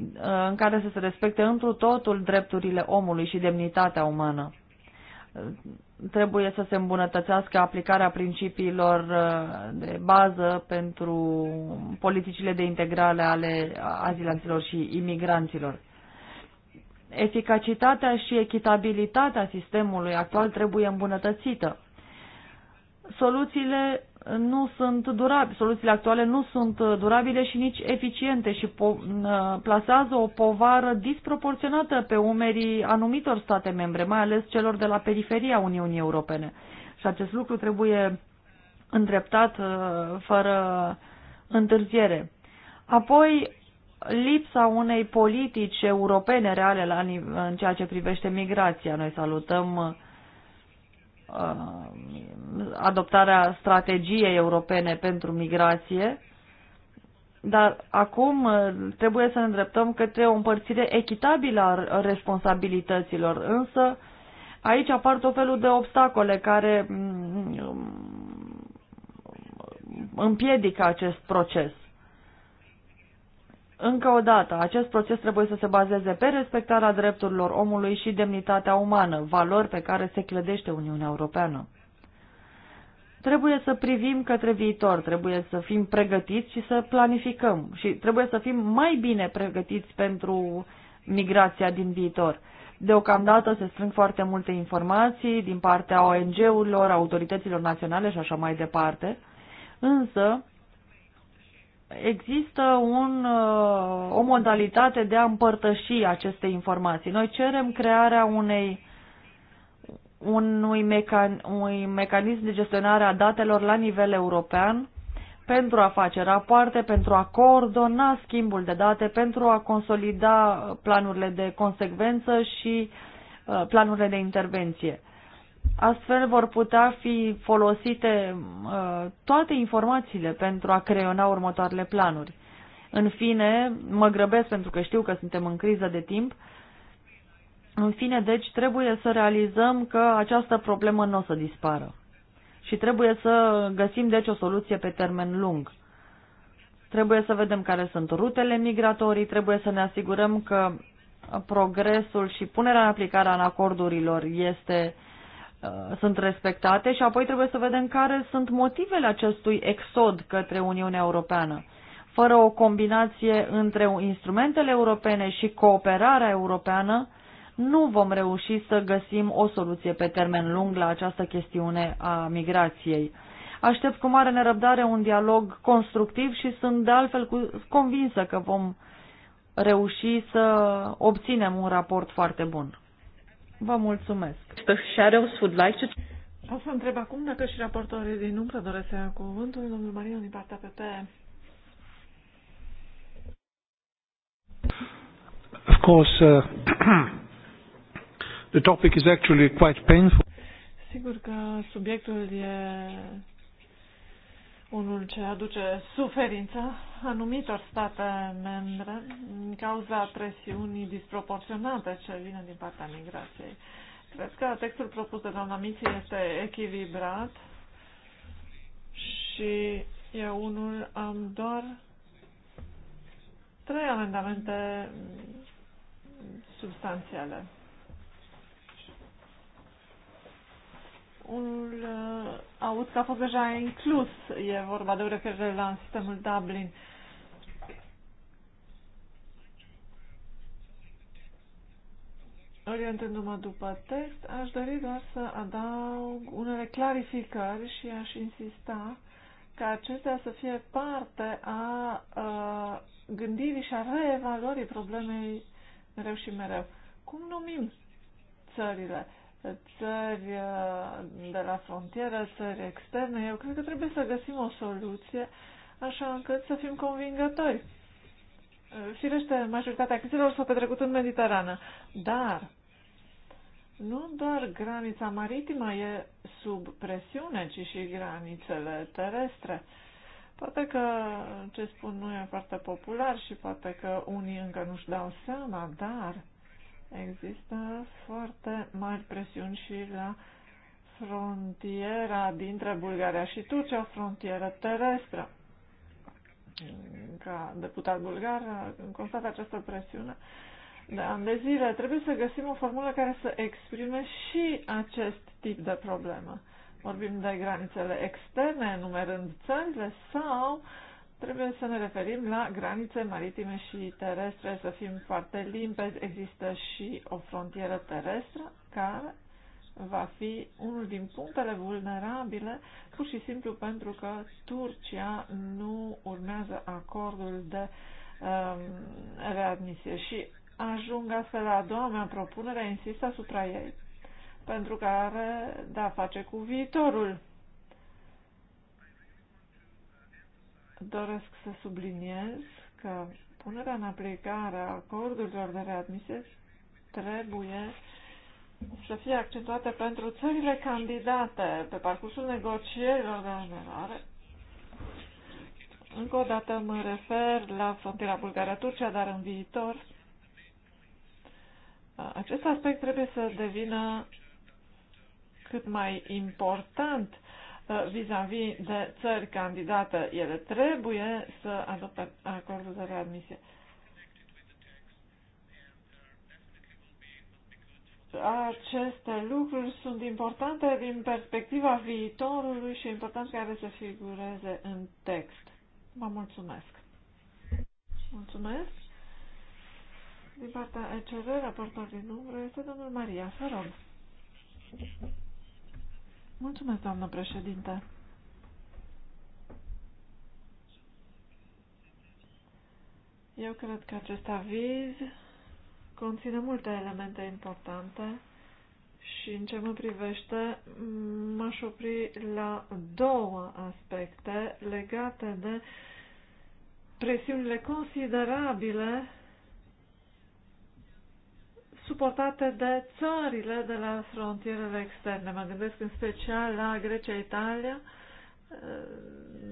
în care să se respecte întru totul drepturile omului și demnitatea umană trebuie să se îmbunătățească aplicarea principiilor uh, de bază pentru politicile de integrale ale azilanților și imigranților. Eficacitatea și echitabilitatea sistemului actual trebuie îmbunătățită. Soluțiile nu sunt durabile, soluțiile actuale nu sunt uh, durabile și nici eficiente și uh, plasează o povară disproporționată pe umerii anumitor state membre, mai ales celor de la periferia Uniunii Europene. Și acest lucru trebuie îndreptat uh, fără întârziere. Apoi, lipsa unei politici europene reale la, în ceea ce privește migrația. Noi salutăm Uh, adoptarea strategiei europene pentru migrație, dar acum uh, trebuie să ne îndreptăm către o împărțire echitabilă a responsabilităților, însă aici apar tot felul de obstacole care mm, mm, împiedică acest proces. Încă o dată, acest proces trebuie să se bazeze pe respectarea drepturilor omului și demnitatea umană, valori pe care se clădește Uniunea Europeană. Trebuie să privim către viitor, trebuie să fim pregătiți și să planificăm și trebuie să fim mai bine pregătiți pentru migrația din viitor. Deocamdată se strâng foarte multe informații din partea ONG-urilor, autorităților naționale și așa mai departe, însă există un, uh, o modalitate de a împărtăși aceste informații. Noi cerem crearea unei unui, mecan, unui mecanism de gestionare a datelor la nivel european pentru a face rapoarte, pentru a coordona schimbul de date, pentru a consolida planurile de consecvență și uh, planurile de intervenție. Astfel vor putea fi folosite uh, toate informațiile pentru a creiona următoarele planuri. În fine, mă grăbesc pentru că știu că suntem în criză de timp. În fine, deci, trebuie să realizăm că această problemă nu o să dispară. Și trebuie să găsim, deci, o soluție pe termen lung. Trebuie să vedem care sunt rutele migratorii, trebuie să ne asigurăm că progresul și punerea în aplicare a acordurilor este Uh, sunt respectate și apoi trebuie să vedem care sunt motivele acestui exod către Uniunea Europeană. Fără o combinație între instrumentele europene și cooperarea europeană, nu vom reuși să găsim o soluție pe termen lung la această chestiune a migrației. Aștept cu mare nerăbdare un dialog constructiv și sunt de altfel cu, convinsă că vom reuși să obținem un raport foarte bun. Vă mulțumesc. The shadows would like to... O să întreb acum dacă și raportorii din umbră doresc să ia cuvântul. Domnul Marion din partea PP. Of course, uh, the topic is actually quite painful. Sigur că subiectul e unul ce aduce suferință anumitor state membre în cauza presiunii disproporționate ce vine din partea migrației. Cred că textul propus de doamna Miții este echilibrat și eu unul am doar trei amendamente substanțiale. unul uh, aud că a fost deja inclus, e vorba de o referire la sistemul Dublin. Orientându-mă după text, aș dori doar să adaug unele clarificări și aș insista ca acestea să fie parte a, uh, gândirii și a reevaluării problemei mereu și mereu. Cum numim țările? țări uh, de la frontieră, țări externe. Eu cred că trebuie să găsim o soluție așa încât să fim convingători. Uh, firește, majoritatea crizelor s au petrecut în Mediterană, dar nu doar granița maritimă e sub presiune, ci și granițele terestre. Poate că ce spun nu e foarte popular și poate că unii încă nu-și dau seama, dar Există foarte mari presiuni și la frontiera dintre Bulgaria și Turcia, frontieră terestră. Ca deputat bulgar, constat această presiune de ani de zile. Trebuie să găsim o formulă care să exprime și acest tip de problemă. Vorbim de granițele externe, numerând țările, sau uh, Trebuie să ne referim la granițe maritime și terestre, să fim foarte limpezi. Există și o frontieră terestră care va fi unul din punctele vulnerabile, pur și simplu pentru că Turcia nu urmează acordul de um, readmisie. Și ajung astfel la a doua mea propunere, insist asupra ei, pentru că are de-a face cu viitorul doresc să subliniez că punerea în aplicare a acordurilor de readmisie trebuie să fie accentuată pentru țările candidate pe parcursul negocierilor de aderare. Încă o dată mă refer la frontiera Bulgaria-Turcia, dar în viitor acest aspect trebuie să devină cât mai important Uh, vis-a-vis -vis de țări candidate. Ele trebuie să adopte acordul de readmisie. Aceste lucruri sunt importante din perspectiva viitorului și important care să figureze în text. Vă mulțumesc! Mulțumesc! Din partea ECR, raportor din umbră, este domnul Maria. Să rog! Mulțumesc, doamnă președinte. Eu cred că acest aviz conține multe elemente importante și în ce mă privește m-aș opri la două aspecte legate de presiunile considerabile suportate de țările de la frontierele externe. Mă gândesc în special la Grecia, Italia, eh,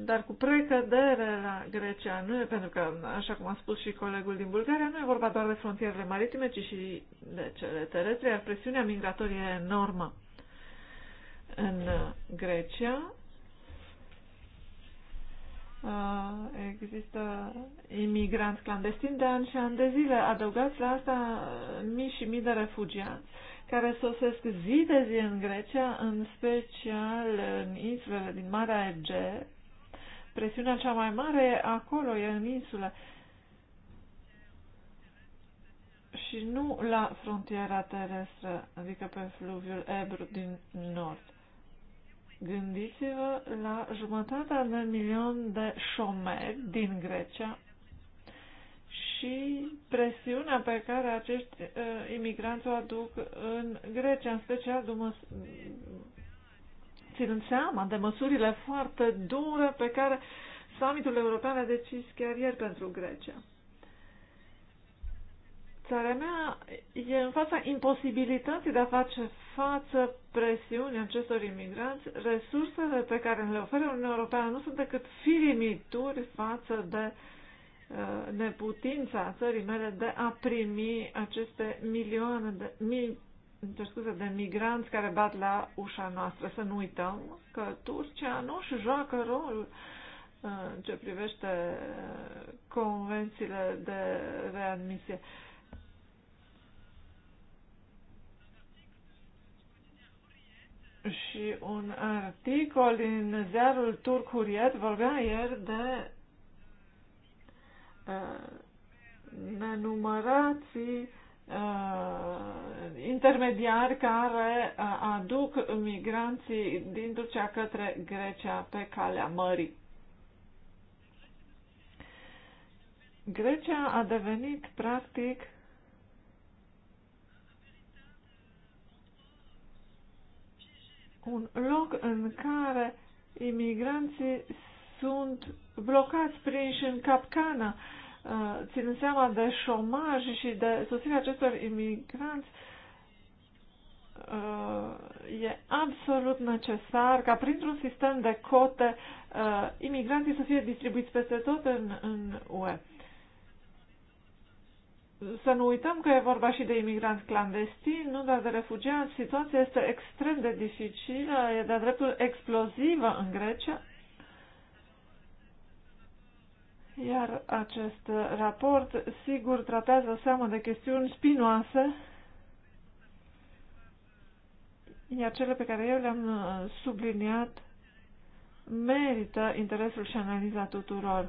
dar cu precădere la Grecia. Nu e pentru că, așa cum a spus și colegul din Bulgaria, nu e vorba doar de frontierele maritime, ci și de cele terestre, iar presiunea migratorie e enormă în Grecia Uh, există imigranți clandestini de ani și ani de zile. Adăugați la asta mii și mii de refugiați care sosesc zi de zi în Grecia, în special în insulele din Marea Ege. Presiunea cea mai mare e acolo, e în insule. Și nu la frontiera terestră, adică pe fluviul Ebru din nord. Gândiți-vă la jumătatea de milion de șomeri din Grecia și presiunea pe care acești uh, imigranți o aduc în Grecia, în special dumă, ținând seama de măsurile foarte dure pe care summitul european a decis chiar ieri pentru Grecia. Țara mea e în fața imposibilității de a face față presiunii acestor imigranți. Resursele pe care le oferă Uniunea Europeană nu sunt decât firimituri față de uh, neputința țării mele de a primi aceste milioane de, mii, scuze, de migranți care bat la ușa noastră. Să nu uităm că Turcia nu își joacă rol, uh, în ce privește uh, convențiile de readmisie. Uh, Și un articol din ziarul Turk Huriet vorbea ieri de uh, nenumărații uh, intermediari care uh, aduc migranții din Turcia către Grecia pe calea mării. Grecia a devenit practic un loc în care imigranții sunt blocați, prinși în capcana, uh, ținând seama de șomaj și de susținerea acestor imigranți, uh, e absolut necesar ca printr-un sistem de cote uh, imigranții să fie distribuiți peste tot în, în UE să nu uităm că e vorba și de imigranți clandestini, nu doar de refugiați. Situația este extrem de dificilă, e de-a dreptul explozivă în Grecia. Iar acest raport, sigur, tratează o seamă de chestiuni spinoase, iar cele pe care eu le-am uh, subliniat merită interesul și analiza tuturor.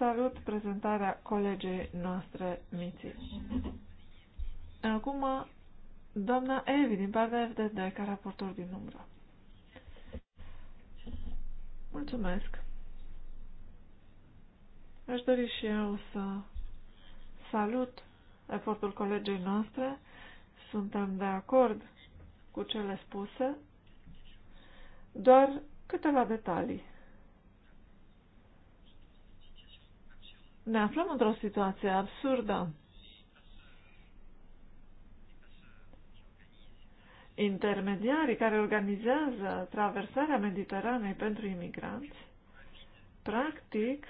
Salut prezentarea colegei noastre miții. Acum, doamna Evi, din partea FDD, ca raportor din umbră. Mulțumesc. Aș dori și eu să salut efortul colegei noastre. Suntem de acord cu cele spuse, doar câteva detalii. Ne aflăm într-o situație absurdă. Intermediarii care organizează traversarea Mediteranei pentru imigranți, practic,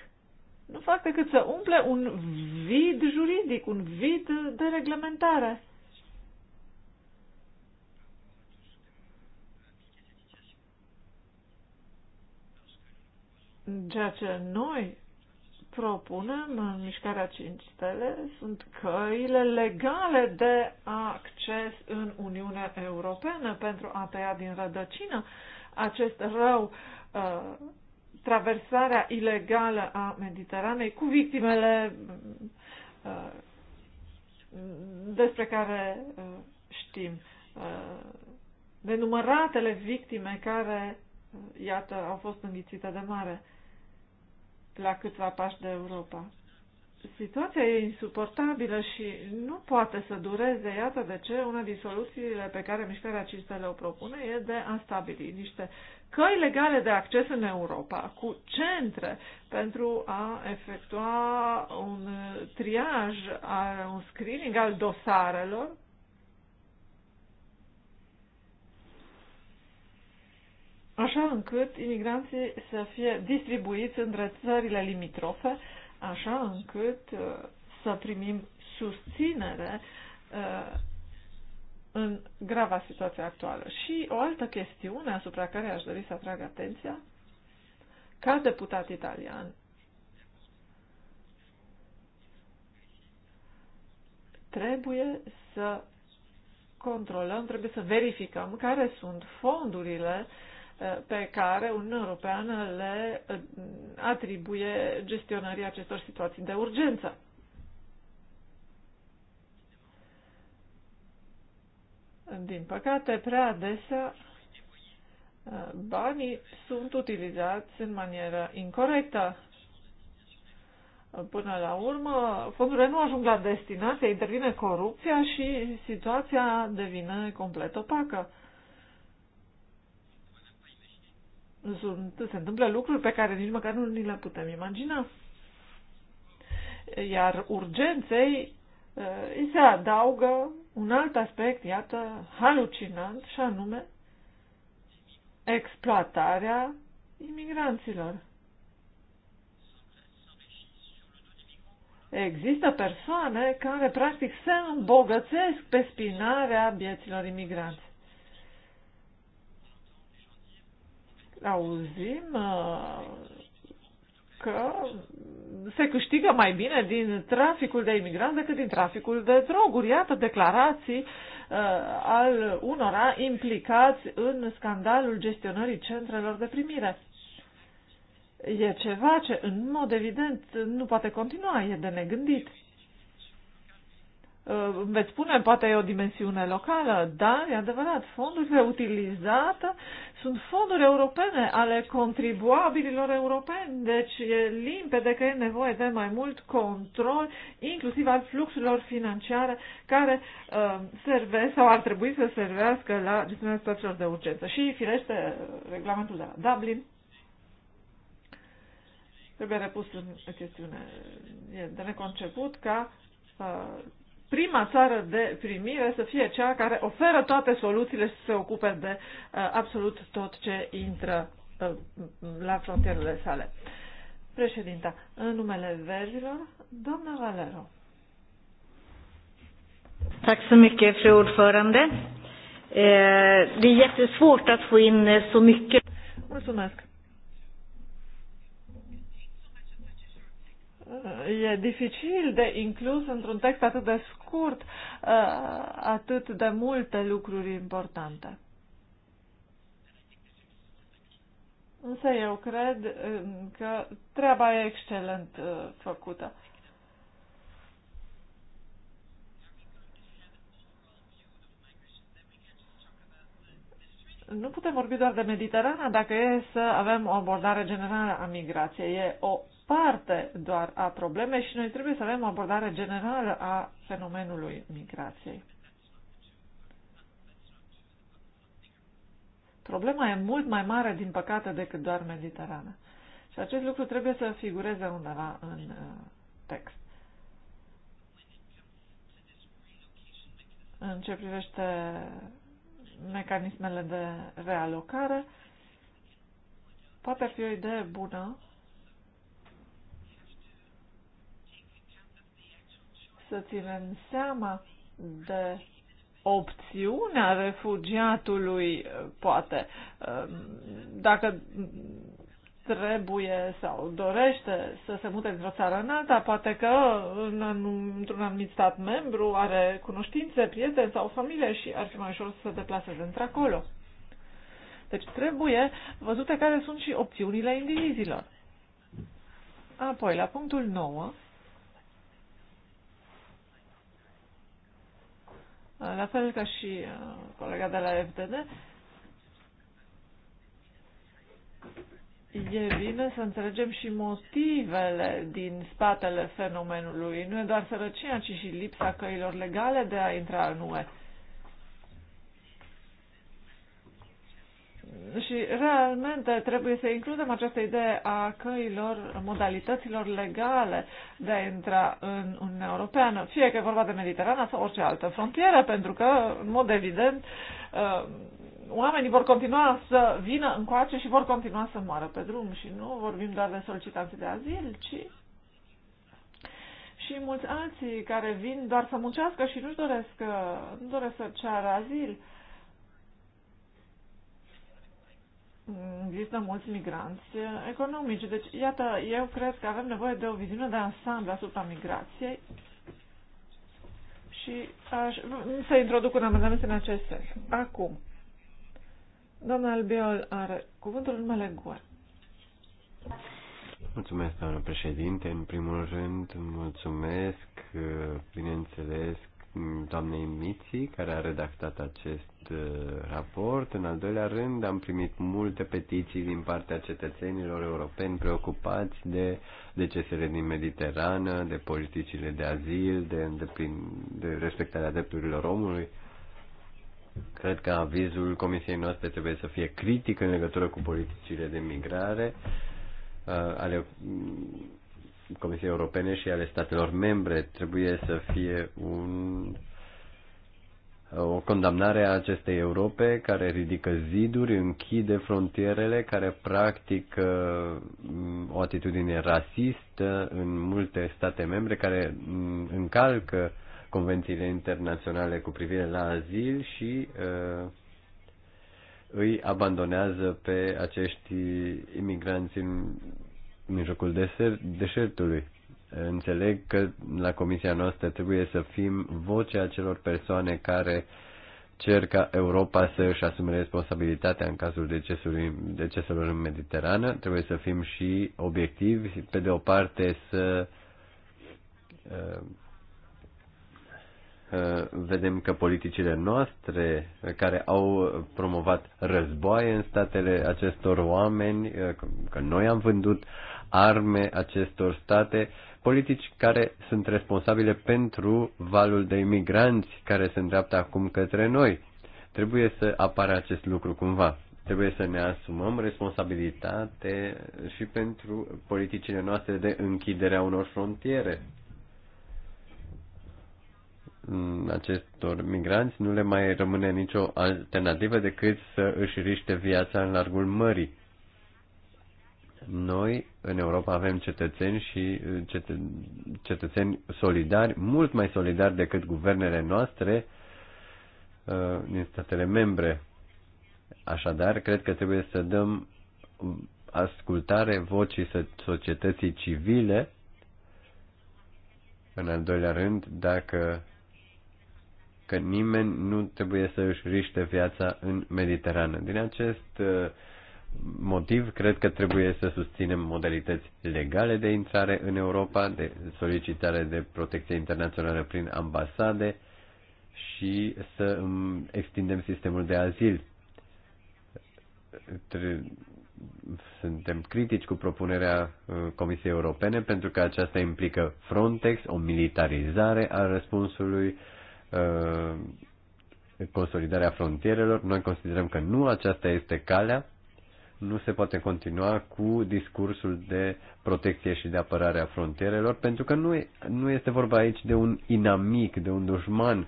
nu fac decât să umple un vid juridic, un vid de reglementare. Ceea ce noi propunem în mișcarea 5 stele sunt căile legale de acces în Uniunea Europeană pentru a tăia din rădăcină acest rău uh, traversarea ilegală a Mediteranei cu victimele uh, despre care uh, știm uh, număratele victime care, uh, iată, au fost înghițite de mare la câțiva pași de Europa. Situația e insuportabilă și nu poate să dureze. Iată de ce una din soluțiile pe care mișcarea cinstele o propune e de a stabili niște căi legale de acces în Europa cu centre pentru a efectua un triaj, un screening al dosarelor așa încât imigranții să fie distribuiți între țările limitrofe, așa încât uh, să primim susținere uh, în grava situație actuală. Și o altă chestiune asupra care aș dori să atrag atenția, ca deputat italian, trebuie să controlăm, trebuie să verificăm care sunt fondurile uh, pe care Uniunea Europeană le uh, atribuie gestionării acestor situații de urgență. Din păcate, prea adesea uh, banii sunt utilizați în manieră incorrectă. Până la urmă, fondurile nu ajung la destinație, intervine corupția și situația devine complet opacă. sunt, se întâmplă lucruri pe care nici măcar nu ni le putem imagina. Iar urgenței uh, îi se adaugă un alt aspect, iată, halucinant, și anume exploatarea imigranților. Există persoane care practic se îmbogățesc pe spinarea vieților imigranți. auzim uh, că se câștigă mai bine din traficul de imigranți decât din traficul de droguri. Iată declarații uh, al unora implicați în scandalul gestionării centrelor de primire. E ceva ce, în mod evident, nu poate continua, e de negândit veți spune, poate e o dimensiune locală, dar e adevărat, fondurile utilizate sunt fonduri europene ale contribuabililor europeni, deci e limpede că e nevoie de mai mult control, inclusiv al fluxurilor financiare care uh, serve sau ar trebui să servească la gestiunea situațiilor de urgență. Și, firește, regulamentul de la Dublin trebuie repus în chestiune. E de neconceput ca uh, prima țară de primire să fie cea care oferă toate soluțiile și se ocupe de uh, absolut tot ce intră uh, la frontierele sale. Președinta, în numele verzilor, doamna Valero. Tack så mycket, fru ordförande. Eh, det är jättesvårt att få in så mycket. Mulțumesc. e dificil de inclus într-un text atât de scurt uh, atât de multe lucruri importante. Însă eu cred uh, că treaba e excelent uh, făcută. nu putem vorbi doar de Mediterana dacă e să avem o abordare generală a migrației. E o parte doar a problemei și noi trebuie să avem o abordare generală a fenomenului migrației. Problema e mult mai mare, din păcate, decât doar Mediterana. Și acest lucru trebuie să figureze undeva în uh, text. În ce privește mecanismele de realocare, poate fi o idee bună să ținem seama de opțiunea refugiatului, poate. Dacă trebuie sau dorește să se mute dintr-o țară în alta, poate că în într-un anumit stat membru are cunoștințe, prieteni sau familie și ar fi mai ușor să se deplaseze într-acolo. Deci trebuie văzute care sunt și opțiunile indivizilor. Apoi, la punctul 9, la fel ca și uh, colega de la FDD, E bine să înțelegem și motivele din spatele fenomenului. Nu e doar sărăcia, ci și lipsa căilor legale de a intra în UE. Și realmente trebuie să includem această idee a căilor, modalităților legale de a intra în Uniunea Europeană, fie că e vorba de Mediterana sau orice altă frontieră, pentru că, în mod evident, uh, oamenii vor continua să vină încoace și vor continua să moară pe drum și nu vorbim doar de solicitanții de azil, ci și mulți alții care vin doar să muncească și nu-și doresc, nu doresc să ceară azil. Există mulți migranți economici. Deci, iată, eu cred că avem nevoie de o viziune de ansamblu asupra migrației și aș, să introduc un amendament în acest sens. Acum, Doamna Albiol are cuvântul în numele Guar. Mulțumesc, doamnă președinte. În primul rând, mulțumesc, bineînțeles, doamnei Miții, care a redactat acest uh, raport. În al doilea rând, am primit multe petiții din partea cetățenilor europeni preocupați de decesele din Mediterană, de politicile de azil, de, de, de respectarea drepturilor omului Cred că avizul comisiei noastre trebuie să fie critic în legătură cu politicile de migrare uh, ale mm, Comisiei Europene și ale statelor membre. Trebuie să fie un, uh, o condamnare a acestei Europe care ridică ziduri, închide frontierele, care practică uh, mm, o atitudine rasistă în multe state membre, care mm, încalcă uh, convențiile internaționale cu privire la azil și uh, îi abandonează pe acești imigranți în mijlocul desert, deșertului. Înțeleg că la comisia noastră trebuie să fim vocea celor persoane care cer ca Europa să își asume responsabilitatea în cazul decesului, deceselor în Mediterană. Trebuie să fim și obiectivi, pe de o parte să uh, Eh, vedem că politicile noastre eh, care au promovat războaie în statele acestor oameni, eh, că noi am vândut arme acestor state, politici care sunt responsabile pentru valul de imigranți care se îndreaptă acum către noi. Trebuie să apară acest lucru cumva. Trebuie să ne asumăm responsabilitate și pentru politicile noastre de închidere a unor frontiere acestor migranți nu le mai rămâne nicio alternativă decât să își riște viața în largul mării. Noi, în Europa, avem cetățeni și cetă, cetățeni solidari, mult mai solidari decât guvernele noastre uh, din statele membre. Așadar, cred că trebuie să dăm ascultare vocii societății civile. În al doilea rând, dacă că nimeni nu trebuie să își riște viața în Mediterană. Din acest uh, motiv, cred că trebuie să susținem modalități legale de intrare în Europa, de solicitare de protecție internațională prin ambasade și să extindem sistemul de azil. Suntem critici cu propunerea uh, Comisiei Europene pentru că aceasta implică Frontex, o militarizare a răspunsului uh, Uh, consolidarea frontierelor. Noi considerăm că nu aceasta este calea. Nu se poate continua cu discursul de protecție și de apărare a frontierelor, pentru că nu, e, nu este vorba aici de un inamic, de un dușman.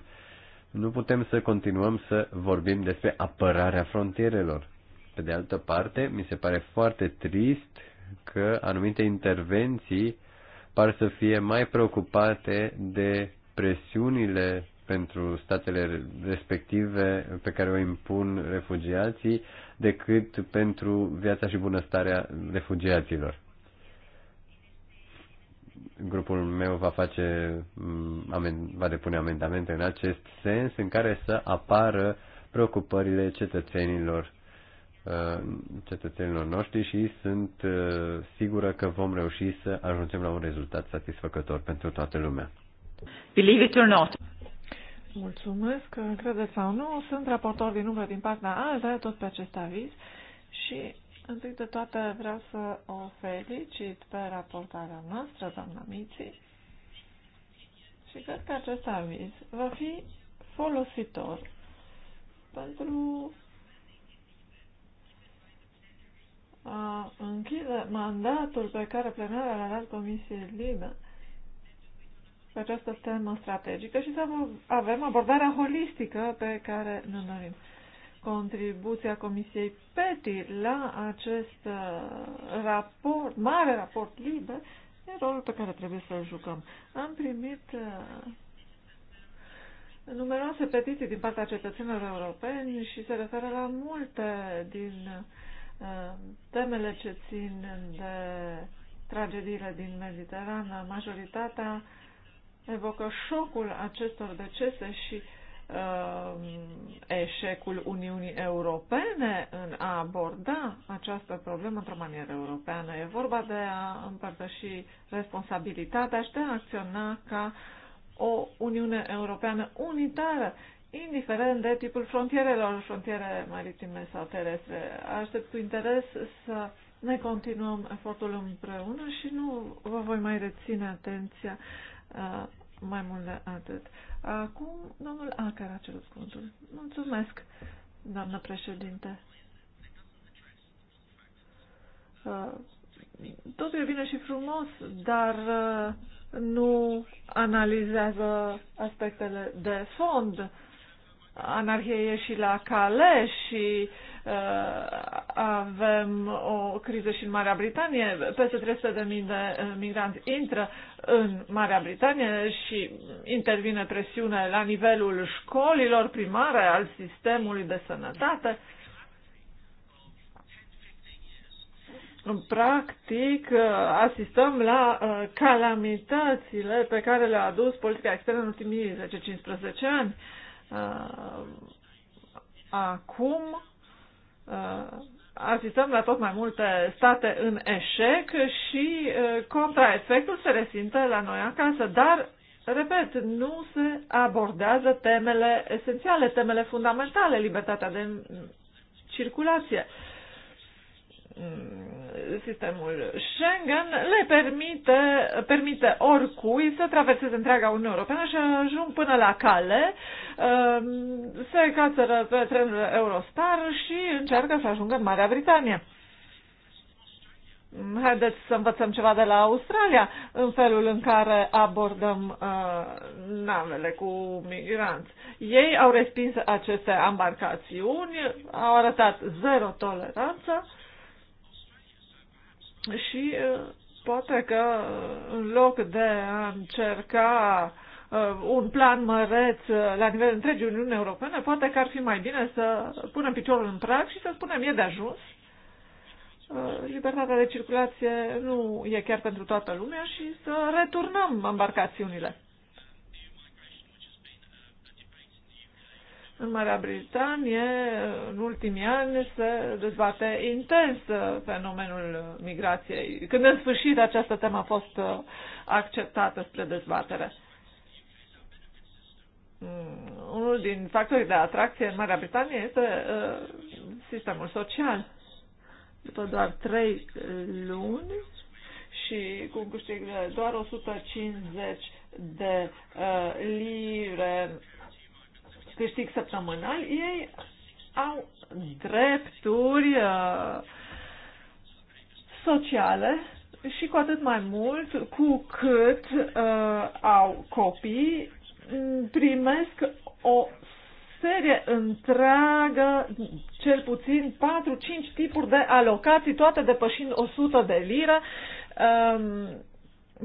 Nu putem să continuăm să vorbim despre apărarea frontierelor. Pe de altă parte, mi se pare foarte trist că anumite intervenții par să fie mai preocupate de presiunile pentru statele respective pe care o impun refugiații decât pentru viața și bunăstarea refugiaților. Grupul meu va face mm, va depune amendamente în acest sens în care să apară preocupările cetățenilor uh, cetățenilor noștri și sunt uh, sigură că vom reuși să ajungem la un rezultat satisfăcător pentru toată lumea. Believe it or not. Mulțumesc. Credeți sau nu, sunt raportor din umbră din partea ALDE, tot pe acest aviz și întâi de toate vreau să o felicit pe raportarea noastră, doamna Miții, și cred că acest aviz va fi folositor pentru a închide mandatul pe care plenarea l-a dat Comisiei Libe pe această temă strategică și să avem abordarea holistică pe care ne dorim. Contribuția Comisiei PETI la acest uh, raport, mare raport liber, e rolul pe care trebuie să-l jucăm. Am primit uh, numeroase petiții din partea cetățenilor europeni și se referă la multe din uh, temele ce țin de tragediile din Mediterană, Majoritatea evocă șocul acestor decese și uh, eșecul Uniunii Europene în a aborda această problemă într-o manieră europeană. E vorba de a împărtăși responsabilitatea și de a acționa ca o Uniune Europeană unitară, indiferent de tipul frontierelor, frontiere maritime sau terestre. Aștept cu interes să ne continuăm efortul împreună și nu vă voi mai reține atenția Uh, mai mult de atât. Acum, domnul Acar a cerut cuvântul. Mulțumesc, doamnă președinte. Uh, totul e bine și frumos, dar uh, nu analizează aspectele de fond. Anarhie e și la cale și uh, Eh, avem o criză și în Marea Britanie. Peste 300.000 de eh, migranți intră în Marea Britanie și intervine presiune la nivelul școlilor primare, al sistemului de sănătate. În practic, eh, asistăm la calamitățile pe care le-a adus politica externă în ultimii 10-15 ani. Acum, Uh, asistăm la tot mai multe state în eșec și uh, contraefectul se resimte la noi acasă. Dar, repet, nu se abordează temele esențiale, temele fundamentale, libertatea de circulație, Mm, sistemul Schengen le permite, permite oricui să traverseze întreaga Uniune Europeană și ajung până la cale, um, se cațără pe trenul Eurostar și încearcă să ajungă în Marea Britanie. Haideți să învățăm ceva de la Australia în felul în care abordăm uh, navele cu migranți. Ei au respins aceste embarcațiuni, au arătat zero toleranță și poate că în loc de a încerca un plan măreț la nivel întregii Uniunii Europene, poate că ar fi mai bine să punem piciorul în prag și să spunem e de ajuns. Libertatea de circulație nu e chiar pentru toată lumea și să returnăm embarcațiunile. În Marea Britanie, în ultimii ani, se dezbate intens uh, fenomenul uh, migrației, când în sfârșit această temă a fost uh, acceptată spre dezbatere mm, unul din factorii de atracție în Marea Britanie este sistemul social. După doar trei luni și cu un câștig de doar 150 de uh, lire câștig săptămânal, ei au drepturi uh, sociale și cu atât mai mult cu cât uh, au copii, primesc o serie întreagă, cel puțin 4-5 tipuri de alocații, toate depășind 100 de lire, um,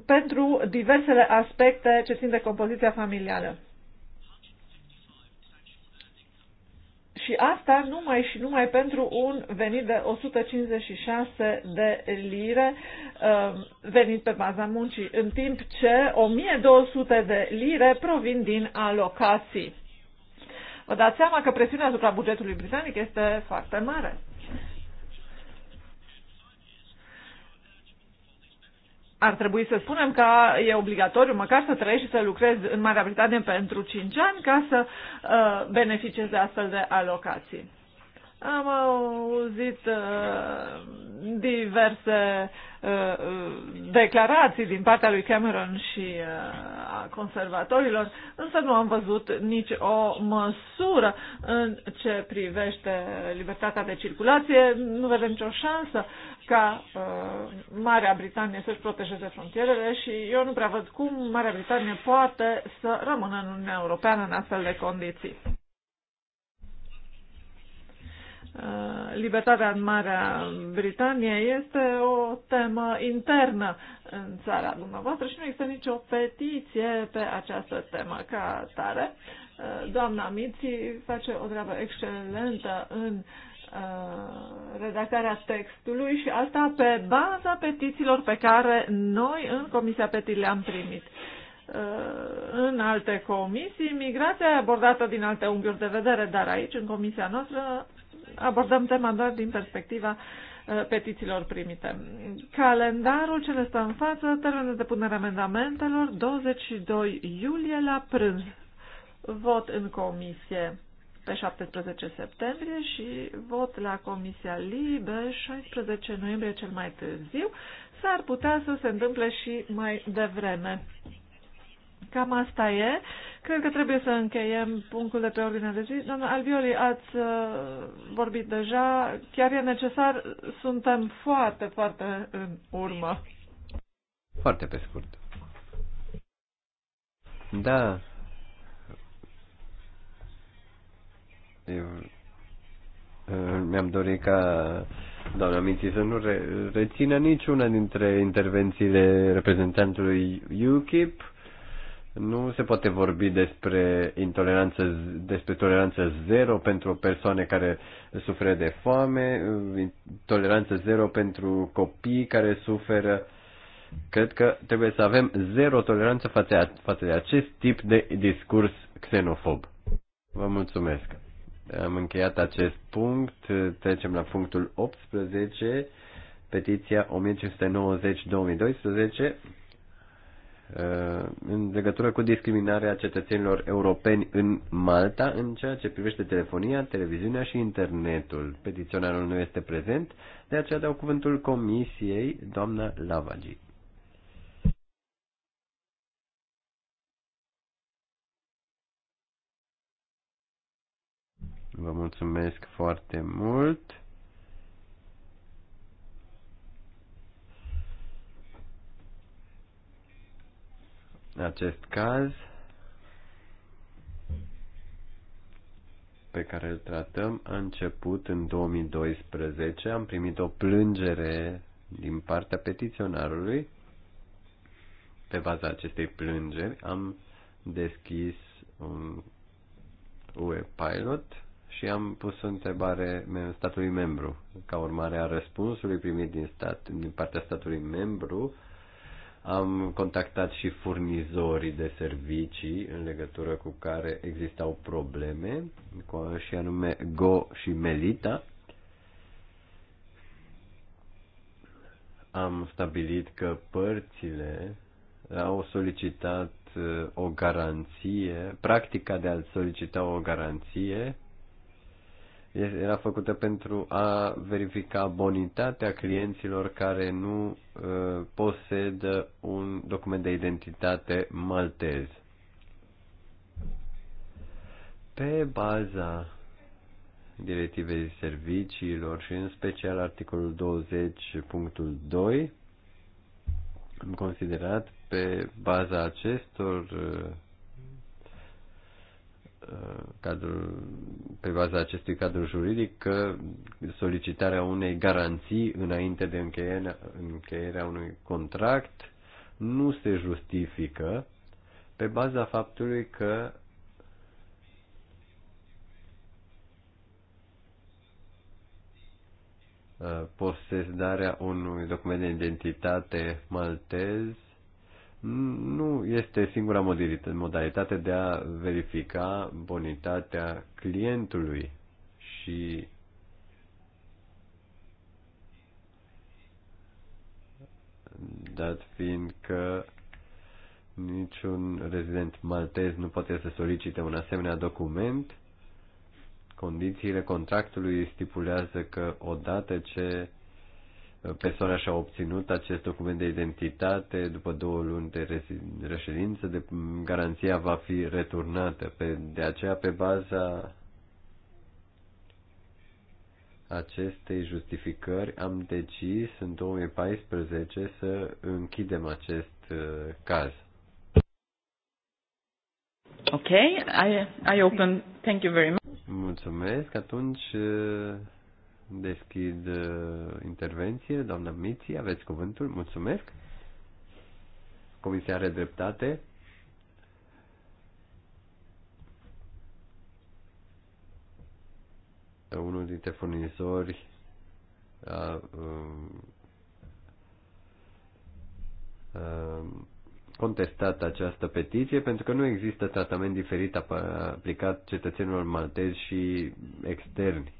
pentru diversele aspecte ce țin de compoziția familială. Și asta numai și numai pentru un venit de 156 de lire um, venit pe baza muncii, în timp ce 1200 de lire provin din alocații. Vă dați seama că presiunea asupra bugetului britanic este foarte mare. ar trebui să spunem că e obligatoriu măcar să trăiești și să lucrezi în Marea Britanie pentru 5 ani ca să uh, beneficiezi de astfel de alocații. Am auzit uh, diverse uh, uh, declarații din partea lui Cameron și uh, a conservatorilor, însă nu am văzut nici o măsură în ce privește libertatea de circulație. Nu vedem nicio șansă ca uh, Marea Britanie să-și protejeze frontierele și eu nu prea văd cum Marea Britanie poate să rămână în Uniunea Europeană în astfel de condiții. Uh, libertatea în Marea Britanie este o temă internă în țara dumneavoastră și nu există nicio petiție pe această temă ca tare. Uh, doamna Miții face o treabă excelentă în uh, redactarea textului și asta pe baza petițiilor pe care noi în Comisia Petii le-am primit în alte comisii, migrația e abordată din alte unghiuri de vedere, dar aici, în comisia noastră, abordăm tema doar din perspectiva uh, petițiilor primite. Calendarul ce le stă în față, termenul de depunere amendamentelor, 22 iulie la prânz. Vot în comisie pe 17 septembrie și vot la Comisia Libe 16 noiembrie cel mai târziu. S-ar putea să se întâmple și mai devreme. Cam asta e. Cred că trebuie să încheiem punctul de pe ordine de zi. Doamna Albioli, ați uh, vorbit deja, chiar e necesar, suntem foarte, foarte în urmă. Foarte pe scurt. Da. Eu uh, mi-am dorit ca doamna Minții să nu re- rețină niciuna dintre intervențiile reprezentantului UKIP nu se poate vorbi despre intoleranță, despre toleranță zero pentru persoane care suferă de foame, toleranță zero pentru copii care suferă. Cred că trebuie să avem zero toleranță față, față de acest tip de discurs xenofob. Vă mulțumesc. Am încheiat acest punct. Trecem la punctul 18, petiția 1590-2012 Uh, în legătură cu discriminarea cetățenilor europeni în Malta în ceea ce privește telefonia, televiziunea și internetul. Petiționarul nu este prezent, de aceea dau cuvântul comisiei doamna Lavagi. Vă mulțumesc foarte mult. În acest caz pe care îl tratăm a început în 2012. Am primit o plângere din partea petiționarului. Pe baza acestei plângeri am deschis un UE Pilot și am pus o întrebare statului membru. Ca urmare a răspunsului primit din, stat, din partea statului membru, am contactat și furnizorii de servicii în legătură cu care existau probleme, și anume Go și Melita. Am stabilit că părțile au solicitat uh, o garanție, practica de a solicita o garanție era făcută pentru a verifica bonitatea clienților care nu uh, posedă un document de identitate maltez. Pe baza directivei serviciilor și în special articolul 20.2, am considerat pe baza acestor uh, cadrul, pe baza acestui cadru juridic că solicitarea unei garanții înainte de încheierea, încheierea unui contract nu se justifică pe baza faptului că posesarea unui document de identitate maltez nu este singura modalitate de a verifica bonitatea clientului și dat fiind că niciun rezident maltez nu poate să solicite un asemenea document. Condițiile contractului stipulează că odată ce persoana și-a obținut acest document de identitate după două luni de reședință, de, garanția va fi returnată. Pe, de aceea, pe baza acestei justificări, am decis în 2014 să închidem acest uh, caz. Ok, I, I open, thank you very much. Mulțumesc, atunci... Uh, deschid uh, intervenție. Doamna Miții, aveți cuvântul. Mulțumesc. Comisia are dreptate. Unul dintre furnizori a, a, um, a um, contestat această petiție pentru că nu există tratament diferit aplicat cetățenilor maltezi și externi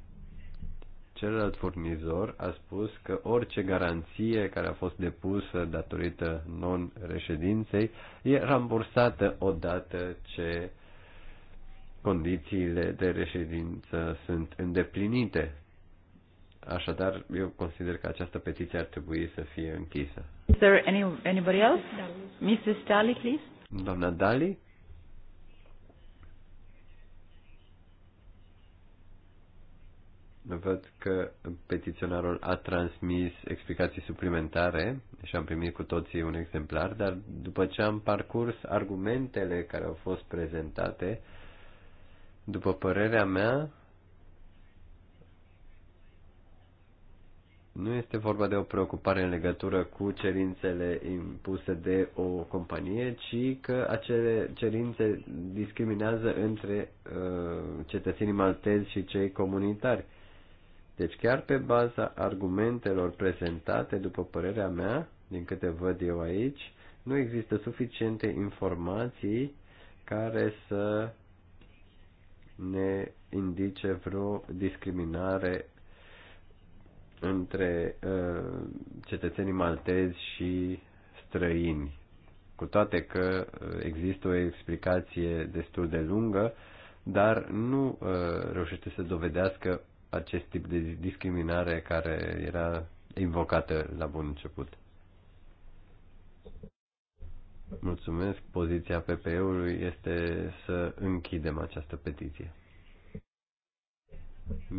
Celălalt furnizor a spus că orice garanție care a fost depusă datorită non-reședinței e rambursată odată ce condițiile de reședință sunt îndeplinite. Așadar, eu consider că această petiție ar trebui să fie închisă. Is there any, anybody else? Mrs. Daly, please. Doamna Daly? Văd că petiționarul a transmis explicații suplimentare și am primit cu toții un exemplar, dar după ce am parcurs argumentele care au fost prezentate, după părerea mea, nu este vorba de o preocupare în legătură cu cerințele impuse de o companie, ci că acele cerințe discriminează între uh, cetățenii maltezi și cei comunitari. Deci chiar pe baza argumentelor prezentate, după părerea mea, din câte văd eu aici, nu există suficiente informații care să ne indice vreo discriminare între uh, cetățenii maltezi și străini. Cu toate că uh, există o explicație destul de lungă, dar nu uh, reușește să dovedească acest tip de discriminare care era invocată la bun început. Mulțumesc. Poziția PPE-ului este să închidem această petiție.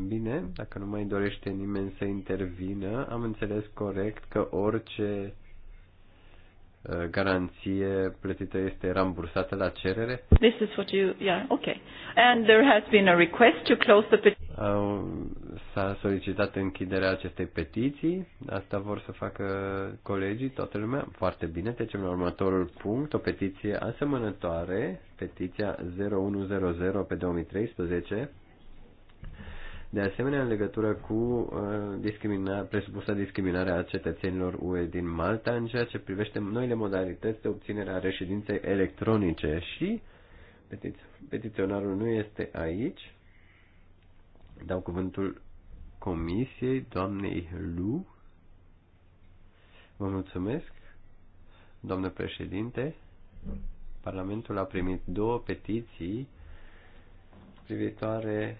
Bine, dacă nu mai dorește nimeni să intervină, am înțeles corect că orice Uh, garanție plătită este rambursată la cerere. This is what you, yeah, okay. And there has been a request to close the petition. S-a solicitat închiderea acestei petiții. Asta vor să facă colegii, toată lumea. Foarte bine, trecem la următorul punct. O petiție asemănătoare, petiția 0100 pe 2013, de asemenea, în legătură cu uh, discrimina, presupusa discriminarea a cetățenilor UE din Malta în ceea ce privește noile modalități de obținere a reședinței electronice și petiționarul nu este aici. Dau cuvântul comisiei doamnei Lu. Vă mulțumesc, doamnă președinte. Parlamentul a primit două petiții privitoare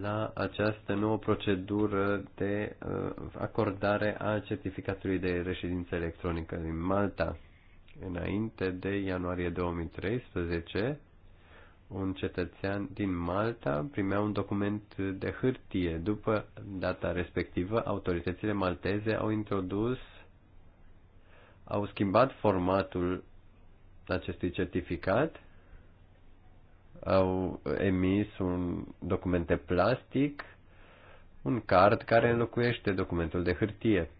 la această nouă procedură de uh, acordare a certificatului de reședință electronică din Malta. Înainte de ianuarie 2013, un cetățean din Malta primea un document de hârtie. După data respectivă, autoritățile malteze au introdus, au schimbat formatul acestui certificat au emis un document de plastic, un card care înlocuiește documentul de hârtie.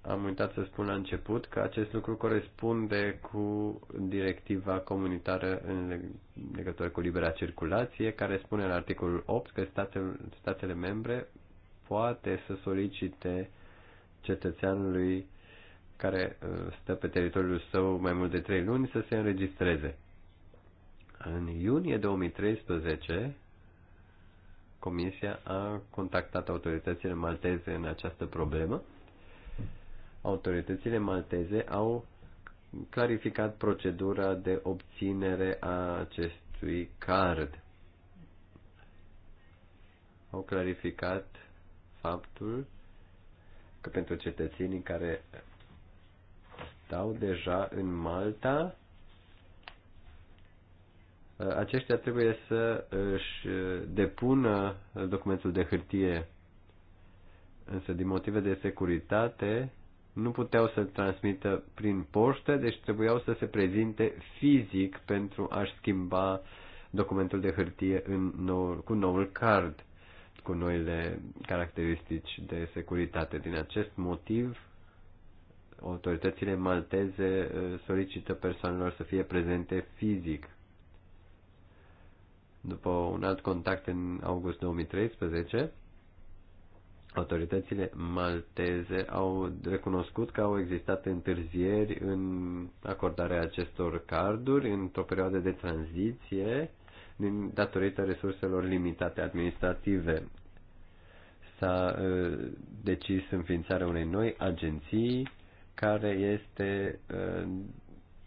Am uitat să spun la început că acest lucru corespunde cu directiva comunitară în legătură cu libera circulație, care spune în articolul 8 că statele, statele membre poate să solicite cetățeanului care uh, stă pe teritoriul său mai mult de 3 luni să se înregistreze. În iunie 2013, Comisia a contactat autoritățile malteze în această problemă. Autoritățile malteze au clarificat procedura de obținere a acestui card. Au clarificat faptul că pentru cetățenii care stau deja în Malta, aceștia trebuie să își depună documentul de hârtie. Însă, din motive de securitate, nu puteau să-l transmită prin poștă, deci trebuiau să se prezinte fizic pentru a-și schimba documentul de hârtie în nou, cu noul card, cu noile caracteristici de securitate. Din acest motiv, autoritățile malteze uh, solicită persoanelor să fie prezente fizic. După un alt contact în august 2013, autoritățile malteze au recunoscut că au existat întârzieri în acordarea acestor carduri într-o perioadă de tranziție din datorită resurselor limitate administrative. S-a uh, decis înființarea unei noi agenții care este uh,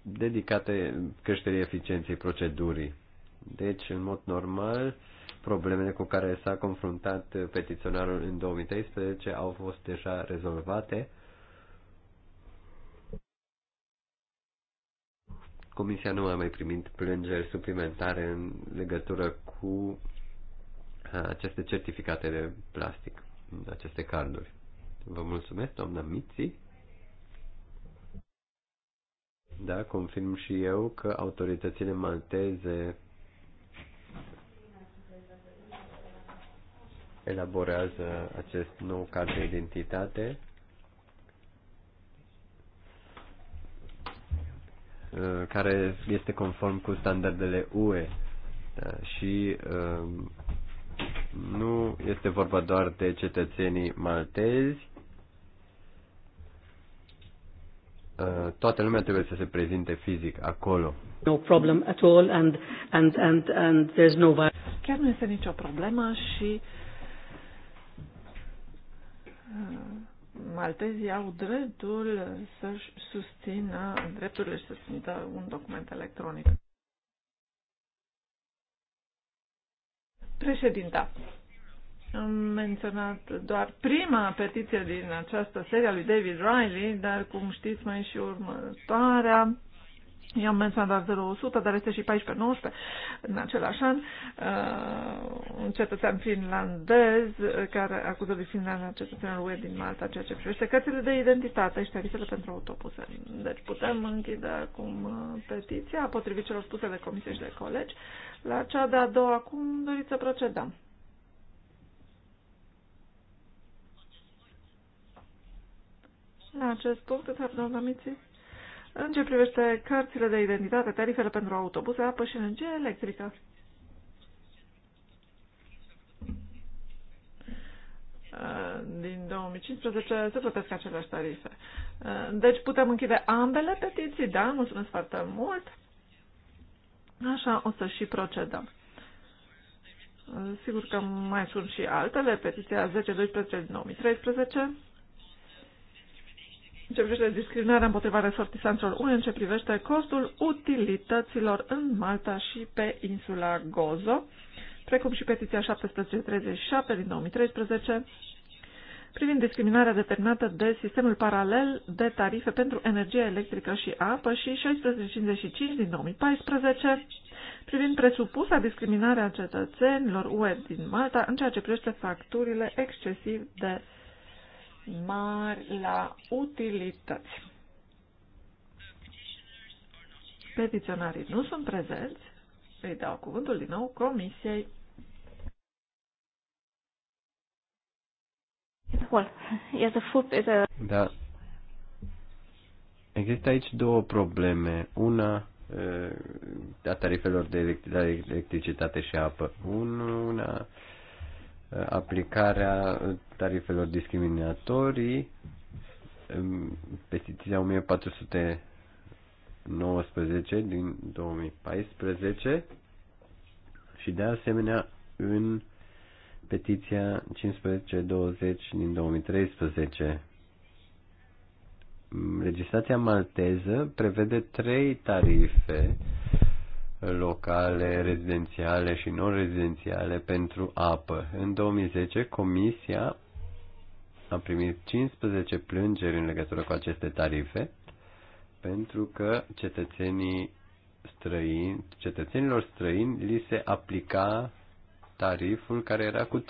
dedicată creșterii eficienței procedurii. Deci, în mod normal, problemele cu care s-a confruntat petiționarul în 2013 au fost deja rezolvate. Comisia nu a mai primit plângeri suplimentare în legătură cu uh, aceste certificate de plastic, aceste carduri. Vă mulțumesc, doamna Miții. da, confirm și eu că autoritățile malteze elaborează acest nou card de identitate. Uh, care este conform cu standardele UE da, și uh, nu este vorba doar de cetățenii maltezi, Uh, toată lumea trebuie să se prezinte fizic acolo. No problem at all and, and, and, and there's no Chiar nu este nicio problemă și uh, maltezii au dreptul să-și susțină drepturile și să simtă un document electronic. Președinta, am menționat doar prima petiție din această serie a lui David Riley, dar cum știți mai și următoarea. Eu am menționat doar 0100, dar este și 1419 în același an. Uh, un cetățean finlandez care acuză lui Finlanda cetățeanul lui din Malta, ceea ce privește cărțile de identitate și tarifele pentru autobuse. Deci putem închide acum uh, petiția, potrivit celor spuse de comisie și de colegi. La cea de-a doua, cum doriți să procedăm? la acest punct, de fapt, doamna Miții, în ce privește cărțile de identitate, tarifele pentru autobuze, apă și energie electrică. Din 2015 se plătesc aceleași tarife. Deci putem închide ambele petiții, da, mulțumesc foarte mult. Așa o să și procedăm. Sigur că mai sunt și altele, petiția 10-12 din 2013, în ce privește discriminarea împotriva resortisanților UE, în ce privește costul utilităților în Malta și pe insula Gozo, precum și petiția 1737 din 2013, privind discriminarea determinată de sistemul paralel de tarife pentru energie electrică și apă și 1655 din 2014, privind presupusa discriminarea cetățenilor UE din Malta în ceea ce privește facturile excesiv de mari la utilități. Petiționarii nu sunt prezenți, îi dau cuvântul din nou Comisiei. Da. Există aici două probleme. Una eh, a tarifelor de electricitate și apă. Una aplicarea tarifelor discriminatorii, Pestiția 1419 din 2014 și de asemenea în petiția 1520 din 2013. Legislația malteză prevede trei tarife locale, rezidențiale și non-rezidențiale pentru apă. În 2010, Comisia a primit 15 plângeri în legătură cu aceste tarife, pentru că cetățenii străini, cetățenilor străini li se aplica tariful care era cu 30%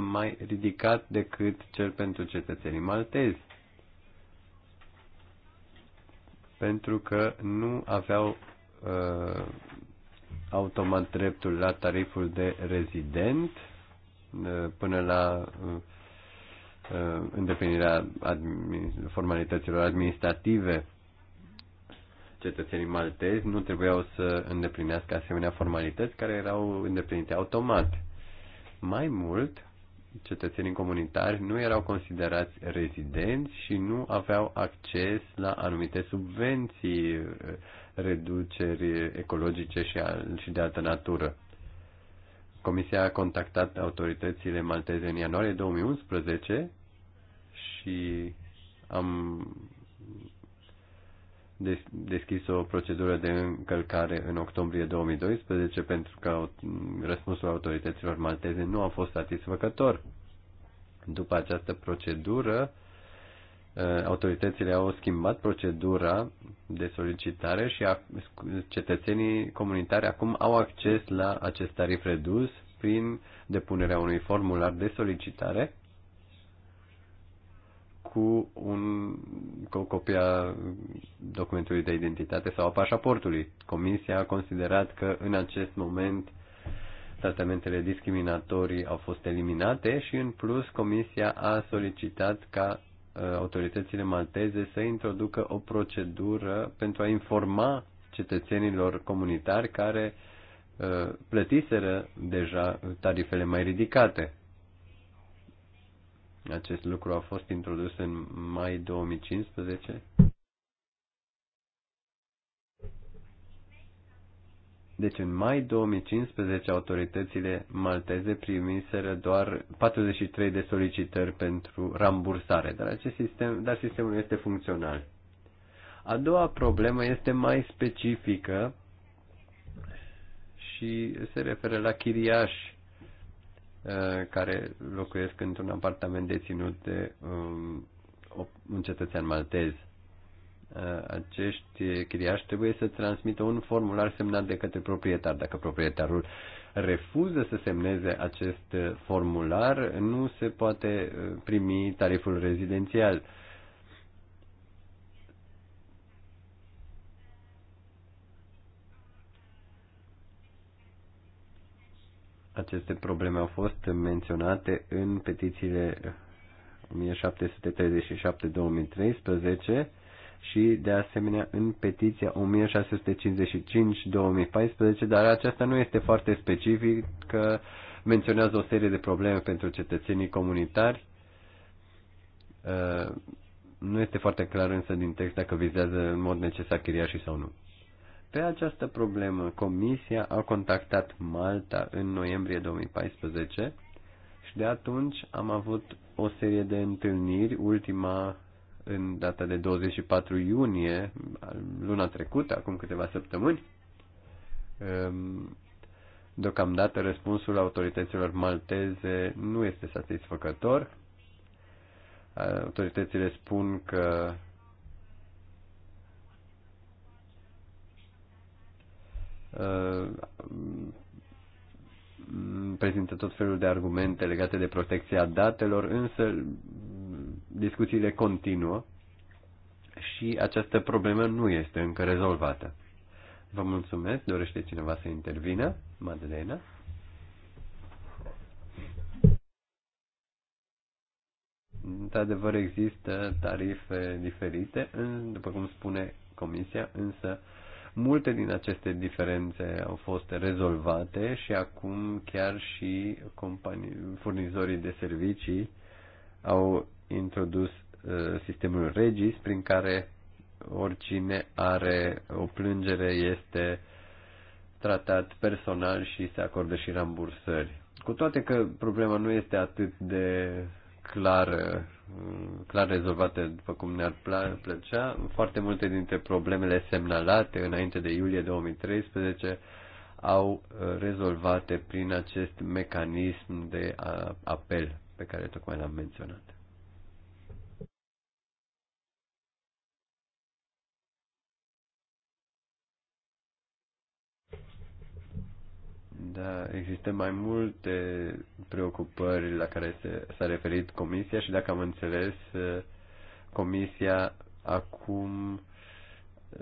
mai ridicat decât cel pentru cetățenii maltezi. Pentru că nu aveau Uh, automat dreptul la tariful de rezident uh, până la uh, îndeplinirea formalităților administrative. Cetățenii maltezi nu trebuiau să îndeplinească asemenea formalități care erau îndeplinite automat. Mai mult, cetățenii comunitari nu erau considerați rezidenți și nu aveau acces la anumite subvenții reduceri ecologice și, și de altă natură. Comisia a contactat autoritățile malteze în ianuarie 2011 și am deschis o procedură de încălcare în octombrie 2012 pentru că răspunsul autorităților malteze nu a fost satisfăcător. După această procedură, Uh, autoritățile au schimbat procedura de solicitare și cetățenii comunitari acum au acces la acest tarif redus prin depunerea unui formular de solicitare cu, un, cu o copie a documentului de identitate sau a pașaportului. Comisia a considerat că în acest moment tratamentele discriminatorii au fost eliminate și în plus Comisia a solicitat ca Uh, autoritățile malteze să introducă o procedură pentru a informa cetățenilor comunitari care uh, plătiseră deja tarifele mai ridicate. Acest lucru a fost introdus în mai 2015 Deci în mai 2015 autoritățile malteze primiseră doar 43 de solicitări pentru rambursare, dar acest sistem, dar sistemul este funcțional. A doua problemă este mai specifică și se referă la chiriași uh, care locuiesc într-un apartament deținut de um, un cetățean maltez. Uh, acești chiriași trebuie să transmită un formular semnat de către proprietar. Dacă proprietarul refuză să semneze acest formular, nu se poate uh, primi tariful rezidențial. Aceste probleme au fost menționate în petițiile 1737-2013 și de asemenea în petiția 1655-2014, dar aceasta nu este foarte specifică, menționează o serie de probleme pentru cetățenii comunitari. Uh, nu este foarte clar însă din text dacă vizează în mod necesar chiriașii sau nu. Pe această problemă, Comisia a contactat Malta în noiembrie 2014 și de atunci am avut o serie de întâlniri, ultima în data de 24 iunie, luna trecută, acum câteva săptămâni. Um, deocamdată răspunsul autorităților malteze nu este satisfăcător. Autoritățile spun că uh, prezintă tot felul de argumente legate de protecția datelor, însă discuțiile continuă și această problemă nu este încă rezolvată. Vă mulțumesc. Dorește cineva să intervină? Madeleina? Într-adevăr există tarife diferite, în, după cum spune Comisia, însă multe din aceste diferențe au fost rezolvate și acum chiar și companii, furnizorii de servicii au introdus uh, sistemul Regis, prin care oricine are o plângere este tratat personal și se acordă și rambursări. Cu toate că problema nu este atât de clar, mm, clar rezolvată după cum ne-ar plăcea, foarte multe dintre problemele semnalate înainte de iulie 2013 au uh, rezolvate prin acest mecanism de uh, apel pe care tocmai l-am menționat. Da, există mai multe preocupări la care s-a referit Comisia și dacă am înțeles, uh, Comisia acum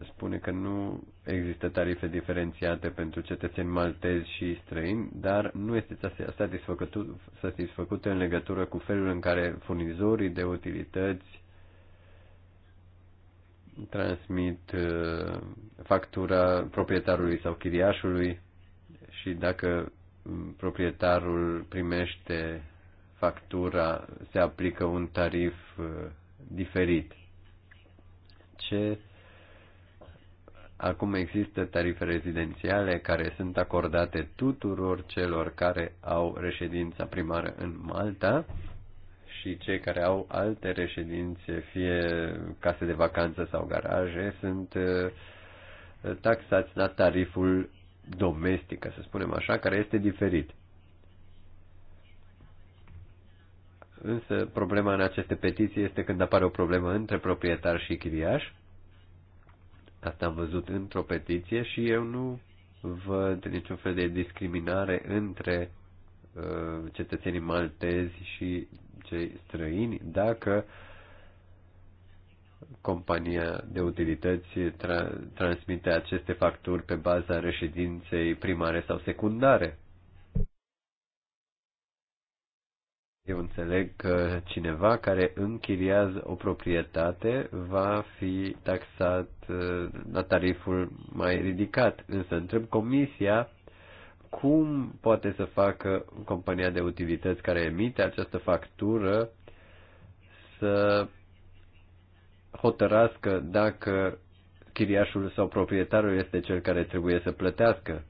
spune că nu există tarife diferențiate pentru cetățeni maltezi și străini, dar nu este satisfăcută în legătură cu felul în care furnizorii de utilități transmit uh, factura proprietarului sau chiriașului și dacă proprietarul primește factura, se aplică un tarif uh, diferit. Ce acum există tarife rezidențiale care sunt acordate tuturor celor care au reședința primară în Malta și cei care au alte reședințe, fie case de vacanță sau garaje, sunt uh, taxați la tariful domestică, să spunem așa, care este diferit. Însă problema în aceste petiții este când apare o problemă între proprietar și chiriaș. Asta am văzut într-o petiție și eu nu văd niciun fel de discriminare între uh, cetățenii maltezi și cei străini dacă compania de utilități tra- transmite aceste facturi pe baza reședinței primare sau secundare. Eu înțeleg că cineva care închiriază o proprietate va fi taxat uh, la tariful mai ridicat, însă întreb comisia cum poate să facă compania de utilități care emite această factură să hotărască dacă chiriașul sau proprietarul este cel care trebuie să plătească.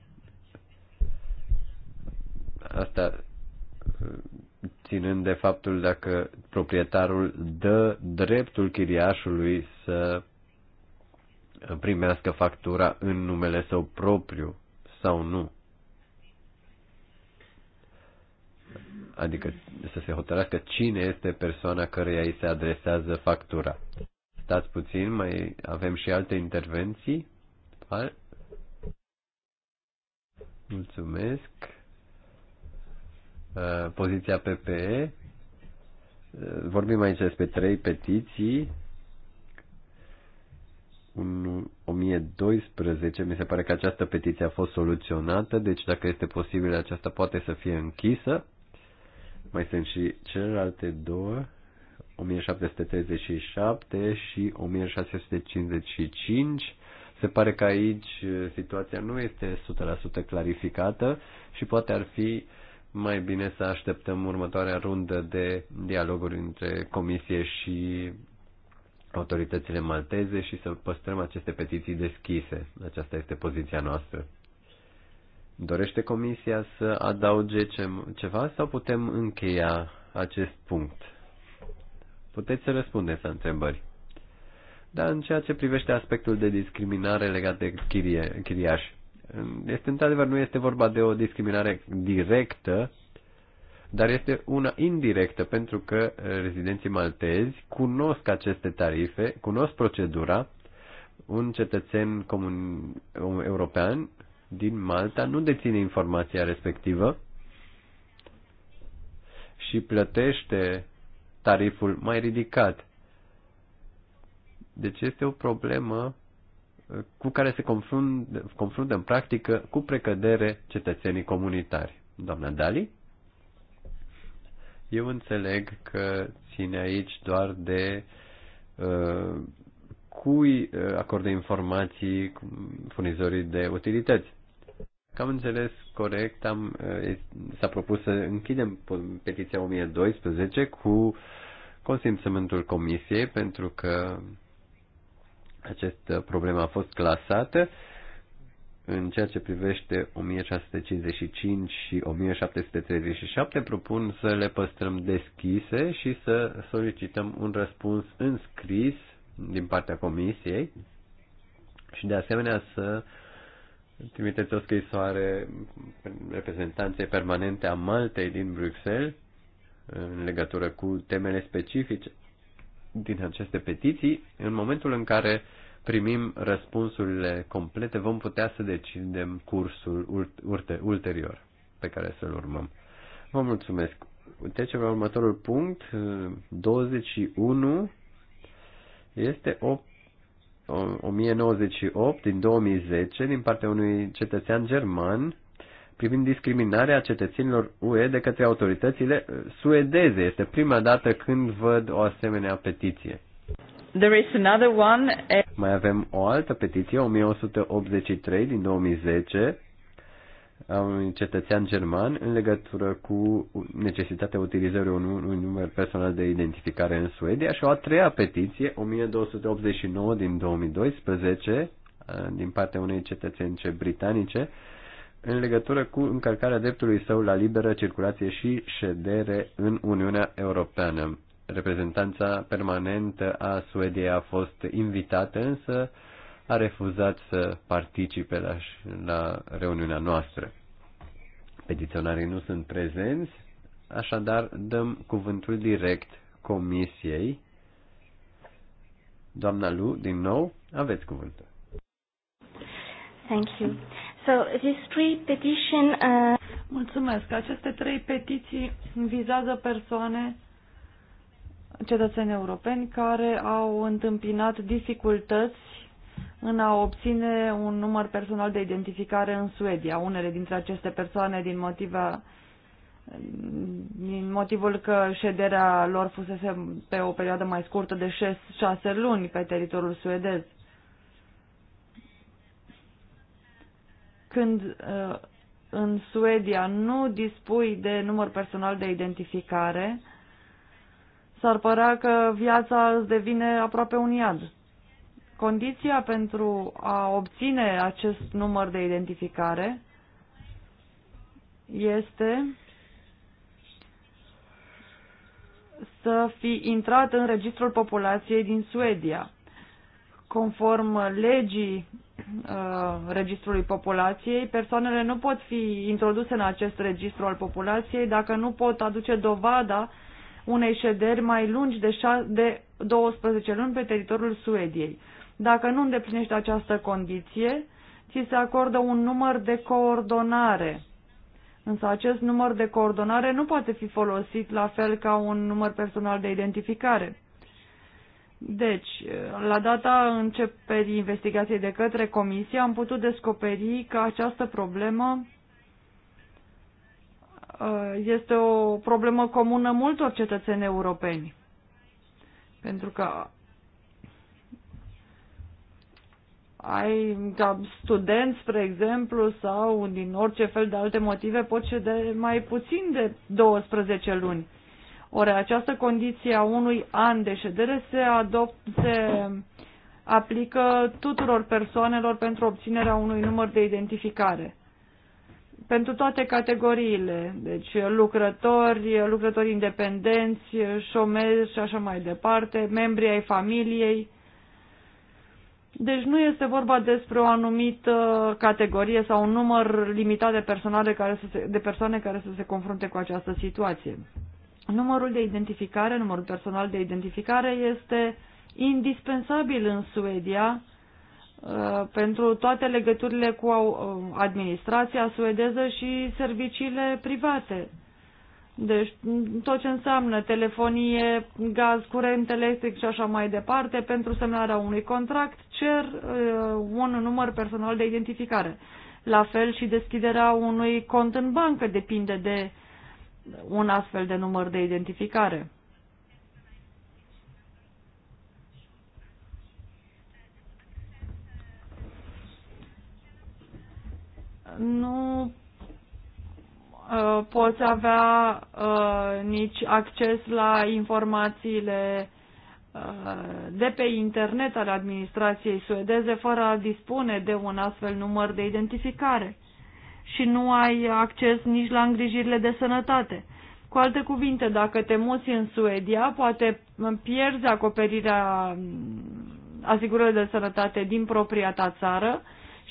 Asta ținând de faptul dacă proprietarul dă dreptul chiriașului să primească factura în numele său propriu sau nu. Adică să se hotărească cine este persoana căreia îi se adresează factura. Stați puțin, mai avem și alte intervenții. Mulțumesc. Uh, poziția PPE. Uh, vorbim aici despre trei petiții. 1012, mi se pare că această petiție a fost soluționată, deci dacă este posibil aceasta poate să fie închisă. Mai sunt și celelalte două. 1737 și 1655. Se pare că aici eh, situația nu este 100% clarificată și poate ar fi mai bine să așteptăm următoarea rundă de dialoguri între Comisie și autoritățile malteze și să păstrăm aceste petiții deschise. Aceasta este poziția noastră. Dorește Comisia să adauge ceva sau putem încheia acest punct? Puteți să răspundeți la întrebări. Dar în ceea ce privește aspectul de discriminare legat de chirie, chiriaș, este într-adevăr, nu este vorba de o discriminare directă, dar este una indirectă, pentru că eh, rezidenții maltezi cunosc aceste tarife, cunosc procedura. Un cetățen comun, un um, european din Malta nu deține informația respectivă și plătește tariful mai ridicat. Deci este o problemă uh, cu care se confruntă, confruntă în practică cu precădere cetățenii comunitari. Doamna Dali? Eu înțeleg că ține aici doar de uh, cui uh, acordă informații furnizorii de utilități. Că am înțeles corect, am, s-a propus să închidem petiția 1012 cu consimțământul comisiei, pentru că această uh, problemă a fost clasată în ceea ce privește 1655 și 1737, propun să le păstrăm deschise și să solicităm un răspuns înscris din partea comisiei și de asemenea să uh, Trimiteți o scrisoare reprezentanței permanente a Maltei din Bruxelles în legătură cu temele specifice din aceste petiții. În momentul în care primim răspunsurile complete, vom putea să decidem cursul ulterior pe care să-l urmăm. Vă mulțumesc. Trecem la următorul punct. 21 este o 1098 din 2010 din partea unui cetățean german privind discriminarea cetățenilor UE de către autoritățile uh, suedeze. Este prima dată când văd o asemenea petiție. There is another one. Mai avem o altă petiție, 1183 din 2010, a unui cetățean german în legătură cu necesitatea utilizării unui număr personal de identificare în Suedia și o a treia petiție, 1289 din 2012, din partea unei cetățence britanice, în legătură cu încălcarea dreptului său la liberă circulație și ședere în Uniunea Europeană. Reprezentanța permanentă a Suediei a fost invitată, însă uh, a refuzat să participe la, la reuniunea noastră. Petiționarii nu sunt prezenți, așadar dăm cuvântul direct comisiei. Doamna Lu, din nou, aveți cuvântul. Thank you. So, these three petition, uh... Mulțumesc. Aceste trei petiții vizează persoane cetățeni europeni care au întâmpinat dificultăți în a obține un număr personal de identificare în Suedia. Unele dintre aceste persoane, din, motiva, din motivul că șederea lor fusese pe o perioadă mai scurtă de 6 luni pe teritoriul suedez. Când uh, în Suedia nu dispui de număr personal de identificare, s-ar părea că viața îți devine aproape un iad condiția pentru a obține acest număr de identificare este să fi intrat în registrul populației din Suedia. Conform legii uh, registrului populației, persoanele nu pot fi introduse în acest registru al populației dacă nu pot aduce dovada unei șederi mai lungi de, de 12 luni pe teritoriul Suediei. Dacă nu îndeplinești această condiție, ți se acordă un număr de coordonare. Însă acest număr de coordonare nu poate fi folosit la fel ca un număr personal de identificare. Deci, la data începerii investigației de către comisie, am putut descoperi că această problemă uh, este o problemă comună multor cetățeni europeni. Pentru că ai ca student, spre exemplu, sau din orice fel de alte motive, poți cede mai puțin de 12 luni. Ori această condiție a unui an de ședere se, adopt, se aplică tuturor persoanelor pentru obținerea unui număr de identificare. Pentru toate categoriile, deci lucrători, lucrători independenți, șomeri și așa mai departe, membri ai familiei, deci nu este vorba despre o anumită categorie sau un număr limitat de, persoane care să se, de persoane care să se confrunte cu această situație. Numărul de identificare, numărul personal de identificare este indispensabil în Suedia uh, pentru toate legăturile cu uh, administrația suedeză și serviciile private. Deci tot ce înseamnă telefonie, gaz, curent electric și așa mai departe, pentru semnarea unui contract cer uh, un număr personal de identificare. La fel și deschiderea unui cont în bancă depinde de un astfel de număr de identificare. Nu Uh, poți avea uh, nici acces la informațiile uh, de pe internet ale administrației suedeze fără a dispune de un astfel număr de identificare și nu ai acces nici la îngrijirile de sănătate. Cu alte cuvinte, dacă te muți în Suedia, poate pierzi acoperirea mm, asigurării de sănătate din propria ta țară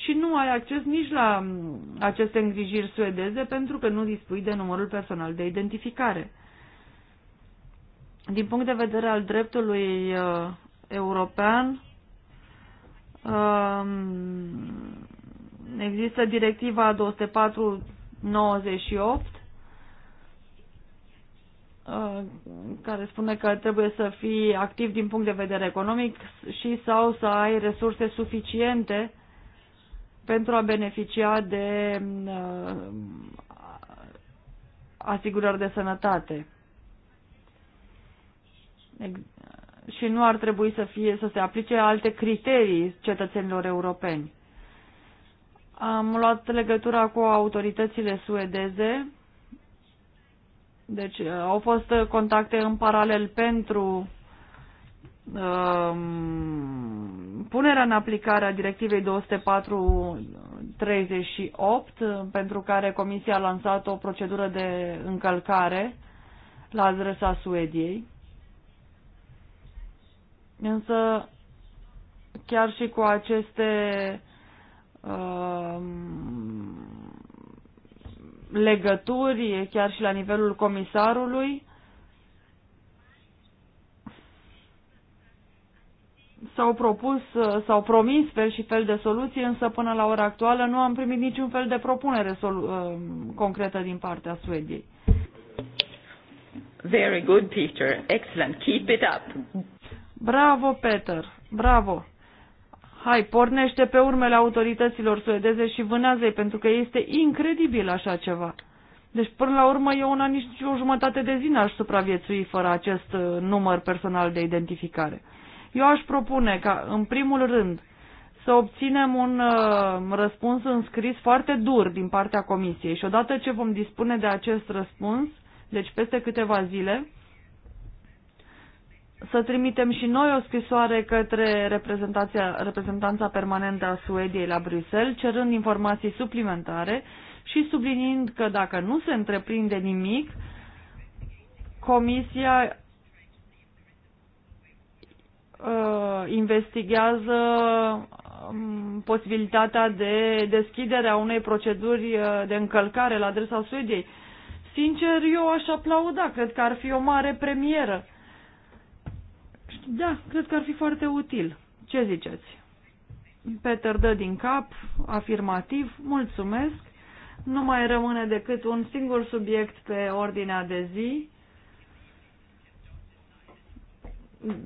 și nu ai acces nici la mm, aceste îngrijiri suedeze pentru că nu dispui de numărul personal de identificare. Din punct de vedere al dreptului uh, european, uh, există directiva 204-98 uh, care spune că trebuie să fii activ din punct de vedere economic și sau să ai resurse suficiente pentru a beneficia de uh, asigurări de sănătate. Și nu ar trebui să, fie, să se aplice alte criterii cetățenilor europeni. Am luat legătura cu autoritățile suedeze, deci uh, au fost contacte în paralel pentru Ehm, punerea în aplicare a directivei 204-38, pentru care Comisia a lansat o procedură de încălcare la adresa Suediei. Însă, chiar și cu aceste uh, legături, chiar și la nivelul comisarului, S-au propus, uh, s-au promis fel și fel de soluții, însă până la ora actuală nu am primit niciun fel de propunere uh, concretă din partea Suediei. Very good, Peter. Excellent. Keep it up. Bravo, Peter. Bravo. Hai, pornește pe urmele autorităților suedeze și vânează pentru că este incredibil așa ceva. Deci, până la urmă, eu una nici o jumătate de zi n-aș supraviețui fără acest uh, număr personal de identificare. Eu aș propune ca, în primul rând, să obținem un uh, răspuns scris foarte dur din partea Comisiei și odată ce vom dispune de acest răspuns, deci peste câteva zile, să trimitem și noi o scrisoare către reprezentanța permanentă a Suediei la Bruxelles, cerând informații suplimentare și subliniind că dacă nu se întreprinde nimic, Comisia uh, investigează um, posibilitatea de deschidere a unei proceduri uh, de încălcare la adresa Suediei. Sincer, eu aș aplauda, cred că ar fi o mare premieră. Da, cred că ar fi foarte util. Ce ziceți? Peter dă din cap, afirmativ, mulțumesc. Nu mai rămâne decât un singur subiect pe ordinea de zi.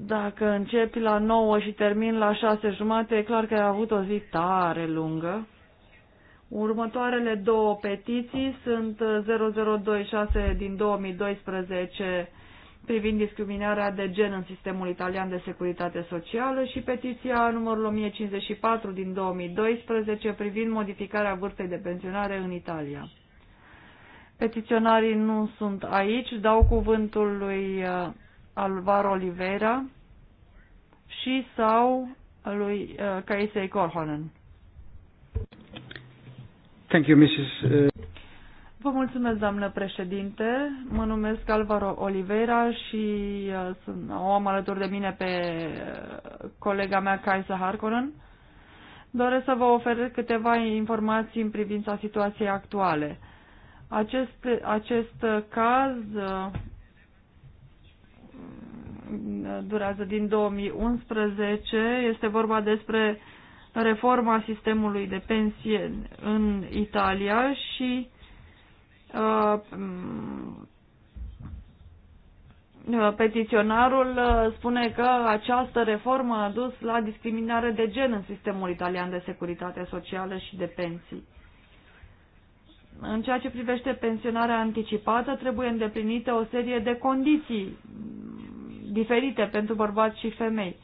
Dacă începi la 9 și termin la 6 jumate, e clar că ai avut o zi tare lungă. Următoarele două petiții sunt 0026 uh, din 2012 privind discriminarea de gen în sistemul italian de securitate socială și petiția numărul 1054 din 2012 privind modificarea vârstei de pensionare în Italia. Petiționarii nu sunt aici, dau cuvântul lui uh, Alvaro Oliveira și sau lui uh, Kaisei Korhonen. Thank you, Mrs. Uh, vă mulțumesc, doamnă președinte. Mă numesc Alvaro Oliveira și uh, sunt, o am alături de mine pe uh, colega mea, Kaisa Harkonnen. Doresc să vă ofer câteva informații în privința situației actuale. Acest, acest caz uh, durează din 2011. Este vorba despre reforma sistemului de pensie în Italia și uh, mm, uh, petiționarul uh, spune că această reformă a dus la discriminare de gen în sistemul italian de securitate socială și de pensii. În ceea ce privește pensionarea anticipată, trebuie îndeplinite o serie de condiții diferite pentru bărbați și femei.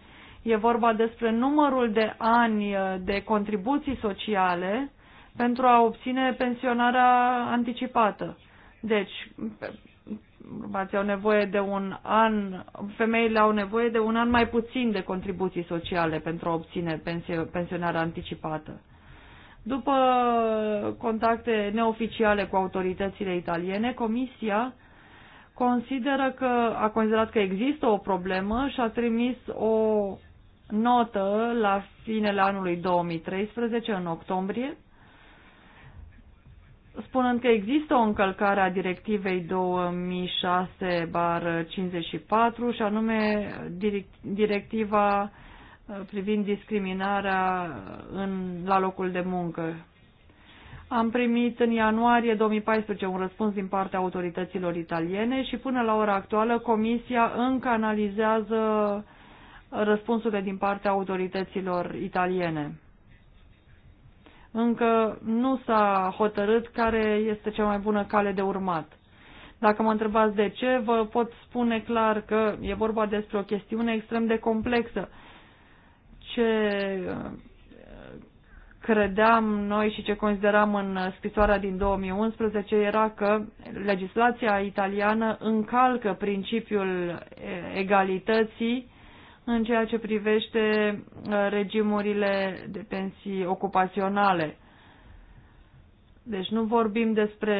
E vorba despre numărul de ani uh, de contribuții sociale pentru a obține pensionarea anticipată. Deci, bărbații au nevoie de un an, femeile au nevoie de un an mai puțin de contribuții sociale pentru a obține pensionarea anticipată. După contacte neoficiale cu autoritățile italiene, Comisia consideră că a considerat că există o problemă și a trimis o notă la finele anului 2013, în octombrie, spunând că există o încălcare a directivei 2006-54 și anume directiva uh, privind discriminarea în, la locul de muncă. Am primit în ianuarie 2014 un răspuns din partea autorităților italiene și până la ora actuală Comisia încă analizează răspunsurile din partea autorităților italiene. Încă nu s-a hotărât care este cea mai bună cale de urmat. Dacă mă întrebați de ce, vă pot spune clar că e vorba despre o chestiune extrem de complexă. Ce credeam noi și ce consideram în scrisoarea din 2011 era că legislația italiană încalcă principiul egalității în ceea ce privește uh, regimurile de pensii ocupaționale. Deci nu vorbim despre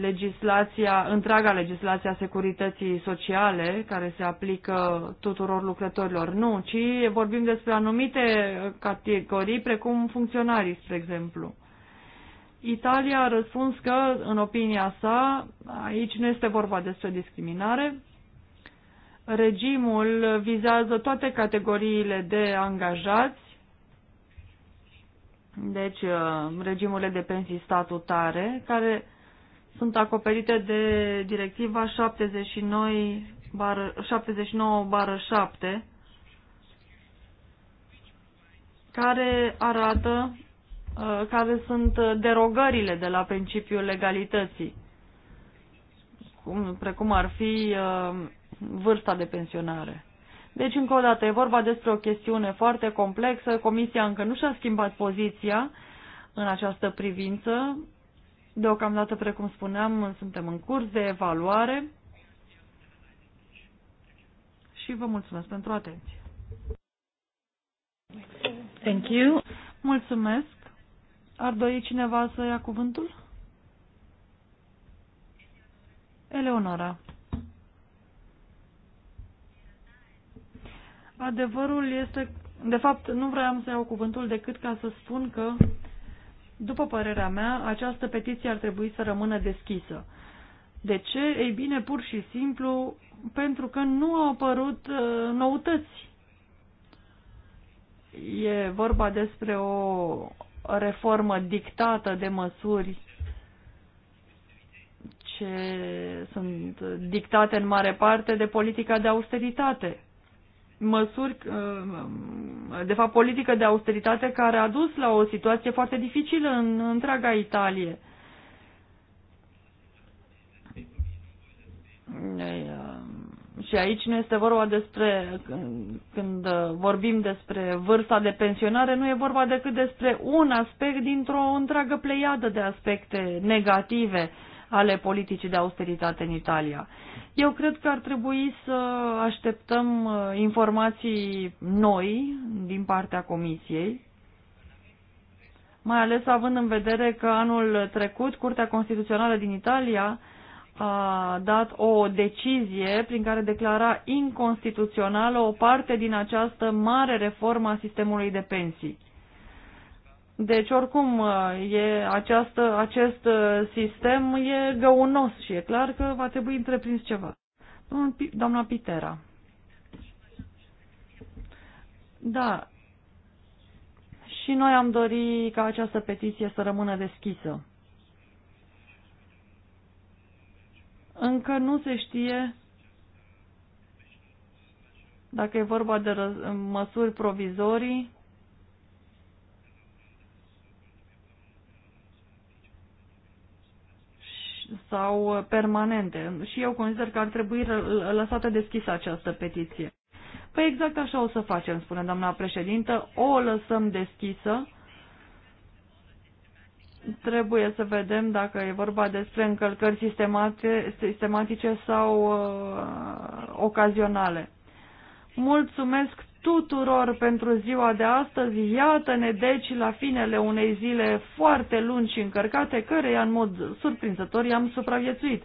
legislația, întreaga legislația securității sociale care se aplică tuturor lucrătorilor, nu, ci vorbim despre anumite categorii precum funcționarii, spre exemplu. Italia a răspuns că, în opinia sa, aici nu este vorba despre discriminare. Regimul vizează toate categoriile de angajați deci, uh, regimurile de pensii statutare, care sunt acoperite de directiva 79 7, care arată uh, care sunt uh, derogările de la principiul legalității, precum ar fi vârsta de pensionare. Deci, încă o dată, e vorba despre o chestiune foarte complexă. Comisia încă nu și-a schimbat poziția în această privință. Deocamdată, precum spuneam, suntem în curs de evaluare și vă mulțumesc pentru atenție. Thank you. Mulțumesc. Ar dori cineva să ia cuvântul? Eleonora. Adevărul este, de fapt, nu vreau să iau cuvântul decât ca să spun că, după părerea mea, această petiție ar trebui să rămână deschisă. De ce? Ei bine, pur și simplu, pentru că nu au apărut uh, noutăți. E vorba despre o reformă dictată de măsuri ce sunt dictate în mare parte de politica de austeritate măsuri, uh, de fapt politică de austeritate care a dus la o situație foarte dificilă în întreaga Italie. Uh, și aici nu este vorba despre, când, vorbim despre vârsta de pensionare, nu e vorba decât despre un aspect dintr-o întreagă pleiadă de aspecte negative ale politicii de austeritate în Italia. Eu cred că ar trebui să așteptăm uh, informații noi din partea Comisiei, mai ales având în vedere că anul trecut Curtea Constituțională din Italia a dat o decizie prin care declara inconstituțională o parte din această mare reformă a sistemului de pensii. Deci, oricum, uh, e această, acest uh, sistem e găunos și e clar că va trebui întreprins ceva. Doamna Pitera. Da. Și noi am dorit ca această petiție să rămână deschisă. Încă nu se știe dacă e vorba de măsuri provizorii sau uh, permanente. Și eu consider că ar trebui lăsată deschisă această petiție. Păi exact așa o să facem, spune doamna președintă, o lăsăm deschisă. Trebuie să vedem dacă e vorba despre încălcări sistematice sau uh, ocazionale. Mulțumesc tuturor pentru ziua de astăzi. Iată-ne deci la finele unei zile foarte lungi și încărcate, căreia în mod surprinzător i-am supraviețuit.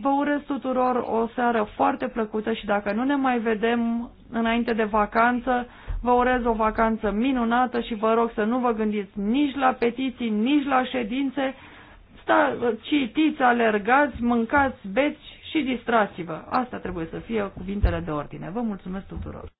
Vă urez tuturor o seară foarte plăcută și dacă nu ne mai vedem înainte de vacanță, vă urez o vacanță minunată și vă rog să nu vă gândiți nici la petiții, nici la ședințe, sta, citiți, alergați, mâncați, beți și distrați-vă. Asta trebuie să fie cuvintele de ordine. Vă mulțumesc tuturor!